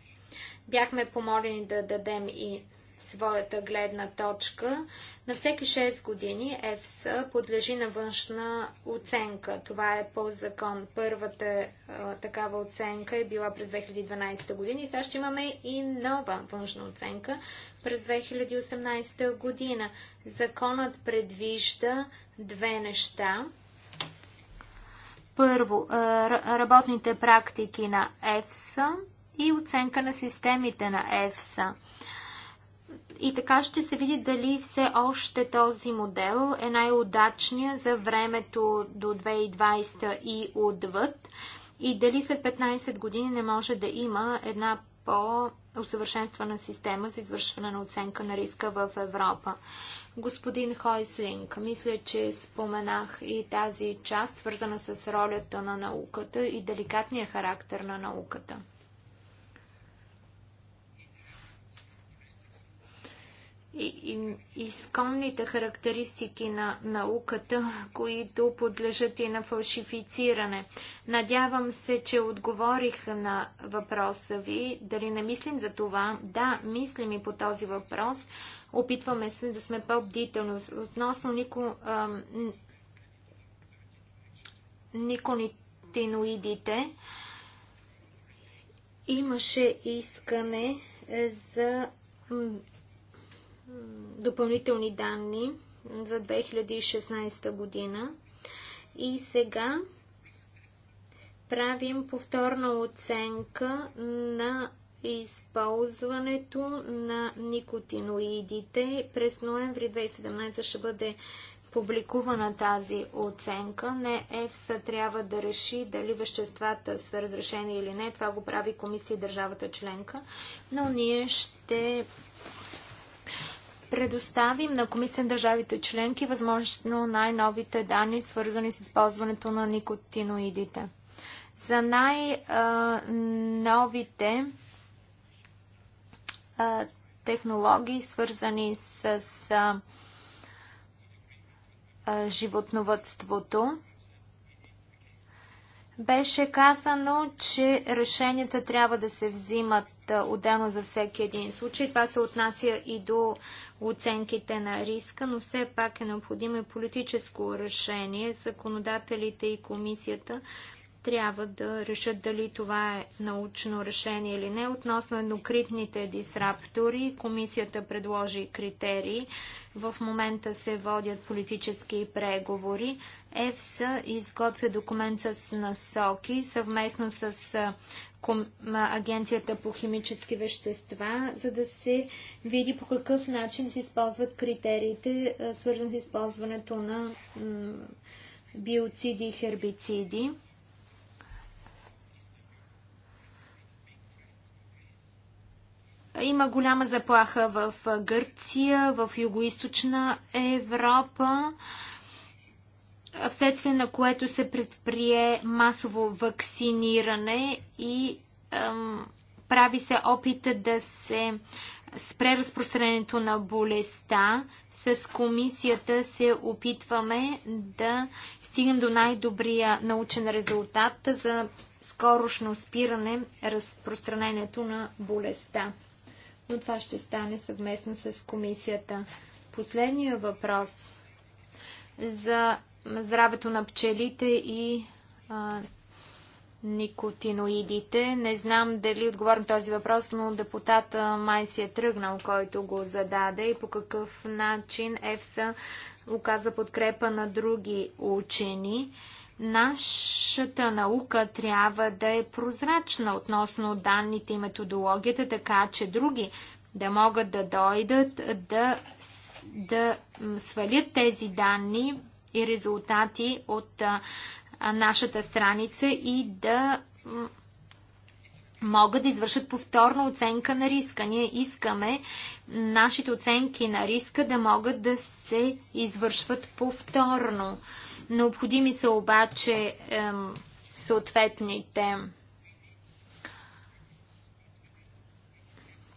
Бяхме помолени да дадем и своята гледна точка. На всеки 6 години ЕФС подлежи на външна оценка. Това е по закон. Първата а, такава оценка е била през 2012 година и сега ще имаме и нова външна оценка през 2018 година. Законът предвижда две неща. Първо, работните практики на ЕФСА и оценка на системите на ЕФСА. И така ще се види дали все още този модел е най-удачния за времето до 2020 и отвъд и дали след 15 години не може да има една по-усъвършенствана система за извършване на оценка на риска в Европа. Господин Хойслинг, мисля, че споменах и тази част, свързана с ролята на науката и деликатния характер на науката. и, и, изконните характеристики на науката, които подлежат и на фалшифициране. Надявам се, че отговорих на въпроса ви. Дали не мислим за това? Да, мислим и по този въпрос. Опитваме се да сме по-бдителни. Относно нико, ам, никонитиноидите, имаше искане за допълнителни данни за 2016 година. И сега правим повторна оценка на използването на никотиноидите. През ноември 2017 ще бъде публикувана тази оценка. Не ЕФСА трябва да реши дали веществата са разрешени или не. Това го прави комисия и държавата членка. Но ние ще предоставим на комисия на държавите членки възможно най-новите данни, свързани с използването на никотиноидите. За най-новите технологии, свързани с животновътството, беше казано, че решенията трябва да се взимат отделно за всеки един случай. Това се отнася и до оценките на риска, но все пак е необходимо и политическо решение. Законодателите и комисията трябва да решат дали това е научно решение или не. Относно еднокритните дисраптори, комисията предложи критерии. В момента се водят политически преговори. ЕФСА изготвя документ с насоки съвместно с Агенцията по химически вещества, за да се види по какъв начин се използват критериите, свързани с използването на биоциди и хербициди. Има голяма заплаха в Гърция, в Юго-Источна Европа, вследствие на което се предприе масово вакциниране и ем, прави се опит да се спре разпространението на болестта. С комисията се опитваме да стигнем до най-добрия научен резултат за скорошно спиране разпространението на болестта но това ще стане съвместно с комисията. Последния въпрос за здравето на пчелите и а, никотиноидите. Не знам дали отговорим този въпрос, но депутата май си е тръгнал, който го зададе и по какъв начин ЕФСА оказа подкрепа на други учени. Нашата наука трябва да е прозрачна относно данните и методологията, така че други да могат да дойдат, да, да свалят тези данни и резултати от нашата страница и да могат да извършат повторна оценка на риска. Ние искаме нашите оценки на риска да могат да се извършват повторно. Необходими са обаче ем, съответните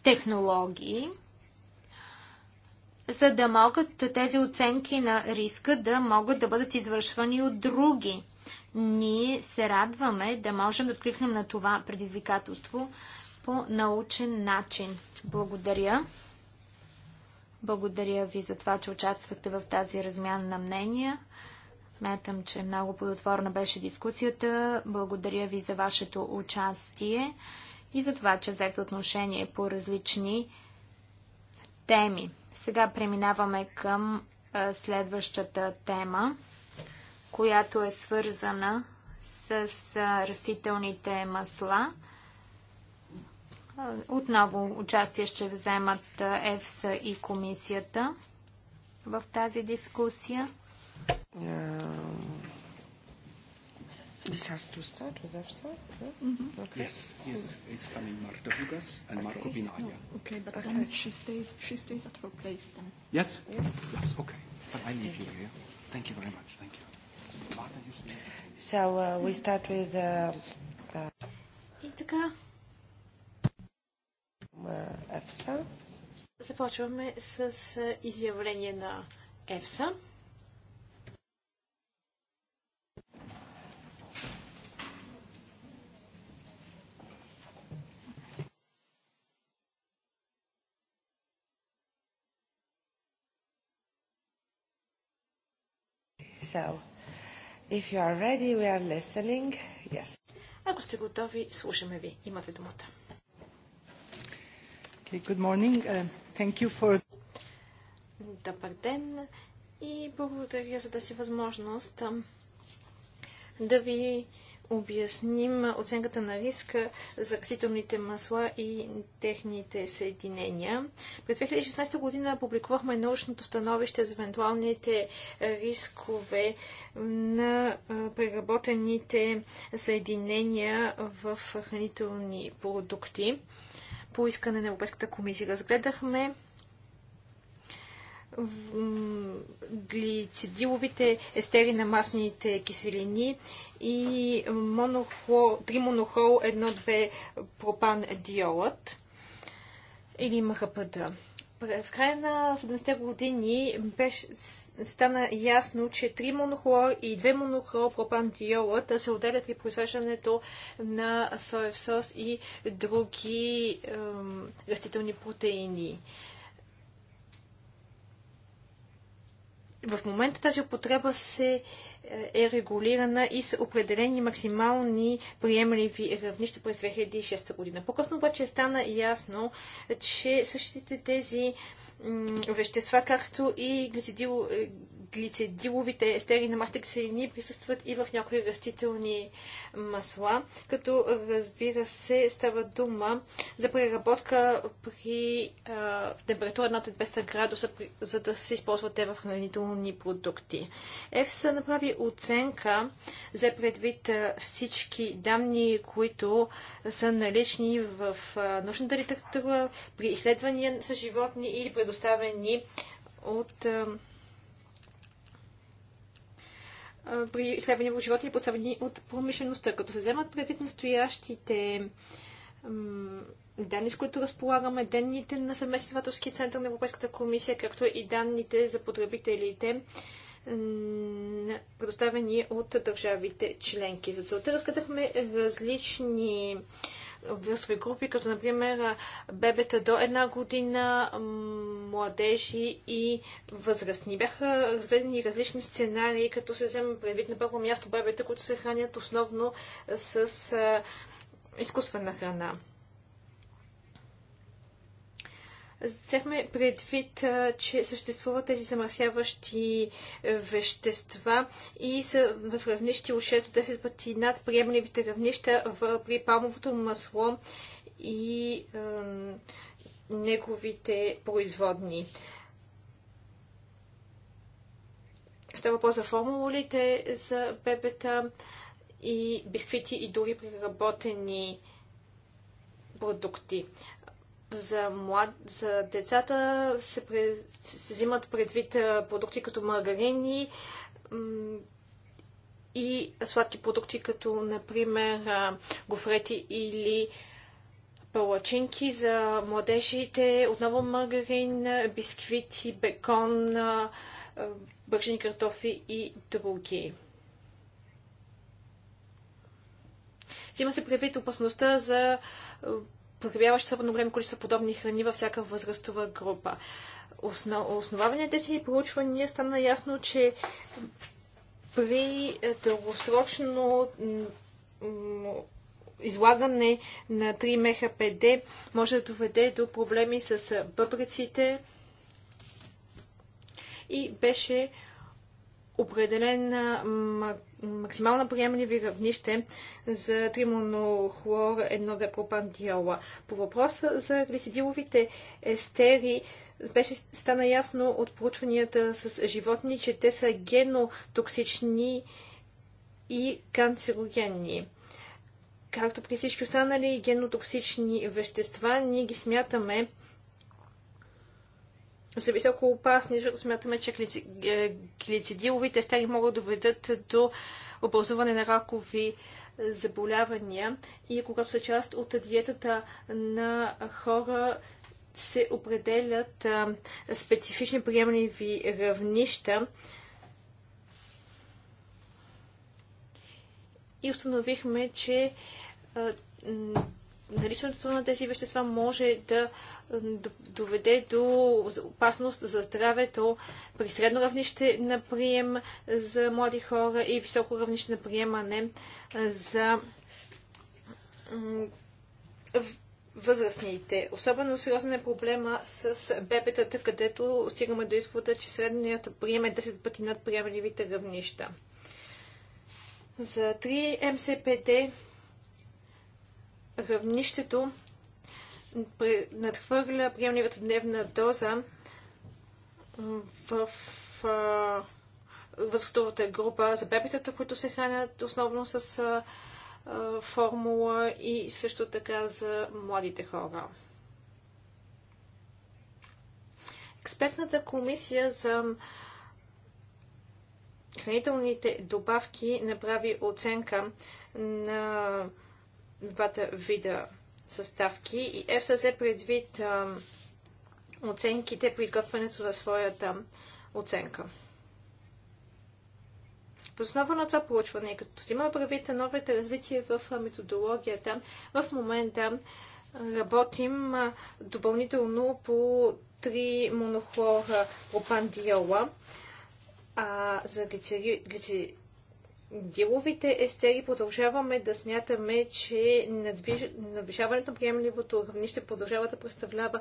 технологии, за да могат тези оценки на риска да могат да бъдат извършвани от други. Ние се радваме да можем да откликнем на това предизвикателство по научен начин. Благодаря. Благодаря ви за това, че участвахте в тази размяна на мнения. Смятам, че много плодотворна беше дискусията. Благодаря ви за вашето участие и за това, че взехте отношение по различни теми. Сега преминаваме към следващата тема, която е свързана с растителните масла. Отново участие ще вземат ЕФСА и комисията в тази дискусия. Um, This has to start with EFSA? Yeah? Mm-hmm. Okay. Yes, yes, it's coming Marta Hugas and okay. Marco Binaya. No, okay, but okay. then she stays, she stays at her place then. Yes? Yes. Yes, okay. But I leave you here. Thank you very much. Thank you. Marta, you stay. So uh, we start with... Uh, uh, И така. EFSA. Започваме с изявление на EFSA. So, if you are ready, we are listening. Yes. Ако сте готови, слушаме ви. Имате думата. Okay, good morning. Uh, thank you for... Добър ден и благодаря за тази възможност да ви обясним оценката на риска за растителните масла и техните съединения. През 2016 година публикувахме научното становище за евентуалните рискове на преработените съединения в хранителни продукти. По искане на Европейската комисия разгледахме глицидиловите естери на масните киселини и монохло, тримонохол 1-2 пропан диолът или МХПД. В края на 70-те години беше, стана ясно, че 3 монохлор и две диолът се отделят при произвеждането на соев сос и други растителни протеини. В момента тази употреба се е, е регулирана и са определени максимални приемливи равнища през 2006 година. По-късно обаче стана ясно, че същите тези вещества, както и глицидил, е, глицедиловите естери на мастеркселини присъстват и в някои растителни масла, като разбира се става дума за преработка при а, температура над 200 градуса, при, за да се използват те в хранителни продукти. ЕФСА направи оценка за предвид всички данни, които са налични в научната литература при изследвания с животни или предоставени от при изследвания в живота поставени от промишлеността. Като се вземат предвид настоящите данни, с които разполагаме, данните на съвместния сватовски център на Европейската комисия, както и данните за потребителите, предоставени от държавите членки. За целта разгледахме различни възрастови групи, като например бебета до една година, младежи и възрастни. Бяха разгледани различни сценарии, като се вземе предвид на първо място бебета, които се хранят основно с изкуствена храна взехме предвид, че съществуват тези замърсяващи е, вещества и са в равнище от 6 до 10 пъти над приемливите равнища в, при палмовото масло и е, неговите производни. Става по за формулите за бебета и бисквити и други преработени продукти за, млад... за децата се, през... се взимат предвид продукти като маргарини и сладки продукти като, например, гофрети или палачинки за младежите, отново маргарин, бисквити, бекон, бържени картофи и други. Взима се предвид опасността за потребяващи особено големи количества подобни храни във всяка възрастова група. Основ... Основаване тези проучвания стана ясно, че при е, дългосрочно излагане на 3 МХПД може да доведе до проблеми с е, бъбреците и беше определен максимално приемливи равнище за тримонохлор 1 пропандиола. По въпроса за глисидиловите естери беше стана ясно от проучванията с животни, че те са генотоксични и канцерогенни. Както при всички останали генотоксични вещества, ние ги смятаме за високо опасни, защото смятаме, че е, глицидиловите стени могат да доведат до образуване на ракови заболявания и когато са част от диетата на хора, се определят а, специфични приемливи равнища. И установихме, че а, Наличното на тези вещества може да доведе до опасност за здравето при средно равнище на прием за млади хора и високо равнище на приемане за възрастните. Особено сериозен е проблема с бебетата, където стигаме до извода, че средният прием е 10 пъти над приемливите равнища. За 3 МСПД равнището надхвърля приемливата дневна доза в възрастовата група за бебетата, които се хранят основно с а, а, формула и също така за младите хора. Експертната комисия за хранителните добавки направи оценка на двата вида съставки и ЕФСА предвид а, оценките при изготвянето за своята оценка. В основа на това проучване, като си има правите новите развитие в методологията, в момента работим допълнително по три монохлора пропандиола, за глицери деловите естери продължаваме да смятаме, че надвиж... надвижаването на приемливото равнище продължава да представлява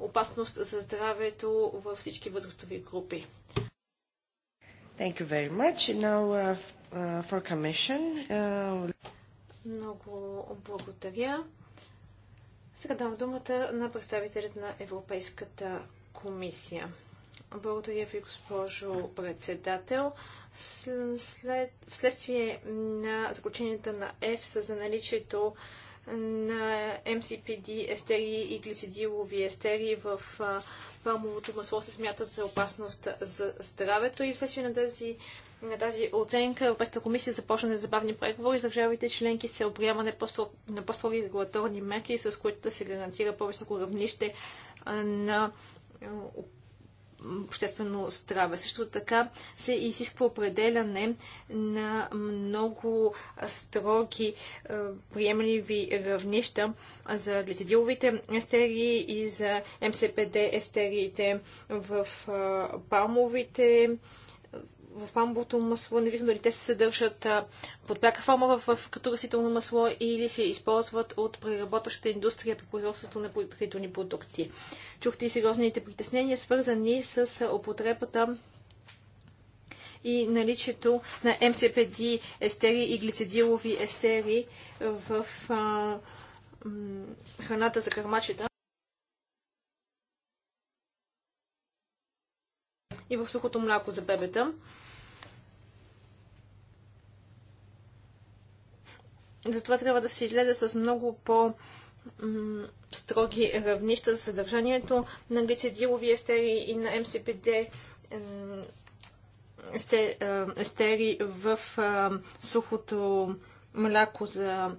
опасност за здравето във всички възрастови групи. Thank you very much. Now uh, uh, for commission. Uh... Много благодаря. Сега давам думата на представителят на Европейската комисия. Благодаря ви, госпожо председател. След, вследствие на заключенията на ЕФСА за наличието на МСПД, естерии и глицидилови естерии в пълмовото масло се смятат за опасност за здравето и вследствие на тази на тази оценка Европейската комисия започна незабавни преговори за държавите членки с цел на по-строги регулаторни мерки, с които да се гарантира по-високо равнище на обществено здраве. Също така се изисква определяне на много строги е, приемливи равнища за глицидиловите естерии и за МСПД естериите в е, палмовите в памбовото масло, независимо дали те се съдържат под пряка форма в, в като растително масло или се използват от преработващата индустрия при производството на хранителни продукти. Чухте и сериозните притеснения, свързани с употребата и наличието на МСПД естери и глицидилови естери в а, храната за кърмачета. и в сухото мляко за бебета. Затова трябва да се изгледа с много по- строги равнища за съдържанието на глицидилови естери и на МСПД естери в сухото мляко за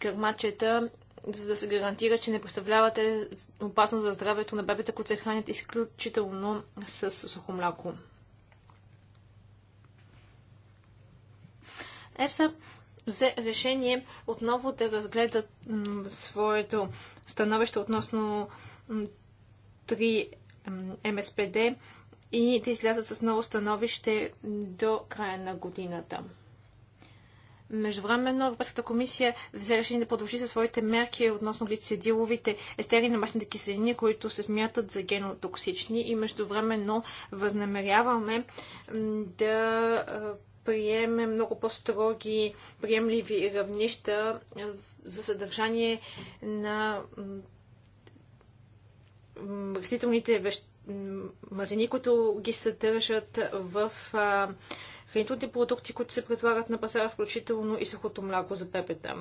кърмачета за да се гарантира, че не представлявате опасност за здравето на бебета, които се хранят изключително с сухо мляко. ЕФСА взе решение отново да разгледат своето становище относно 3 МСПД и да излязат с ново становище до края на годината. Междувременно Европейската комисия взе решение да продължи със своите мерки относно глицидиловите естери на масните киселини, които се смятат за генотоксични и междувременно възнамеряваме да приеме много по-строги приемливи равнища за съдържание на растителните вещ... които ги съдържат в хранителните продукти, които се предлагат на пазара, включително и сухото мляко за бебета.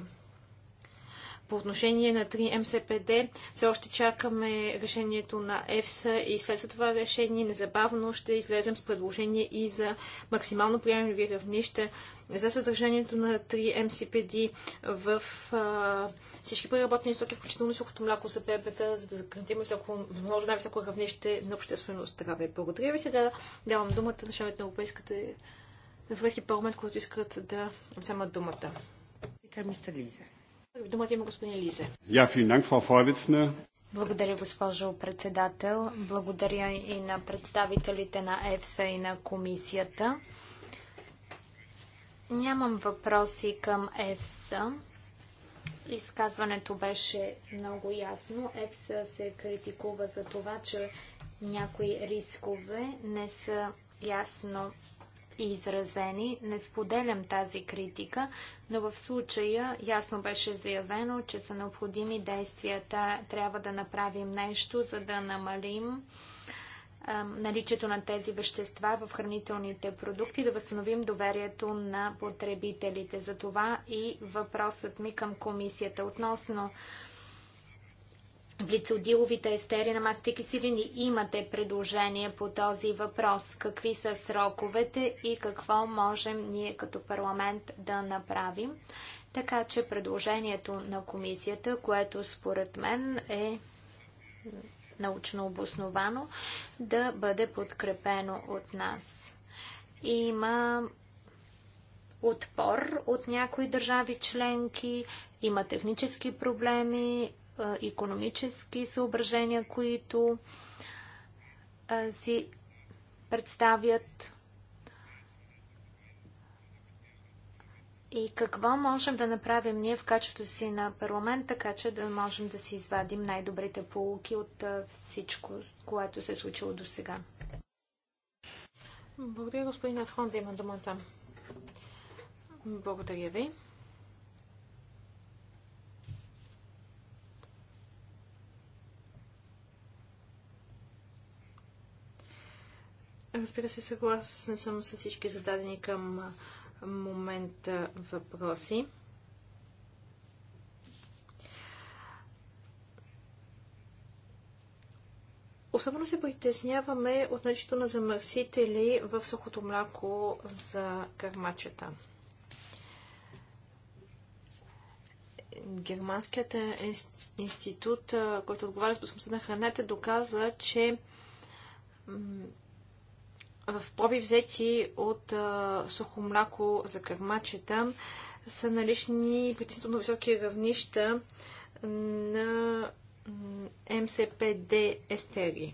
По отношение на 3 МСПД, все още чакаме решението на ЕФСА и след това решение незабавно ще излезем с предложение и за максимално приемливи равнища за съдържанието на 3 МСПД в а, всички преработени стоки, включително сухото мляко за бебета, за да гарантираме всяко, възможно най-високо равнище на обществено здраве. Благодаря ви. Сега давам думата на шамет на Европейската Европейски парламент, които искат да вземат думата. Думата има господин Лизе. Фойвицна. благодаря, госпожо председател. Благодаря и на представителите на ЕФСА и на комисията. Нямам въпроси към ЕФСА. Изказването беше много ясно. ЕФСА се критикува за това, че някои рискове не са ясно изразени. Не споделям тази критика, но в случая ясно беше заявено, че са необходими действията. Трябва да направим нещо, за да намалим а, наличието на тези вещества в хранителните продукти, да възстановим доверието на потребителите. За това и въпросът ми към комисията относно глицодиловите естери на киселини Имате предложение по този въпрос. Какви са сроковете и какво можем ние като парламент да направим? Така че предложението на комисията, което според мен е научно обосновано, да бъде подкрепено от нас. Има отпор от някои държави членки, има технически проблеми, економически съображения, които си представят и какво можем да направим ние в качеството си на парламент, така че да можем да си извадим най-добрите полуки от всичко, което се е случило до сега. Благодаря, господин Афрон, да има думата. Благодаря ви. Разбира се, съгласна съм с всички зададени към момента въпроси. Особено се притесняваме от наличието на замърсители в сухото мляко за кърмачета. Германският институт, който отговаря за безопасността на храната, доказа, че в проби взети от а, мляко за кърмачета са налични притеснително високи равнища на МСПД естери.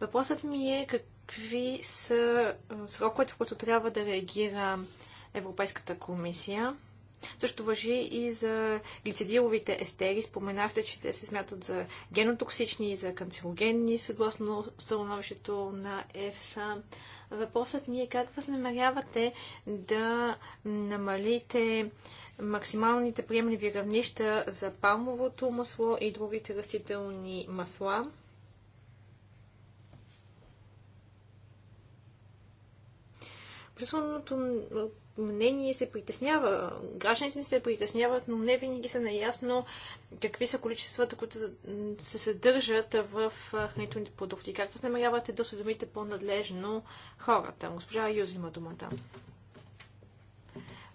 Въпросът ми е какви са сроковете, в които трябва да реагира Европейската комисия също въжи и за глицидиловите естери. Споменахте, че те се смятат за генотоксични и за канцерогенни, съгласно становището на ЕФСА. Въпросът ми е как възнамерявате да намалите максималните приемливи равнища за палмовото масло и другите растителни масла. Присъдното мнение се притеснява. Гражданите се притесняват, но не винаги са наясно какви са количествата, които се съдържат в хранителните продукти. Как възнамерявате да осведомите по-надлежно хората? Госпожа Юз има думата.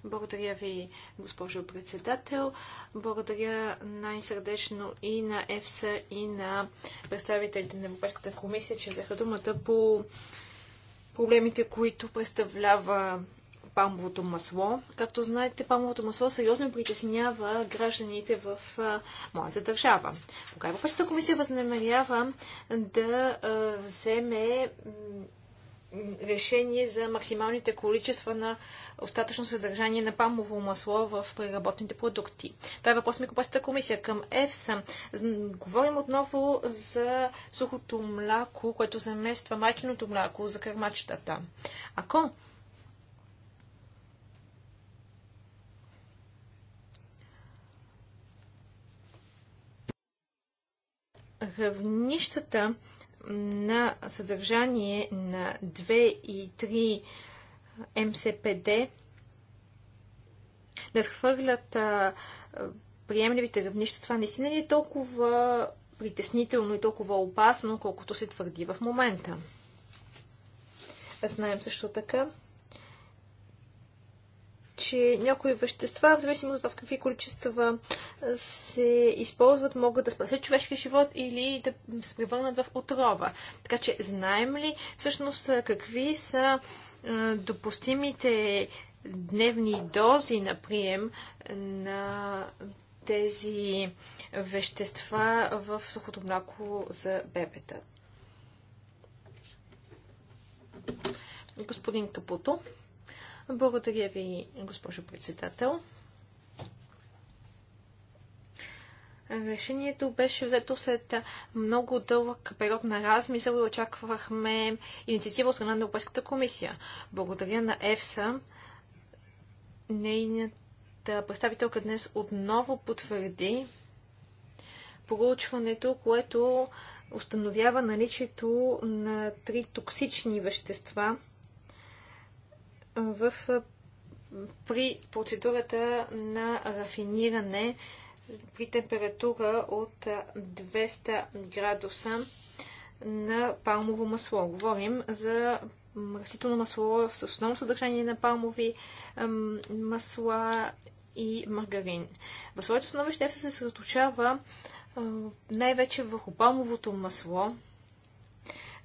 Благодаря ви, госпожо председател. Благодаря най-сърдечно и на ЕФСА, и на представителите на Европейската комисия, че взеха думата по проблемите, които представлява Памовото масло. Както знаете, памовото масло сериозно притеснява гражданите в моята държава. Кога Европейската комисия възнамерява да вземе решение за максималните количества на остатъчно съдържание на памово масло в преработните продукти. Това е въпрос на Микопасната комисия към ЕФСА. Говорим отново за сухото мляко, което замества майченото мляко за кърмачетата. Ако равнищата на съдържание на 2 и 3 МСПД надхвърлят а, приемливите равнища, това наистина ли е толкова притеснително и толкова опасно, колкото се твърди в момента? Знаем също така, че някои вещества, в зависимост в какви количества се използват, могат да спасят човешки живот или да се превърнат в отрова. Така че знаем ли всъщност какви са допустимите дневни дози на прием на тези вещества в сухото мляко за бебета. Господин Капуто. Благодаря ви, госпожо председател. Решението беше взето след много дълъг период на размисъл и очаквахме инициатива от страна на Европейската комисия. Благодаря на ЕФСА, нейната представителка днес отново потвърди проучването, което установява наличието на три токсични вещества – в, при процедурата на рафиниране при температура от 200 градуса на палмово масло. Говорим за растително масло с основно съдържание на палмови масла и маргарин. В своето ще се съсредоточава най-вече върху палмовото масло,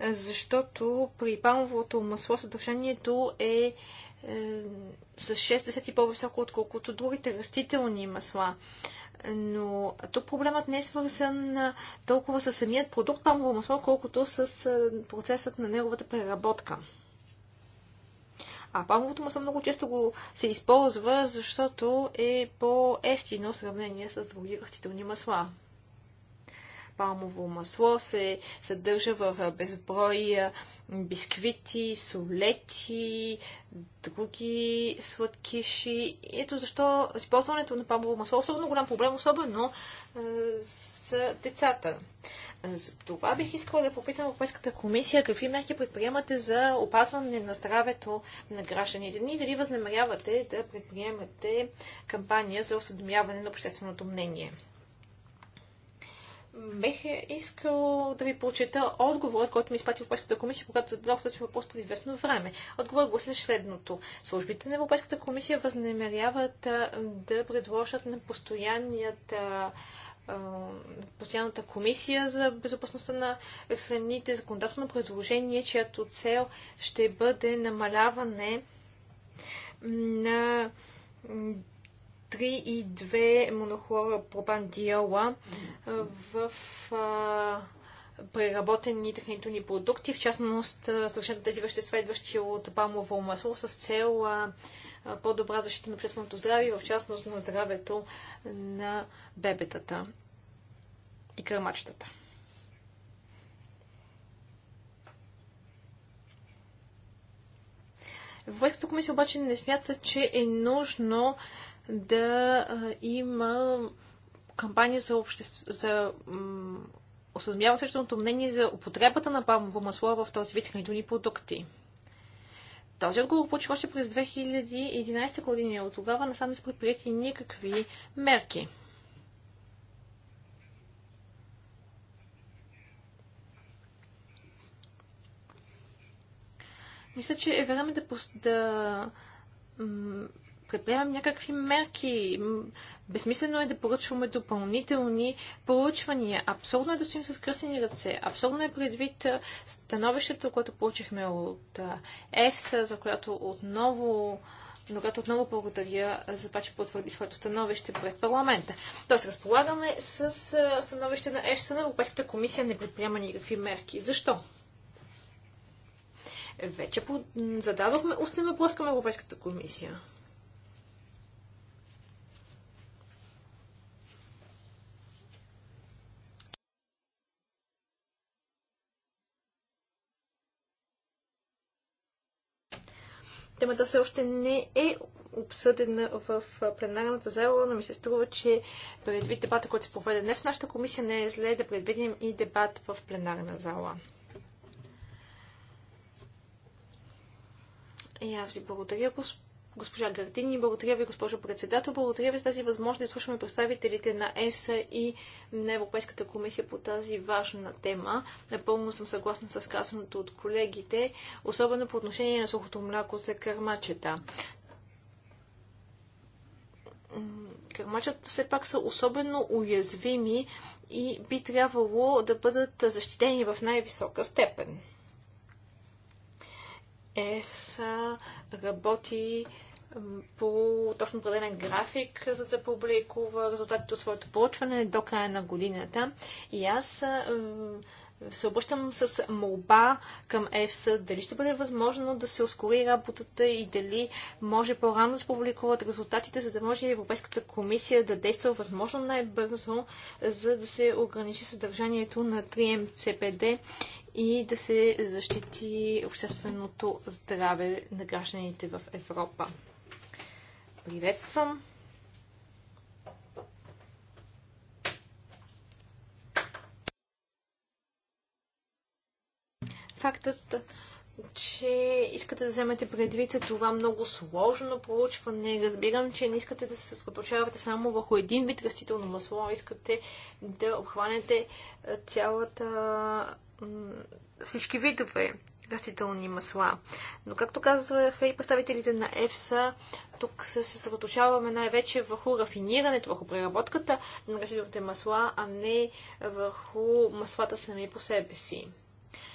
защото при палмовото масло съдържанието е, е с 60 и по-високо, отколкото другите растителни масла. Но тук проблемът не е свързан толкова с самият продукт палмово масло, колкото с процесът на неговата преработка. А палмовото масло много често го се използва, защото е по-ефтино в сравнение с други растителни масла палмово масло се съдържа в безброй бисквити, солети, други сладкиши. Ето защо използването на палмово масло е особено голям проблем, особено с за децата. За това бих искала да попитам Европейската комисия какви мерки предприемате за опазване на здравето на гражданите ни, и дали възнамерявате да предприемате кампания за осъдомяване на общественото мнение бих искал да ви прочета отговорът, който ми изпрати Европейската комисия, когато зададох този въпрос преди известно време. Отговорът гласи следното. Службите на Европейската комисия възнамеряват да предложат на постоянният постоянната комисия за безопасността на храните законодателно предложение, чиято цел ще бъде намаляване на 3 и 2 монохлора пропандиола в а, преработени хранителни продукти, в частност съвършено тези вещества, идващи от палмово масло, с цел по-добра защита на общественото здраве и в частност на здравето на бебетата и кърмачетата. Европейската комисия обаче не смята, че е нужно да има кампания за, обществ... за осъзнавя общественото мнение за употребата на палмово масло в този вид хранителни продукти. Този отговор получих още през 2011 година и от тогава насам не са предприяти никакви мерки. Мисля, че е време да, да предприемем някакви мерки. Безмислено е да поръчваме допълнителни проучвания. Абсурдно е да стоим с кръсени ръце. Абсурдно е предвид становището, което получихме от ЕФСА, за която отново но като отново благодаря за това, че потвърди своето становище пред парламента. Тоест, разполагаме с становище на ЕФСА, на Европейската комисия не предприема никакви мерки. Защо? Вече зададохме устен въпрос към Европейската комисия. Темата все още не е обсъдена в пленарната зала, но ми се струва, че предвид дебата, който се проведе днес в нашата комисия, не е зле да предвидим и дебат в пленарна зала. И аз ви благодаря, господин госпожа Гардини. Благодаря ви, госпожо председател. Благодаря ви за тази възможност да слушаме представителите на ЕФСА и на Европейската комисия по тази важна тема. Напълно съм съгласна с казаното от колегите, особено по отношение на сухото мляко за кърмачета Кърмачета все пак са особено уязвими и би трябвало да бъдат защитени в най-висока степен. ЕФСА работи по точно определен график, за да публикува резултатите от своето проучване до края на годината. И аз се обръщам с молба към ЕФСА, дали ще бъде възможно да се ускори работата и дали може по-рано да се публикуват резултатите, за да може Европейската комисия да действа възможно най-бързо, за да се ограничи съдържанието на 3МЦПД и да се защити общественото здраве на гражданите в Европа приветствам. Фактът, че искате да вземете предвид е това много сложно проучване. Разбирам, че не искате да се съсредоточавате само върху един вид растително масло, а искате да обхванете цялата всички видове растителни масла. Но както казаха и представителите на ЕФСА, тук се съсредоточаваме най-вече върху рафинирането, върху преработката на растителните масла, а не върху маслата сами по себе си.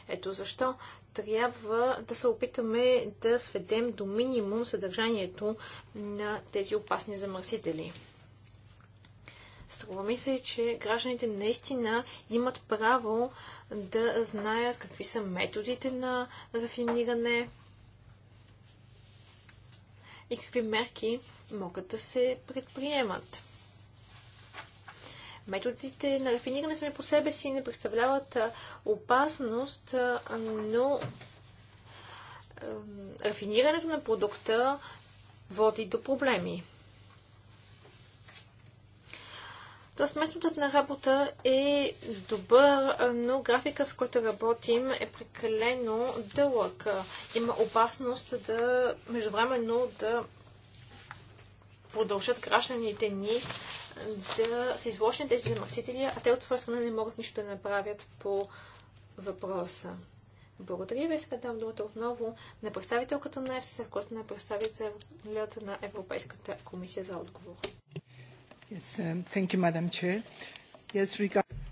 Ето защо трябва да се опитаме да сведем до минимум съдържанието на тези опасни замърсители. Струва ми се, че гражданите наистина имат право да знаят какви са методите на рафиниране и какви мерки могат да се предприемат. Методите на рафиниране сами по себе си не представляват опасност, но рафинирането на продукта води до проблеми. Тоест методът на работа е добър, но графика, с който работим, е прекалено дълъг. Има опасност да междувременно да продължат гражданите ни да се изложени тези замърсители, а те от своя страна не могат нищо да направят по въпроса. Благодаря ви. Сега давам думата отново на представителката на ЕФСА, който на е представителята на Европейската комисия за отговор. Um,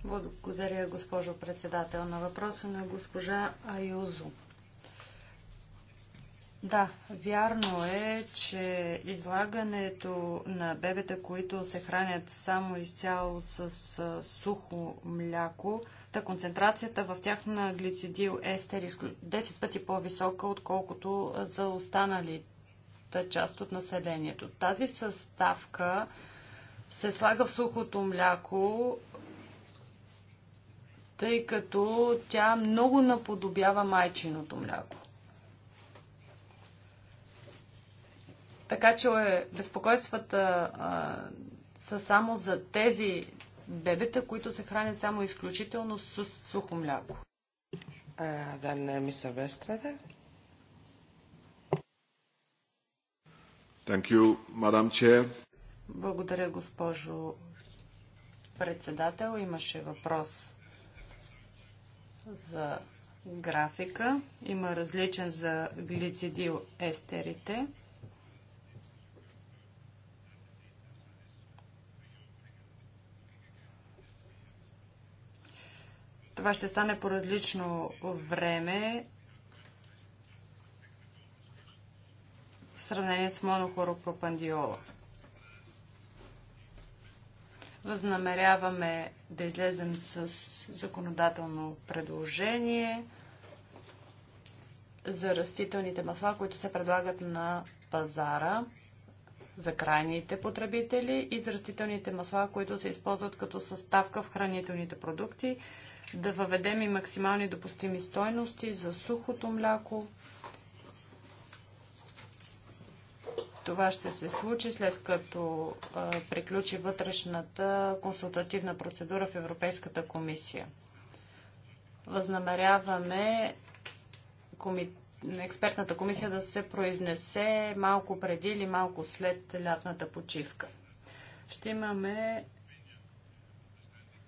Благодаря, госпожо председател. На въпроса на госпожа Аюзо. Да, вярно е, че излагането на бебета, които се хранят само изцяло с сухо мляко, та концентрацията в тях на глицидил естер е 10 пъти по-висока, отколкото за останалите част от населението. Тази съставка се слага в сухото мляко, тъй като тя много наподобява майчиното мляко. Така че е, безпокойствата а, са само за тези бебета, които се хранят само изключително с сухо мляко. ми е Миса Вестрада. Thank you, Madam Chair. Благодаря, госпожо председател. Имаше въпрос за графика. Има различен за глицидил естерите. Това ще стане по различно време в сравнение с монохоропропандиола. Възнамеряваме да излезем с законодателно предложение за растителните масла, които се предлагат на пазара за крайните потребители и за растителните масла, които се използват като съставка в хранителните продукти, да въведем и максимални допустими стойности за сухото мляко, Това ще се случи след като а, приключи вътрешната консултативна процедура в Европейската комисия. Възнамеряваме коми... експертната комисия да се произнесе малко преди или малко след лятната почивка. Ще имаме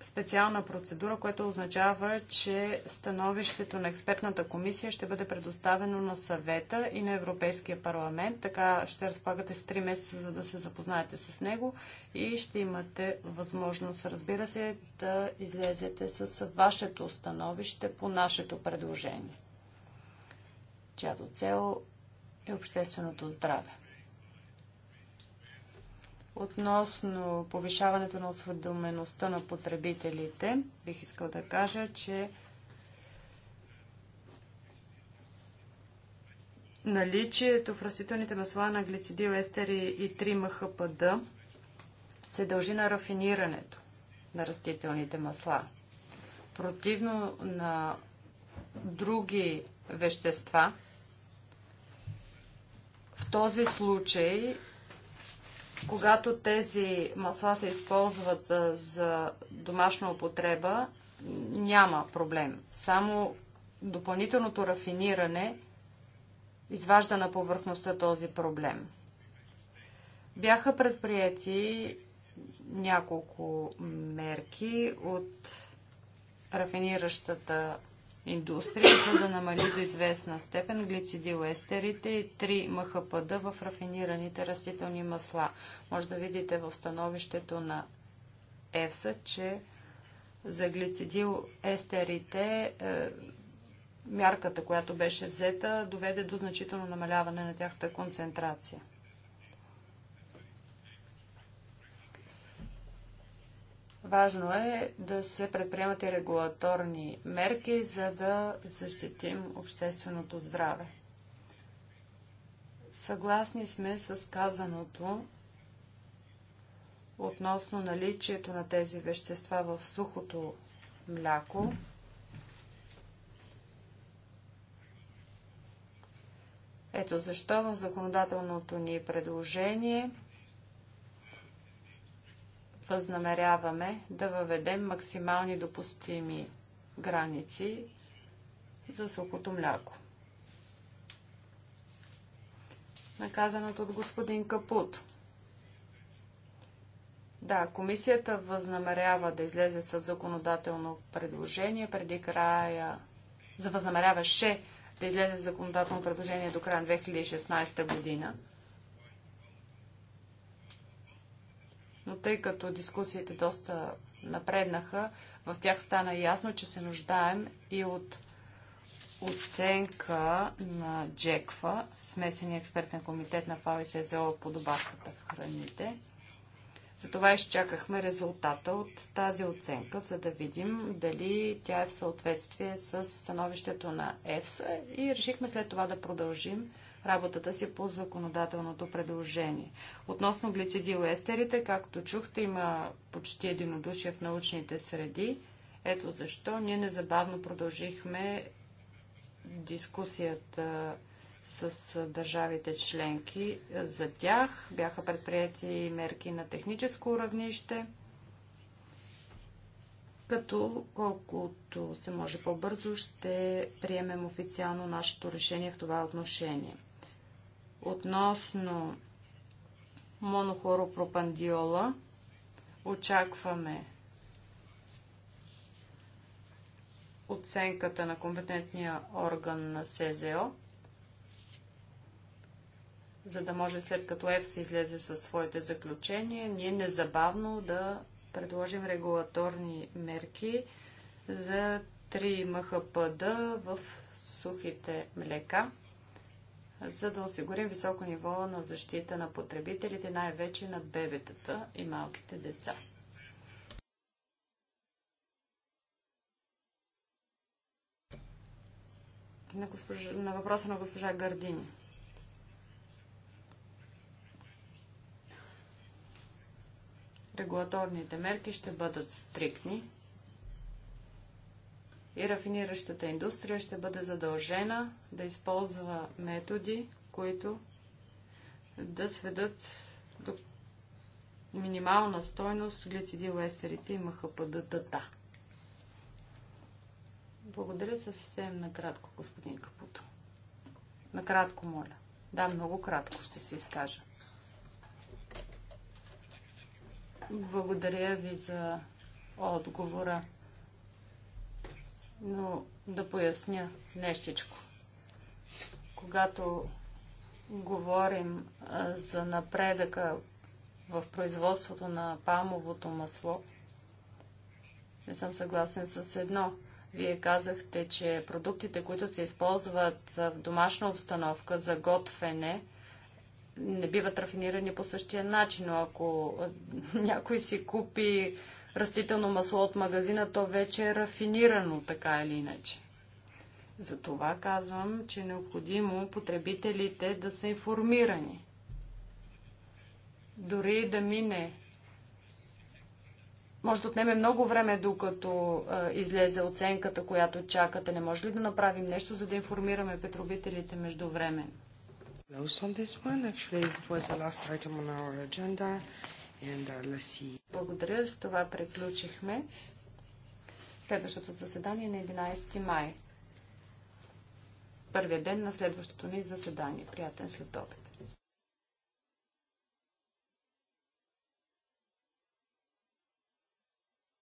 специална процедура, което означава, че становището на експертната комисия ще бъде предоставено на съвета и на Европейския парламент. Така ще разполагате с 3 месеца, за да се запознаете с него и ще имате възможност, разбира се, да излезете с вашето становище по нашето предложение, чиято цел е общественото здраве. Относно повишаването на осведомеността на потребителите, бих искал да кажа, че наличието в растителните масла на глицидил, естери и 3-МХПД се дължи на рафинирането на растителните масла. Противно на други вещества, в този случай когато тези масла се използват за домашна употреба, няма проблем. Само допълнителното рафиниране изважда на повърхността този проблем. Бяха предприяти няколко мерки от рафиниращата индустрия, за да намали до известна степен глицидиоестерите и 3 МХПД в рафинираните растителни масла. Може да видите в становището на ЕФСА, че за глицидиоестерите е, мярката, която беше взета, доведе до значително намаляване на тяхната концентрация. Важно е да се предприемат и регулаторни мерки, за да защитим общественото здраве. Съгласни сме с казаното относно наличието на тези вещества в сухото мляко. Ето защо в законодателното ни предложение възнамеряваме да въведем максимални допустими граници за сухото мляко. Наказаното от господин Капут. Да, комисията възнамерява да излезе с законодателно предложение преди края, за възнамеряваше да излезе с законодателно предложение до края на 2016 година. но тъй като дискусиите доста напреднаха, в тях стана ясно, че се нуждаем и от оценка на Джеква, смесения експертен комитет на ФАО и СЗО по добавката в храните. Затова изчакахме резултата от тази оценка, за да видим дали тя е в съответствие с становището на ЕФСА и решихме след това да продължим работата си по законодателното предложение. Относно глицидил естерите, както чухте, има почти единодушие в научните среди. Ето защо ние незабавно продължихме дискусията с държавите членки. За тях бяха предприяти мерки на техническо равнище, като колкото се може по-бързо ще приемем официално нашето решение в това отношение. Относно монохоропропандиола очакваме оценката на компетентния орган на СЗО, за да може след като се излезе със своите заключения, ние незабавно да предложим регулаторни мерки за 3 МХПД в сухите млека за да осигурим високо ниво на защита на потребителите, най-вече на бебетата и малките деца. На, госпожа, на въпроса на госпожа Гардини. Регулаторните мерки ще бъдат стриктни и рафиниращата индустрия ще бъде задължена да използва методи, които да сведат до минимална стойност естерите и мхпдт Благодаря съвсем накратко, господин Капуто. Накратко, моля. Да, много кратко ще се изкажа. Благодаря ви за отговора но да поясня нещичко. Когато говорим за напредъка в производството на памовото масло, не съм съгласен с едно. Вие казахте, че продуктите, които се използват в домашна обстановка за готвене, не биват рафинирани по същия начин, но ако някой си купи растително масло от магазина, то вече е рафинирано, така или иначе. Затова казвам, че е необходимо потребителите да са информирани. Дори да мине. Може да отнеме много време, докато а, излезе оценката, която чакате. Не може ли да направим нещо, за да информираме потребителите време? Uh, Благодаря, с това приключихме. Следващото заседание е на 11 май. Първият ден на следващото ни заседание. Приятен следобед.